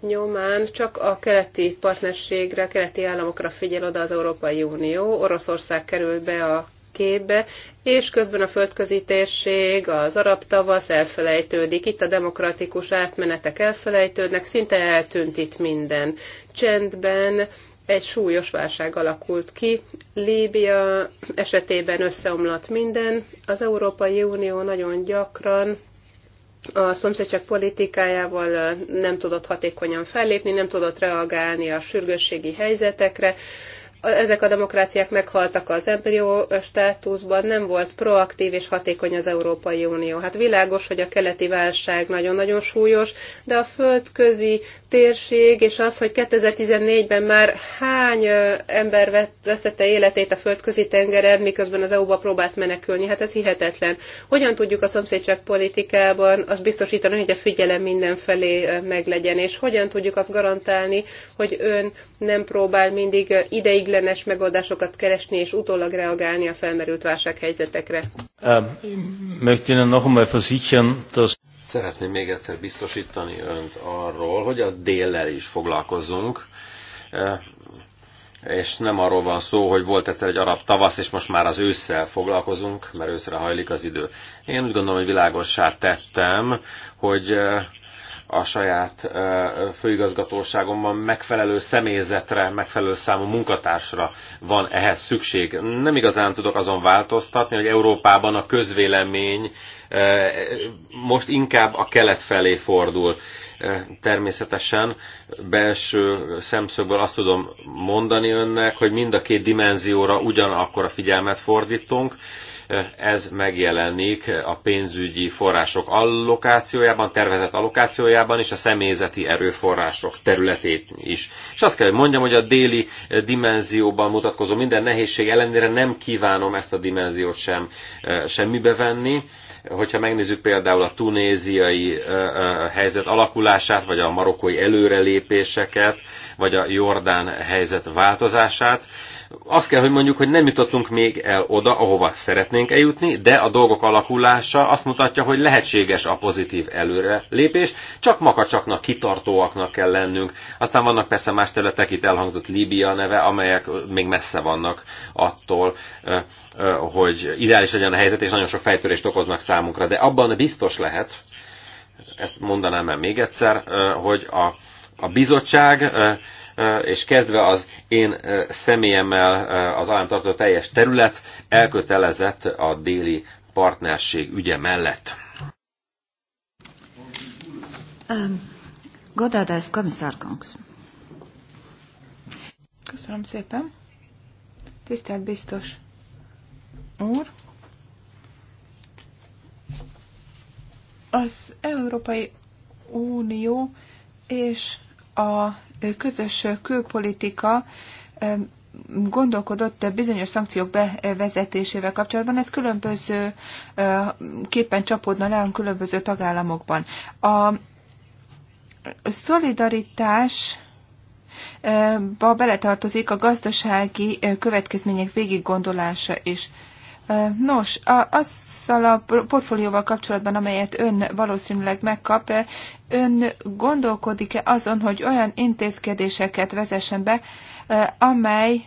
nyomán csak a keleti partnerségre, a keleti államokra figyel oda az Európai Unió, Oroszország kerül be a képbe, és közben a földközi térség, az arab tavasz elfelejtődik, itt a demokratikus átmenetek elfelejtődnek, szinte eltűnt itt minden. Csendben egy súlyos válság alakult ki. Líbia esetében összeomlott minden. Az Európai Unió nagyon gyakran a szomszédság politikájával nem tudott hatékonyan fellépni, nem tudott reagálni a sürgősségi helyzetekre, ezek a demokráciák meghaltak az embrió státuszban, nem volt proaktív és hatékony az Európai Unió. Hát világos, hogy a keleti válság nagyon-nagyon súlyos, de a földközi térség és az, hogy 2014-ben már hány ember vesztette életét a földközi tengeren, miközben az EU-ba próbált menekülni, hát ez hihetetlen. Hogyan tudjuk a szomszédság politikában azt biztosítani, hogy a figyelem mindenfelé meglegyen, és hogyan tudjuk azt garantálni, hogy ön nem próbál mindig ideiglenesen ideiglenes megoldásokat keresni és utólag reagálni a felmerült válsághelyzetekre. Szeretném még egyszer biztosítani önt arról, hogy a déllel is foglalkozunk és nem arról van szó, hogy volt egyszer egy arab tavasz, és most már az ősszel foglalkozunk, mert őszre hajlik az idő. Én úgy gondolom, hogy világossá tettem, hogy eh, a saját főigazgatóságomban megfelelő személyzetre, megfelelő számú munkatársra van ehhez szükség. Nem igazán tudok azon változtatni, hogy Európában a közvélemény most inkább a kelet felé fordul. Természetesen belső szemszögből azt tudom mondani önnek, hogy mind a két dimenzióra ugyanakkor a figyelmet fordítunk, ez megjelenik a pénzügyi források allokációjában, tervezett allokációjában és a személyzeti erőforrások területét is. És azt kell, hogy mondjam, hogy a déli dimenzióban mutatkozó minden nehézség ellenére nem kívánom ezt a dimenziót sem semmibe venni hogyha megnézzük például a tunéziai helyzet alakulását, vagy a marokkói előrelépéseket, vagy a jordán helyzet változását, azt kell, hogy mondjuk, hogy nem jutottunk még el oda, ahova szeretnénk eljutni, de a dolgok alakulása azt mutatja, hogy lehetséges a pozitív előre lépés, csak makacsaknak, kitartóaknak kell lennünk. Aztán vannak persze más területek, itt elhangzott Líbia neve, amelyek még messze vannak attól, hogy ideális legyen a helyzet, és nagyon sok fejtörést okoznak számunkra. De abban biztos lehet, ezt mondanám el még egyszer, hogy a, a bizottság és kezdve az én személyemmel az államtartó teljes terület elkötelezett a déli partnerség ügye mellett. Um, Godádász Köszönöm szépen. Tisztelt biztos úr. Az Európai Unió és a közös külpolitika gondolkodott bizonyos szankciók bevezetésével kapcsolatban, ez különböző képen csapódna le a különböző tagállamokban. A szolidaritás beletartozik a gazdasági következmények végiggondolása is. Nos, azzal a portfólióval kapcsolatban, amelyet ön valószínűleg megkap, ön gondolkodik-e azon, hogy olyan intézkedéseket vezessen be, amely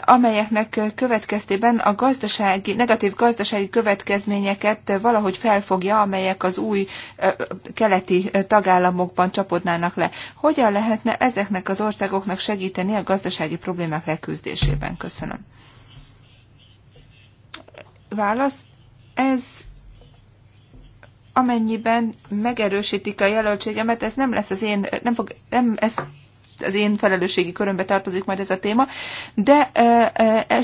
amelyeknek következtében a gazdasági, negatív gazdasági következményeket valahogy felfogja, amelyek az új keleti tagállamokban csapodnának le. Hogyan lehetne ezeknek az országoknak segíteni a gazdasági problémák leküzdésében? Köszönöm. Válasz, ez amennyiben megerősítik a jelöltségemet, ez nem lesz az én, nem fog, nem, ez az én felelősségi körömbe tartozik majd ez a téma, de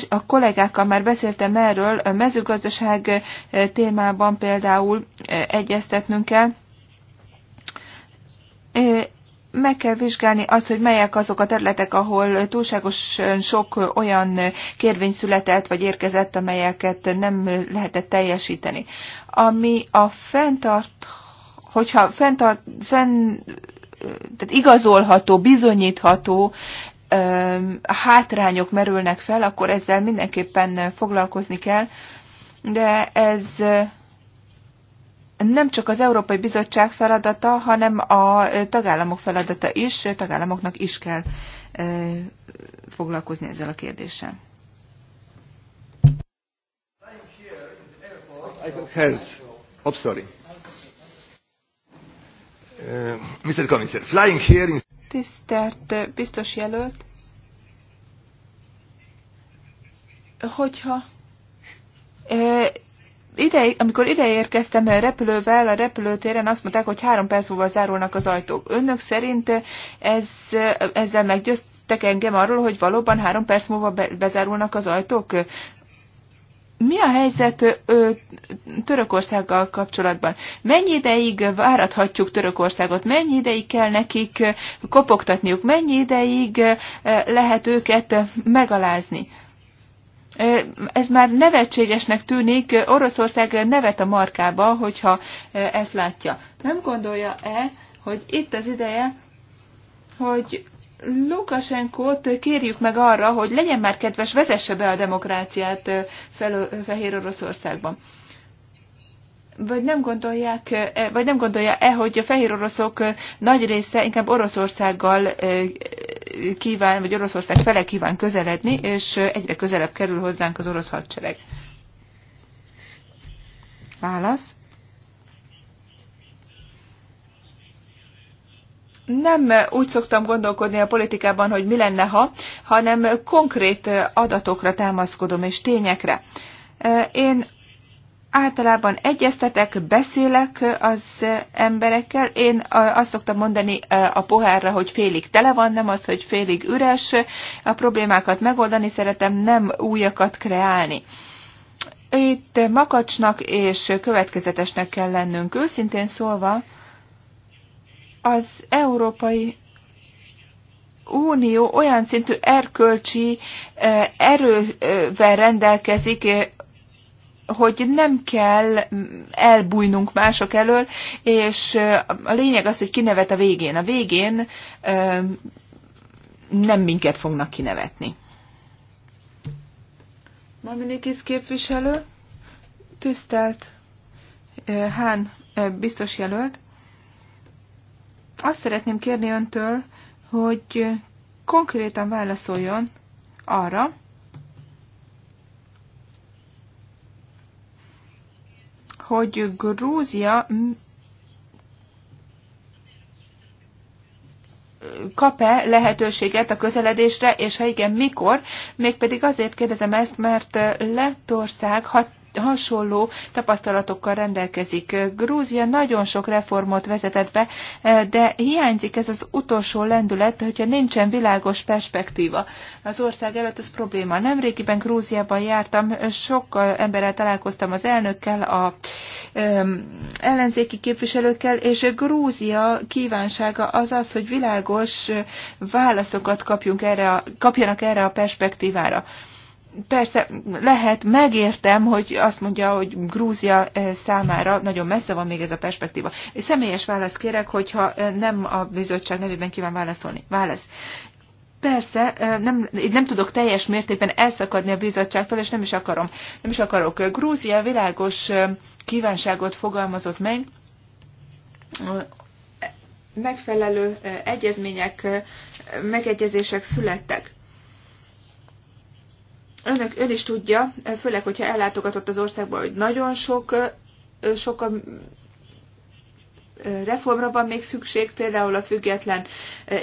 a kollégákkal már beszéltem erről, a mezőgazdaság témában például egyeztetnünk kell, meg kell vizsgálni azt, hogy melyek azok a területek, ahol túlságosan sok olyan kérvény született vagy érkezett, amelyeket nem lehetett teljesíteni. Ami a fenntart, hogyha fenntart, fenn, tehát igazolható, bizonyítható hátrányok merülnek fel, akkor ezzel mindenképpen foglalkozni kell, de ez nem csak az Európai Bizottság feladata, hanem a tagállamok feladata is, a tagállamoknak is kell foglalkozni ezzel a kérdéssel. Oh, uh, Mr. flying here Tisztelt biztos jelölt, hogyha ide, amikor a repülővel a repülőtéren, azt mondták, hogy három perc múlva zárulnak az ajtók. Önök szerint ez, ezzel meggyőztek engem arról, hogy valóban három perc múlva be, bezárulnak az ajtók? Mi a helyzet ö, Törökországgal kapcsolatban? Mennyi ideig várathatjuk Törökországot? Mennyi ideig kell nekik kopogtatniuk? Mennyi ideig lehet őket megalázni? Ez már nevetségesnek tűnik, Oroszország nevet a markába, hogyha ezt látja. Nem gondolja-e, hogy itt az ideje, hogy Lukasenkót kérjük meg arra, hogy legyen már kedves, vezesse be a demokráciát fel, Fehér Oroszországban. Vagy nem, gondolják, vagy nem gondolja-e, hogy a fehér oroszok nagy része inkább Oroszországgal kíván, vagy Oroszország fele kíván közeledni, és egyre közelebb kerül hozzánk az orosz hadsereg. Válasz. nem úgy szoktam gondolkodni a politikában, hogy mi lenne, ha, hanem konkrét adatokra támaszkodom és tényekre. Én általában egyeztetek, beszélek az emberekkel. Én azt szoktam mondani a pohárra, hogy félig tele van, nem az, hogy félig üres. A problémákat megoldani szeretem, nem újakat kreálni. Itt makacsnak és következetesnek kell lennünk. Őszintén szólva, az Európai Unió olyan szintű erkölcsi erővel rendelkezik, hogy nem kell elbújnunk mások elől, és a lényeg az, hogy kinevet a végén. A végén nem minket fognak kinevetni. Maminikis képviselő, tisztelt Hán biztos jelölt, azt szeretném kérni öntől, hogy konkrétan válaszoljon arra, hogy Grúzia kap-e lehetőséget a közeledésre, és ha igen, mikor? Mégpedig azért kérdezem ezt, mert Lettország hat hasonló tapasztalatokkal rendelkezik. Grúzia nagyon sok reformot vezetett be, eh, de hiányzik ez az utolsó lendület, hogyha nincsen világos perspektíva. Az ország előtt ez probléma. Nemrégiben Grúziában jártam, sok emberrel találkoztam az elnökkel, a ellenzéki képviselőkkel, és Grúzia kívánsága az az, hogy világos válaszokat kapjunk erre a, kapjanak erre a perspektívára persze lehet, megértem, hogy azt mondja, hogy Grúzia eh, számára nagyon messze van még ez a perspektíva. Egy személyes választ kérek, hogyha eh, nem a bizottság nevében kíván válaszolni. Válasz. Persze, eh, nem, nem tudok teljes mértékben elszakadni a bizottságtól, és nem is akarom. Nem is akarok. Grúzia világos kívánságot fogalmazott meg, megfelelő egyezmények, megegyezések születtek önök, ön is tudja, főleg, hogyha ellátogatott az országba, hogy nagyon sok, sok a reformra van még szükség, például a független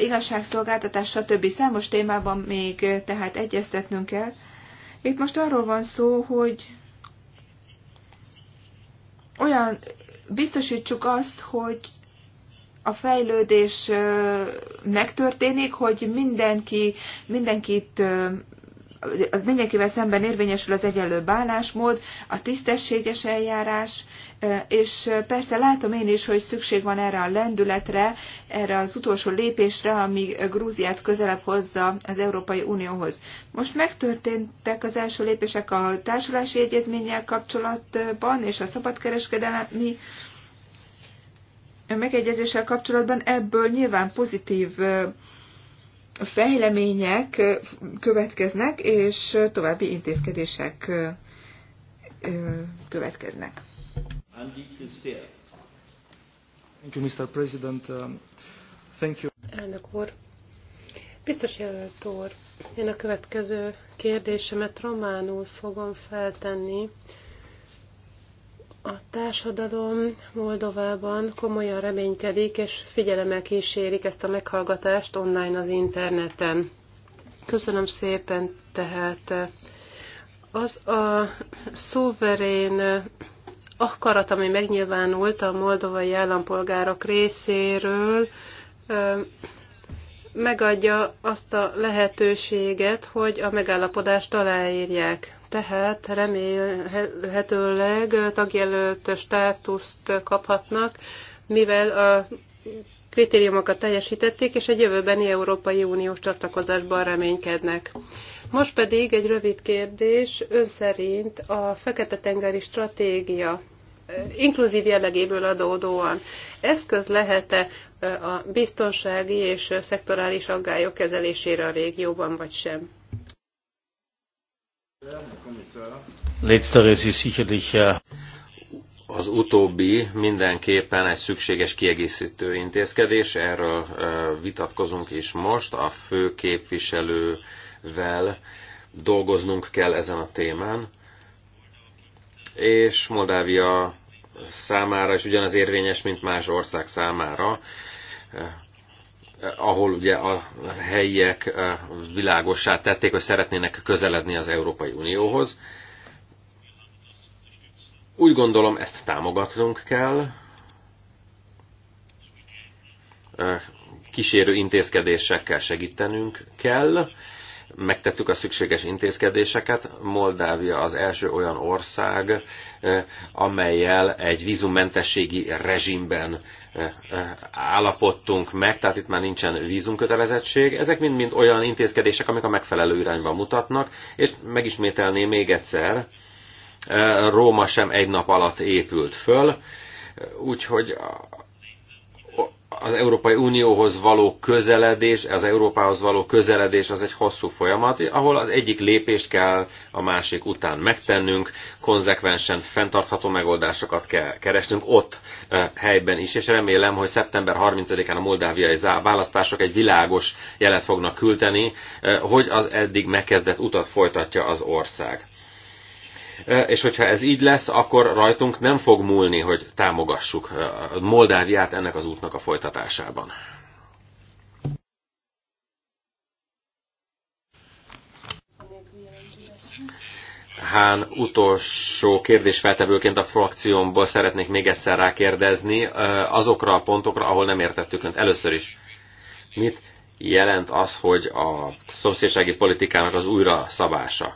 igazságszolgáltatás, stb. számos témában még tehát egyeztetnünk kell. Itt most arról van szó, hogy olyan biztosítsuk azt, hogy a fejlődés megtörténik, hogy mindenki, mindenkit az mindenkivel szemben érvényesül az egyenlő bánásmód, a tisztességes eljárás, és persze látom én is, hogy szükség van erre a lendületre, erre az utolsó lépésre, ami Grúziát közelebb hozza az Európai Unióhoz. Most megtörténtek az első lépések a társulási egyezménnyel kapcsolatban és a szabadkereskedelmi megegyezéssel kapcsolatban, ebből nyilván pozitív fejlemények következnek, és további intézkedések következnek. Thank you, Mr. President. Um, thank you. Elnök úr, biztos jelölt úr, én a következő kérdésemet románul fogom feltenni. A társadalom Moldovában komolyan reménykedik, és figyelemmel kísérik ezt a meghallgatást online az interneten. Köszönöm szépen tehát. Az a szuverén akarat, ami megnyilvánult a moldovai állampolgárok részéről, megadja azt a lehetőséget, hogy a megállapodást aláírják. Tehát remélhetőleg tagjelölt státuszt kaphatnak, mivel a kritériumokat teljesítették, és egy jövőbeni Európai Uniós csatlakozásban reménykednek. Most pedig egy rövid kérdés, ön szerint a Fekete-tengeri stratégia inkluzív jellegéből adódóan eszköz lehet-e a biztonsági és szektorális aggályok kezelésére a régióban, vagy sem? az utóbbi mindenképpen egy szükséges kiegészítő intézkedés, erről vitatkozunk is most, a fő képviselővel dolgoznunk kell ezen a témán és Moldávia számára is ugyanaz érvényes, mint más ország számára, eh, ahol ugye a helyiek eh, világossá tették, hogy szeretnének közeledni az Európai Unióhoz. Úgy gondolom, ezt támogatnunk kell, eh, kísérő intézkedésekkel segítenünk kell, megtettük a szükséges intézkedéseket. Moldávia az első olyan ország, eh, amelyel egy vízummentességi rezsimben eh, eh, állapodtunk meg, tehát itt már nincsen vízumkötelezettség. Ezek mind-mind olyan intézkedések, amik a megfelelő irányba mutatnak, és megismételném még egyszer, Róma sem egy nap alatt épült föl, úgyhogy az Európai Unióhoz való közeledés, az Európához való közeledés az egy hosszú folyamat, ahol az egyik lépést kell a másik után megtennünk, konzekvensen fenntartható megoldásokat kell keresnünk ott e, helyben is, és remélem, hogy szeptember 30-án a moldáviai választások egy világos jelet fognak küldeni, e, hogy az eddig megkezdett utat folytatja az ország. E, és hogyha ez így lesz, akkor rajtunk nem fog múlni, hogy támogassuk e, Moldáviát ennek az útnak a folytatásában. Hán utolsó kérdésfeltevőként a frakciómból szeretnék még egyszer rákérdezni e, azokra a pontokra, ahol nem értettük önt először is. Mit jelent az, hogy a szomszédsági politikának az újra szabása?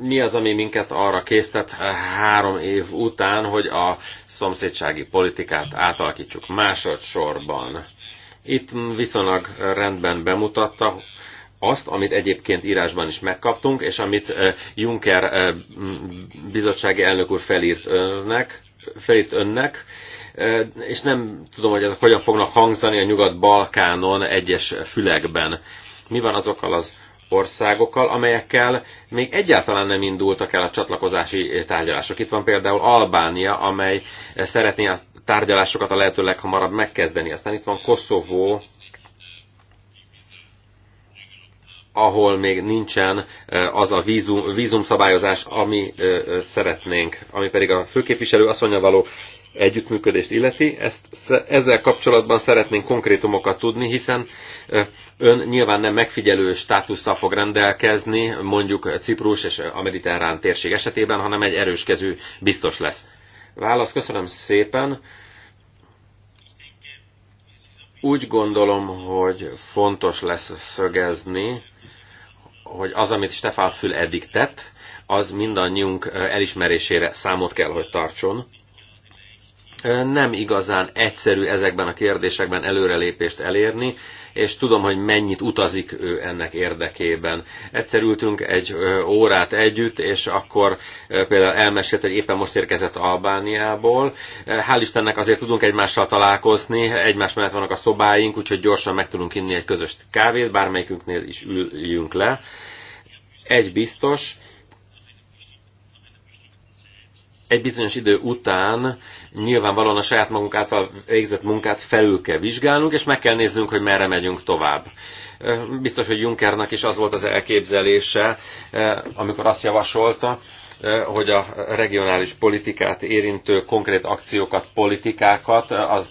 mi az, ami minket arra késztet eh, három év után, hogy a szomszédsági politikát átalakítsuk másodszorban. Itt viszonylag rendben bemutatta azt, amit egyébként írásban is megkaptunk, és amit eh, Juncker eh, bizottsági elnök úr felírt önnek, felírt önnek és nem tudom, hogy ezek hogyan fognak hangzani a Nyugat-Balkánon egyes fülekben. Mi van azokkal az országokkal, amelyekkel még egyáltalán nem indultak el a csatlakozási tárgyalások. Itt van például Albánia, amely szeretné a tárgyalásokat a lehető leghamarabb megkezdeni. Aztán itt van Koszovó, ahol még nincsen eh, az a vízum, vízumszabályozás, ami eh, szeretnénk, ami pedig a főképviselő asszonya való együttműködést illeti. Ezt, ezzel kapcsolatban szeretnénk konkrétumokat tudni, hiszen eh, Ön nyilván nem megfigyelő státusszal fog rendelkezni, mondjuk Ciprus és a mediterrán térség esetében, hanem egy erős kezű biztos lesz. Válasz, köszönöm szépen. Úgy gondolom, hogy fontos lesz szögezni, hogy az, amit Stefán Fül eddig tett, az mindannyiunk elismerésére számot kell, hogy tartson nem igazán egyszerű ezekben a kérdésekben előrelépést elérni, és tudom, hogy mennyit utazik ő ennek érdekében. Egyszer ültünk egy órát együtt, és akkor például elmesélt, hogy éppen most érkezett Albániából. Hál' Istennek azért tudunk egymással találkozni, egymás mellett vannak a szobáink, úgyhogy gyorsan meg tudunk inni egy közös kávét, bármelyikünknél is üljünk le. Egy biztos, egy bizonyos idő után nyilvánvalóan a saját magunk által végzett munkát felül kell vizsgálnunk, és meg kell néznünk, hogy merre megyünk tovább. Biztos, hogy Junckernak is az volt az elképzelése, amikor azt javasolta, hogy a regionális politikát érintő konkrét akciókat, politikákat az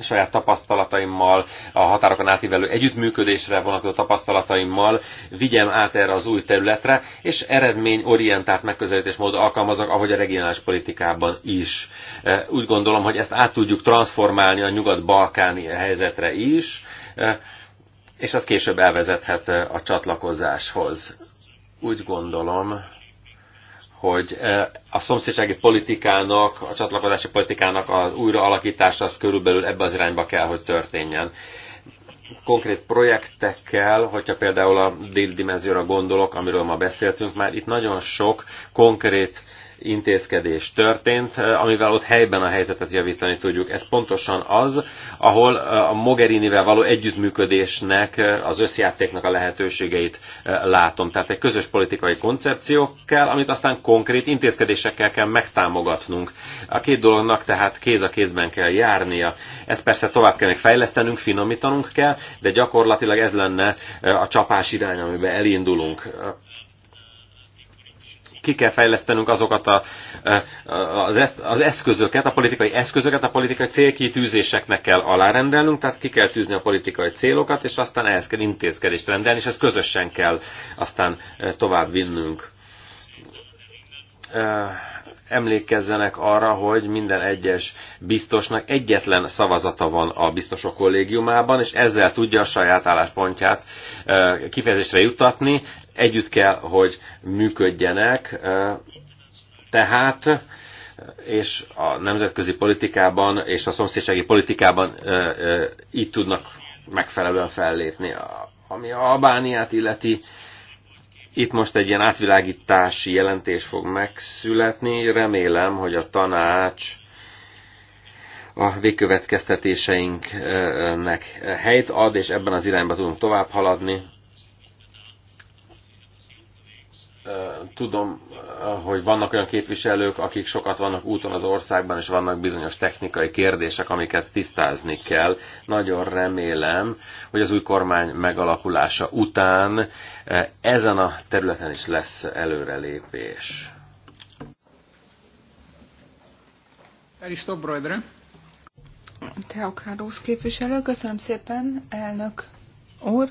saját tapasztalataimmal, a határokon átívelő együttműködésre vonatkozó tapasztalataimmal vigyem át erre az új területre, és eredményorientált megközelítésmódot alkalmazok, ahogy a regionális politikában is. E, úgy gondolom, hogy ezt át tudjuk transformálni a nyugat-balkáni helyzetre is, e, és az később elvezethet e, a csatlakozáshoz. Úgy gondolom, hogy a szomszédsági politikának, a csatlakozási politikának az újraalakítása az körülbelül ebbe az irányba kell, hogy történjen. Konkrét projektekkel, hogyha például a déli dimenzióra gondolok, amiről ma beszéltünk, már itt nagyon sok konkrét uh, intézkedés történt, eh, amivel ott helyben a helyzetet javítani tudjuk. Ez pontosan az, ahol eh, a Mogherinivel való együttműködésnek, eh, az összjátéknak a lehetőségeit látom. Tehát egy közös politikai koncepció kell, amit aztán konkrét intézkedésekkel kell megtámogatnunk. A két dolognak tehát kéz a kézben kell járnia. Ezt persze tovább kell még fejlesztenünk, finomítanunk kell, de gyakorlatilag ez lenne a csapás irány, amiben elindulunk ki kell fejlesztenünk azokat a, e, az, az eszközöket, a politikai eszközöket, a politikai célkitűzéseknek kell alárendelnünk, tehát ki kell tűzni a politikai célokat, és aztán ehhez kell intézkedést rendelni, és ezt közösen kell aztán e, tovább vinnünk e, emlékezzenek arra, hogy minden egyes biztosnak egyetlen szavazata van a biztosok kollégiumában, és ezzel tudja a saját álláspontját kifejezésre jutatni. Együtt kell, hogy működjenek, tehát és a nemzetközi politikában és a szomszédsági politikában így tudnak megfelelően fellépni. Ami a Albániát illeti, itt most egy ilyen átvilágítási jelentés fog megszületni. Remélem, hogy a tanács a végkövetkeztetéseinknek helyt ad, és ebben az irányba tudunk tovább haladni tudom, hogy vannak olyan képviselők, akik sokat vannak úton az országban, és vannak bizonyos technikai kérdések, amiket tisztázni kell. Nagyon remélem, hogy az új kormány megalakulása után ezen a területen is lesz előrelépés. Eristó Brojdre. képviselő, köszönöm szépen, elnök úr,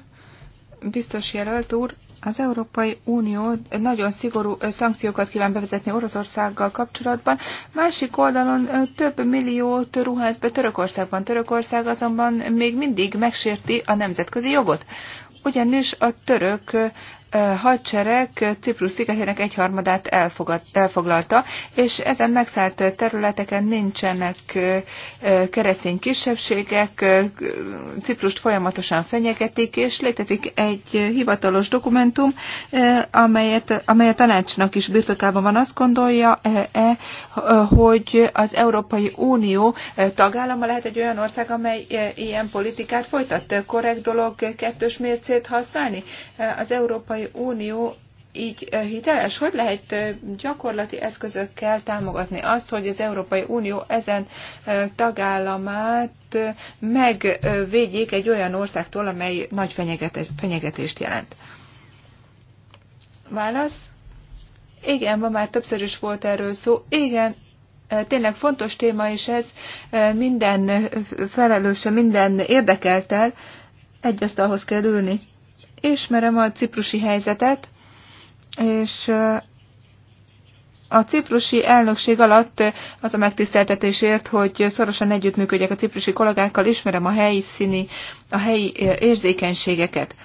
biztos jelölt úr, az Európai Unió nagyon szigorú szankciókat kíván bevezetni Oroszországgal kapcsolatban. Másik oldalon több milliót ruház be Törökországban. Törökország azonban még mindig megsérti a nemzetközi jogot. Ugyanis a török hadsereg Ciprus szigetének egyharmadát elfogad, elfoglalta, és ezen megszállt területeken nincsenek keresztény kisebbségek, Ciprust folyamatosan fenyegetik, és létezik egy hivatalos dokumentum, amelyet, amely a tanácsnak is birtokában van. Azt gondolja-e, hogy az Európai Unió tagállama lehet egy olyan ország, amely ilyen politikát folytat? Korrekt dolog kettős mércét használni? Az Európai Európai Unió így hiteles? Hogy lehet gyakorlati eszközökkel támogatni azt, hogy az Európai Unió ezen tagállamát megvédjék egy olyan országtól, amely nagy fenyegetést jelent? Válasz? Igen, ma már többször is volt erről szó. Igen, tényleg fontos téma is ez. Minden felelőse, minden érdekeltel egy asztalhoz kell ülni. Ismerem a ciprusi helyzetet, és a ciprusi elnökség alatt az a megtiszteltetésért, hogy szorosan együttműködjek a ciprusi kollégákkal, ismerem a helyi színi, a helyi érzékenységeket.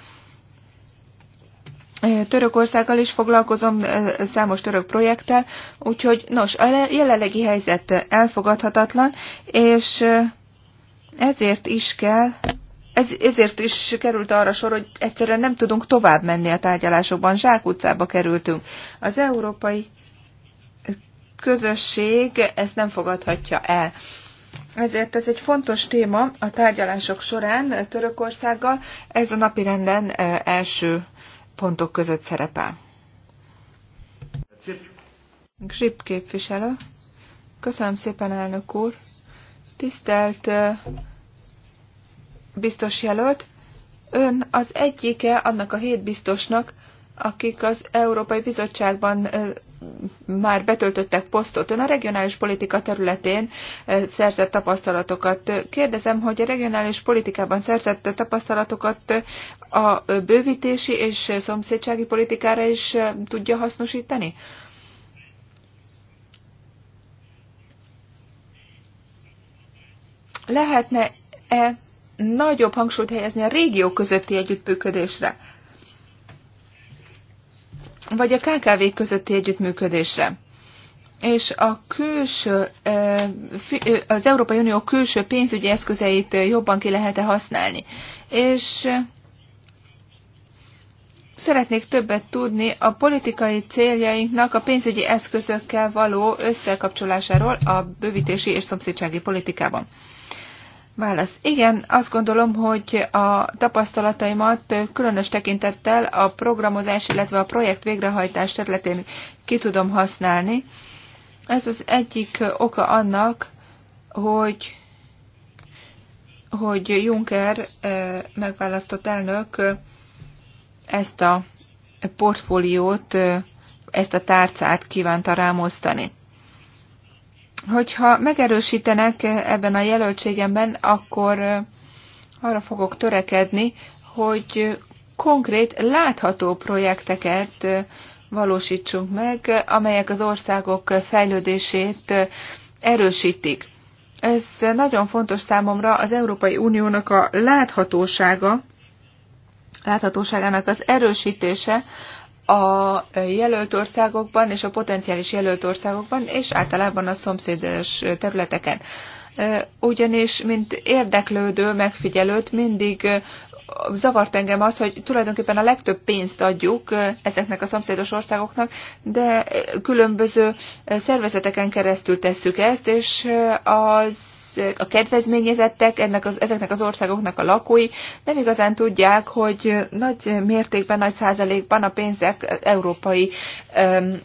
Törökországgal is foglalkozom számos török projekttel, úgyhogy nos, a jelenlegi helyzet elfogadhatatlan, és ezért is kell ez, ezért is került arra sor, hogy egyszerűen nem tudunk tovább menni a tárgyalásokban, zsákutcába kerültünk. Az európai közösség ezt nem fogadhatja el. Ezért ez egy fontos téma a tárgyalások során Törökországgal, ez a napirenden e, első pontok között szerepel. Grip képviselő. Köszönöm szépen, elnök úr. Tisztelt e, biztos jelölt, ön az egyike annak a hét biztosnak, akik az Európai Bizottságban már betöltöttek posztot. Ön a regionális politika területén szerzett tapasztalatokat. Kérdezem, hogy a regionális politikában szerzett tapasztalatokat a bővítési és szomszédsági politikára is tudja hasznosítani? Lehetne-e nagyobb hangsúlyt helyezni a régió közötti együttműködésre, vagy a KKV közötti együttműködésre. És a külső, az Európai Unió külső pénzügyi eszközeit jobban ki lehet-e használni. És Szeretnék többet tudni a politikai céljainknak a pénzügyi eszközökkel való összekapcsolásáról a bővítési és szomszédsági politikában. Válasz. Igen, azt gondolom, hogy a tapasztalataimat különös tekintettel a programozás, illetve a projekt végrehajtás területén ki tudom használni. Ez az egyik oka annak, hogy, hogy Juncker megválasztott elnök ezt a portfóliót, ezt a tárcát kívánta rámosztani. Hogyha megerősítenek ebben a jelöltségemben, akkor arra fogok törekedni, hogy konkrét, látható projekteket valósítsunk meg, amelyek az országok fejlődését erősítik. Ez nagyon fontos számomra az Európai Uniónak a láthatósága, láthatóságának az erősítése a jelölt országokban és a potenciális jelölt országokban, és általában a szomszédos területeken. Ugyanis, mint érdeklődő, megfigyelőt mindig zavart engem az, hogy tulajdonképpen a legtöbb pénzt adjuk ezeknek a szomszédos országoknak, de különböző szervezeteken keresztül tesszük ezt, és az a kedvezményezettek, ennek az, ezeknek az országoknak a lakói nem igazán tudják, hogy nagy mértékben, nagy százalékban a pénzek európai um,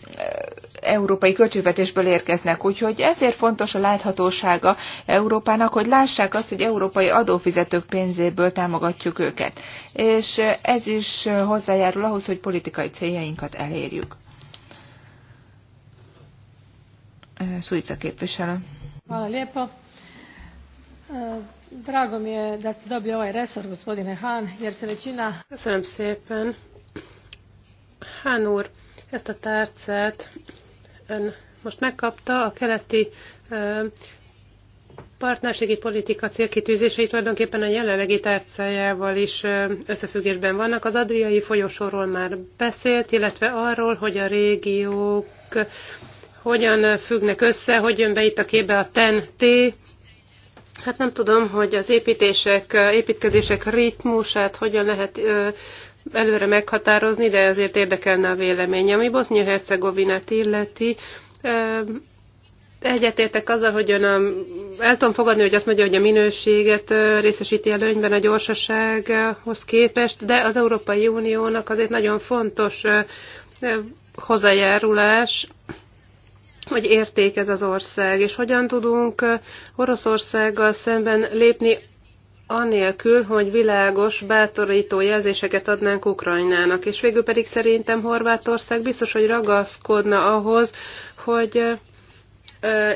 európai költségvetésből érkeznek. Úgyhogy ezért fontos a láthatósága Európának, hogy lássák azt, hogy európai adófizetők pénzéből támogatjuk őket. És ez is hozzájárul ahhoz, hogy politikai céljainkat elérjük. Szújca képviselő. Hvala lijepo. Drago mi je da ste dobili ovaj resor, gospodine Hahn, jer se većina... Köszönöm szépen. Hahn úr, ezt a tárcát ön most megkapta a keleti partnerségi politika célkitűzései tulajdonképpen a jelenlegi tárcájával is összefüggésben vannak. Az adriai folyosóról már beszélt, illetve arról, hogy a régiók hogyan függnek össze, hogy jön be itt a képbe a TEN-T, Hát nem tudom, hogy az építések, építkezések ritmusát hogyan lehet előre meghatározni, de ezért érdekelne a véleménye. Ami Bosznia-Hercegovinát illeti, Egyetértek azzal, hogy ön a, el tudom fogadni, hogy azt mondja, hogy a minőséget részesíti előnyben a gyorsasághoz képest, de az Európai Uniónak azért nagyon fontos hozzájárulás hogy érték ez az ország, és hogyan tudunk Oroszországgal szemben lépni anélkül, hogy világos, bátorító jelzéseket adnánk Ukrajnának. És végül pedig szerintem Horvátország biztos, hogy ragaszkodna ahhoz, hogy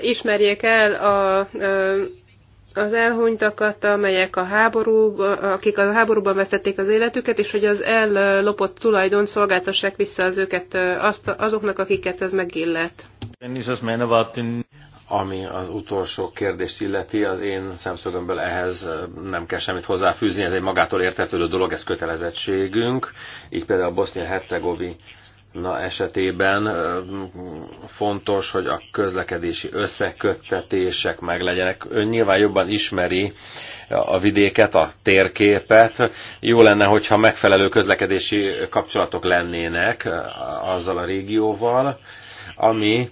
ismerjék el a az elhunytakat, amelyek a háború, akik a háborúban vesztették az életüket, és hogy az ellopott tulajdon szolgáltassák vissza az őket azt, azoknak, akiket ez megillet. Ami az utolsó kérdést illeti, az én szemszögömből ehhez nem kell semmit hozzáfűzni, ez egy magától értetődő dolog, ez kötelezettségünk. Így például a Bosznia-Hercegovi Na esetében fontos, hogy a közlekedési összeköttetések meglegyenek. Ön nyilván jobban ismeri a vidéket, a térképet. Jó lenne, hogyha megfelelő közlekedési kapcsolatok lennének azzal a régióval, ami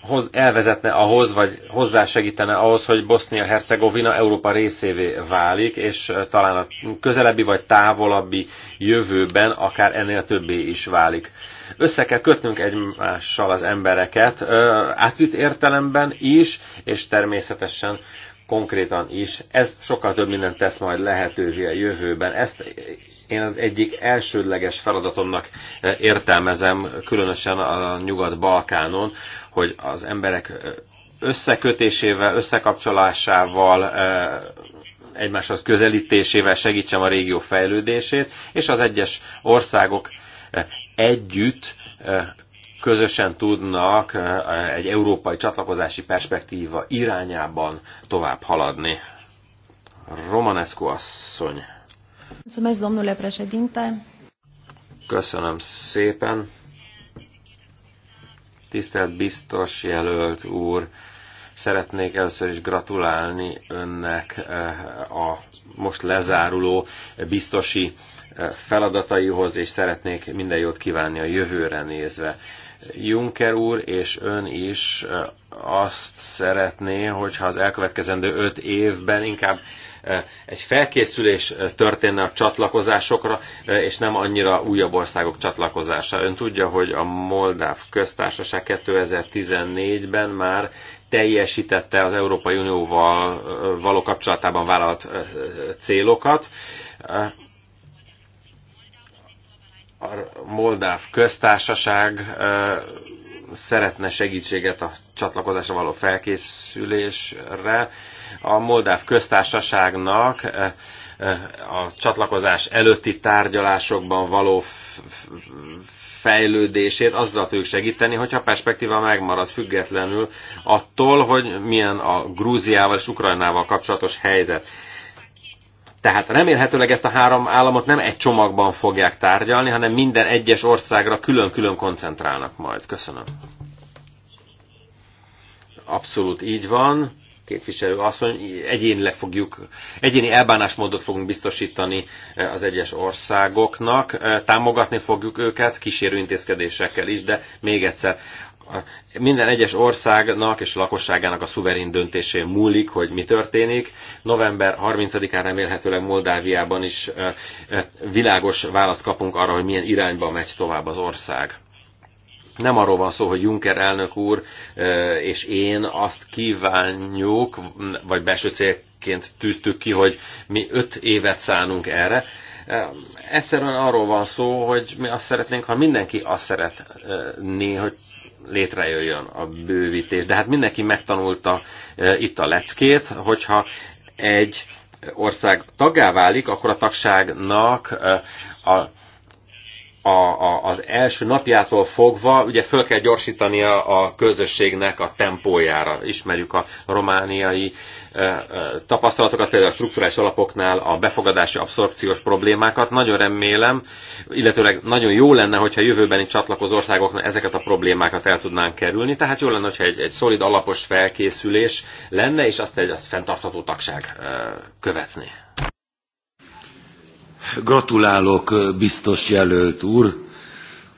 hoz, elvezetne ahhoz, vagy hozzásegítene ahhoz, hogy Bosznia-Hercegovina Európa részévé válik, és talán a közelebbi vagy távolabbi jövőben akár ennél többé is válik össze kell kötnünk egymással az embereket, átvitt értelemben is, és természetesen konkrétan is. Ez sokkal több mindent tesz majd lehetővé a jövőben. Ezt én az egyik elsődleges feladatomnak értelmezem, különösen a Nyugat-Balkánon, hogy az emberek összekötésével, összekapcsolásával, egymáshoz közelítésével segítsem a régió fejlődését, és az egyes országok együtt eh, közösen tudnak eh, egy európai csatlakozási perspektíva irányában tovább haladni. Romanescu asszony. domnule președinte. Köszönöm szépen. Tisztelt biztos jelölt úr, szeretnék először is gratulálni önnek eh, a most lezáruló biztosi feladataihoz, és szeretnék minden jót kívánni a jövőre nézve. Juncker úr és ön is eh, azt szeretné, hogyha az elkövetkezendő öt évben inkább eh, egy felkészülés eh, történne a csatlakozásokra, és nem annyira újabb országok csatlakozása. Ön tudja, hogy a Moldáv köztársaság 2014-ben már teljesítette az Európai Unióval való kapcsolatában vállalt célokat a Moldáv köztársaság szeretne segítséget a csatlakozásra való felkészülésre. A Moldáv köztársaságnak a csatlakozás előtti tárgyalásokban való fejlődését azzal tudjuk segíteni, hogyha perspektíva megmarad függetlenül attól, hogy milyen a Grúziával és Ukrajnával kapcsolatos helyzet. Tehát remélhetőleg ezt a három államot nem egy csomagban fogják tárgyalni, hanem minden egyes országra külön-külön koncentrálnak majd. Köszönöm. Abszolút így van. Képviselő asszony, egyénileg fogjuk, egyéni elbánásmódot fogunk biztosítani eh, az egyes országoknak, eh, támogatni fogjuk őket kísérő intézkedésekkel is, de még egyszer, minden egyes országnak és lakosságának a szuverén döntésén múlik, hogy mi történik. November 30-án remélhetőleg Moldáviában is világos választ kapunk arra, hogy milyen irányba megy tovább az ország. Nem arról van szó, hogy Juncker elnök úr és én azt kívánjuk, vagy belső célként tűztük ki, hogy mi öt évet szánunk erre, egyszerűen arról van szó, hogy mi azt szeretnénk, ha mindenki azt szeretné, hogy létrejöjjön a bővítés. De hát mindenki megtanulta e, itt a leckét, hogyha egy ország tagá válik, akkor a tagságnak e, a a, a, az első napjától fogva ugye föl kell gyorsítania a közösségnek a tempójára. Ismerjük a romániai e, e, tapasztalatokat, például a struktúrás alapoknál a befogadási abszorpciós problémákat. Nagyon remélem, illetőleg nagyon jó lenne, hogyha jövőbeni csatlakozó országoknál ezeket a problémákat el tudnánk kerülni. Tehát jó lenne, hogyha egy, egy szolid alapos felkészülés lenne, és azt egy az fenntartható tagság e, követni. Gratulálok, biztos jelölt úr,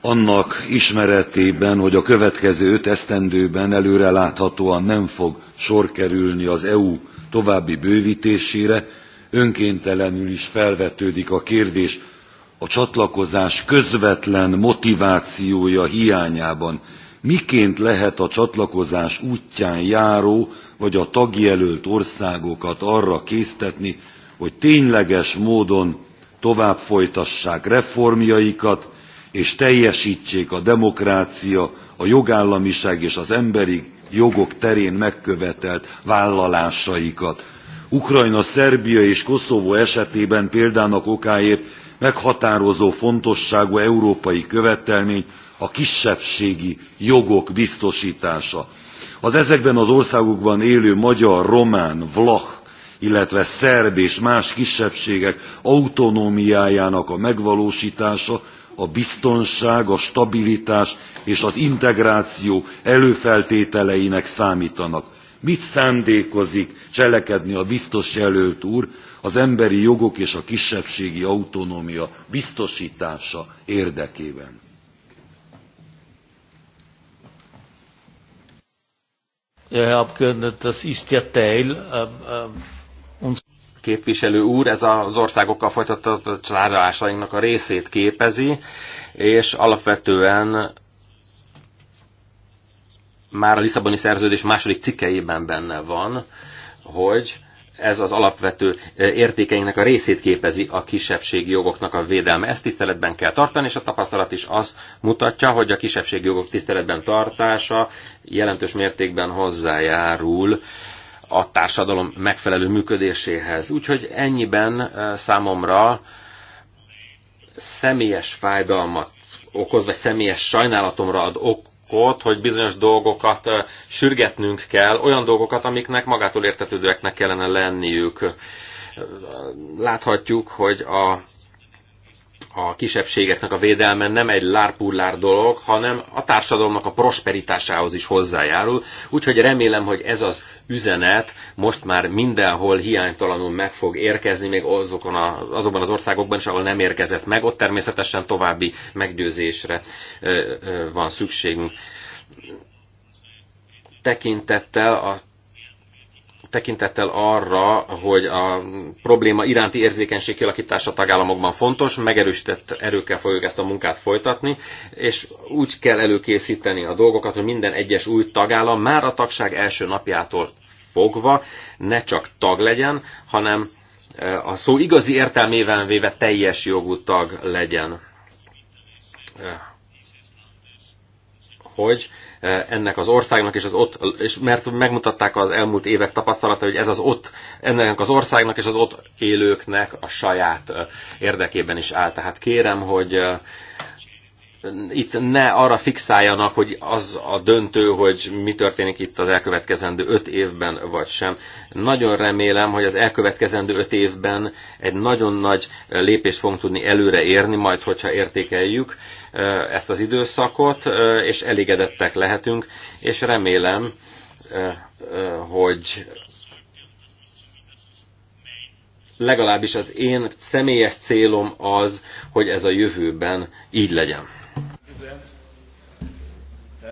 annak ismeretében, hogy a következő öt esztendőben előreláthatóan nem fog sor kerülni az EU további bővítésére, önkéntelenül is felvetődik a kérdés a csatlakozás közvetlen motivációja hiányában miként lehet a csatlakozás útján járó vagy a tagjelölt országokat arra késztetni hogy tényleges módon tovább folytassák reformjaikat és teljesítsék a demokrácia a jogállamiság és az emberi jogok terén megkövetelt vállalásaikat. ukrajna szerbia és koszovó esetében példának okáért meghatározó fontosságú európai követelmény a kisebbségi jogok biztosítása. az ezekben az országokban élő magyar román vlach illetve szerb és más kisebbségek autonómiájának a megvalóstása a biztonság a stabilitás és az integráció előfeltételeinek számtanak. mit szándékozik cselekedni a biztos jelölt úr az emberi jogok és a kisebbségi autonómia biztostása érdekében? Herr Abgeordneter, das ist ja Teil ähm, ähm, képviselő úr, ez az országokkal folytatott tárgyalásainknak a részét képezi, és alapvetően már a Lisszaboni szerződés második cikkeiben benne van, hogy ez az alapvető értékeinknek a részét képezi a kisebbségi jogoknak a védelme. Ezt tiszteletben kell tartani, és a tapasztalat is azt mutatja, hogy a kisebbségi jogok tiszteletben tartása jelentős mértékben hozzájárul a társadalom megfelelő működéséhez. Úgyhogy ennyiben eh, számomra személyes fájdalmat okoz, vagy személyes sajnálatomra ad okot, hogy bizonyos dolgokat eh, sürgetnünk kell, olyan dolgokat, amiknek magától értetődőeknek kellene lenniük. Eh, láthatjuk, hogy a a kisebbségeknek a védelme nem egy lárpullár dolog, hanem a társadalomnak a prosperitásához is hozzájárul. Úgyhogy remélem, hogy ez az üzenet most már mindenhol hiánytalanul meg fog érkezni, még azokon a, azokban az országokban is, ahol nem érkezett meg. Ott természetesen további meggyőzésre van szükségünk tekintettel a tekintettel arra, hogy a probléma iránti érzékenység kialakítása a tagállamokban fontos, megerősített erőkkel fogjuk ezt a munkát folytatni, és úgy kell előkészíteni a dolgokat, hogy minden egyes új tagállam már a tagság első napjától fogva ne csak tag legyen, hanem eh, a szó igazi értelmében véve teljes jogú tag legyen. Eh, hogy Eh, ennek az országnak, és, az ott, és mert megmutatták az elmúlt évek tapasztalata, hogy ez az ott, ennek az országnak és az ott élőknek a saját eh, érdekében is áll. Tehát kérem, hogy eh, itt ne arra fixáljanak, hogy az a döntő, hogy mi történik itt az elkövetkezendő öt évben, vagy sem. Nagyon remélem, hogy az elkövetkezendő öt évben egy nagyon nagy lépést fogunk tudni előre érni, majd hogyha értékeljük ezt az időszakot, és elégedettek lehetünk, és remélem, hogy legalábbis az én személyes célom az, hogy ez a jövőben így legyen.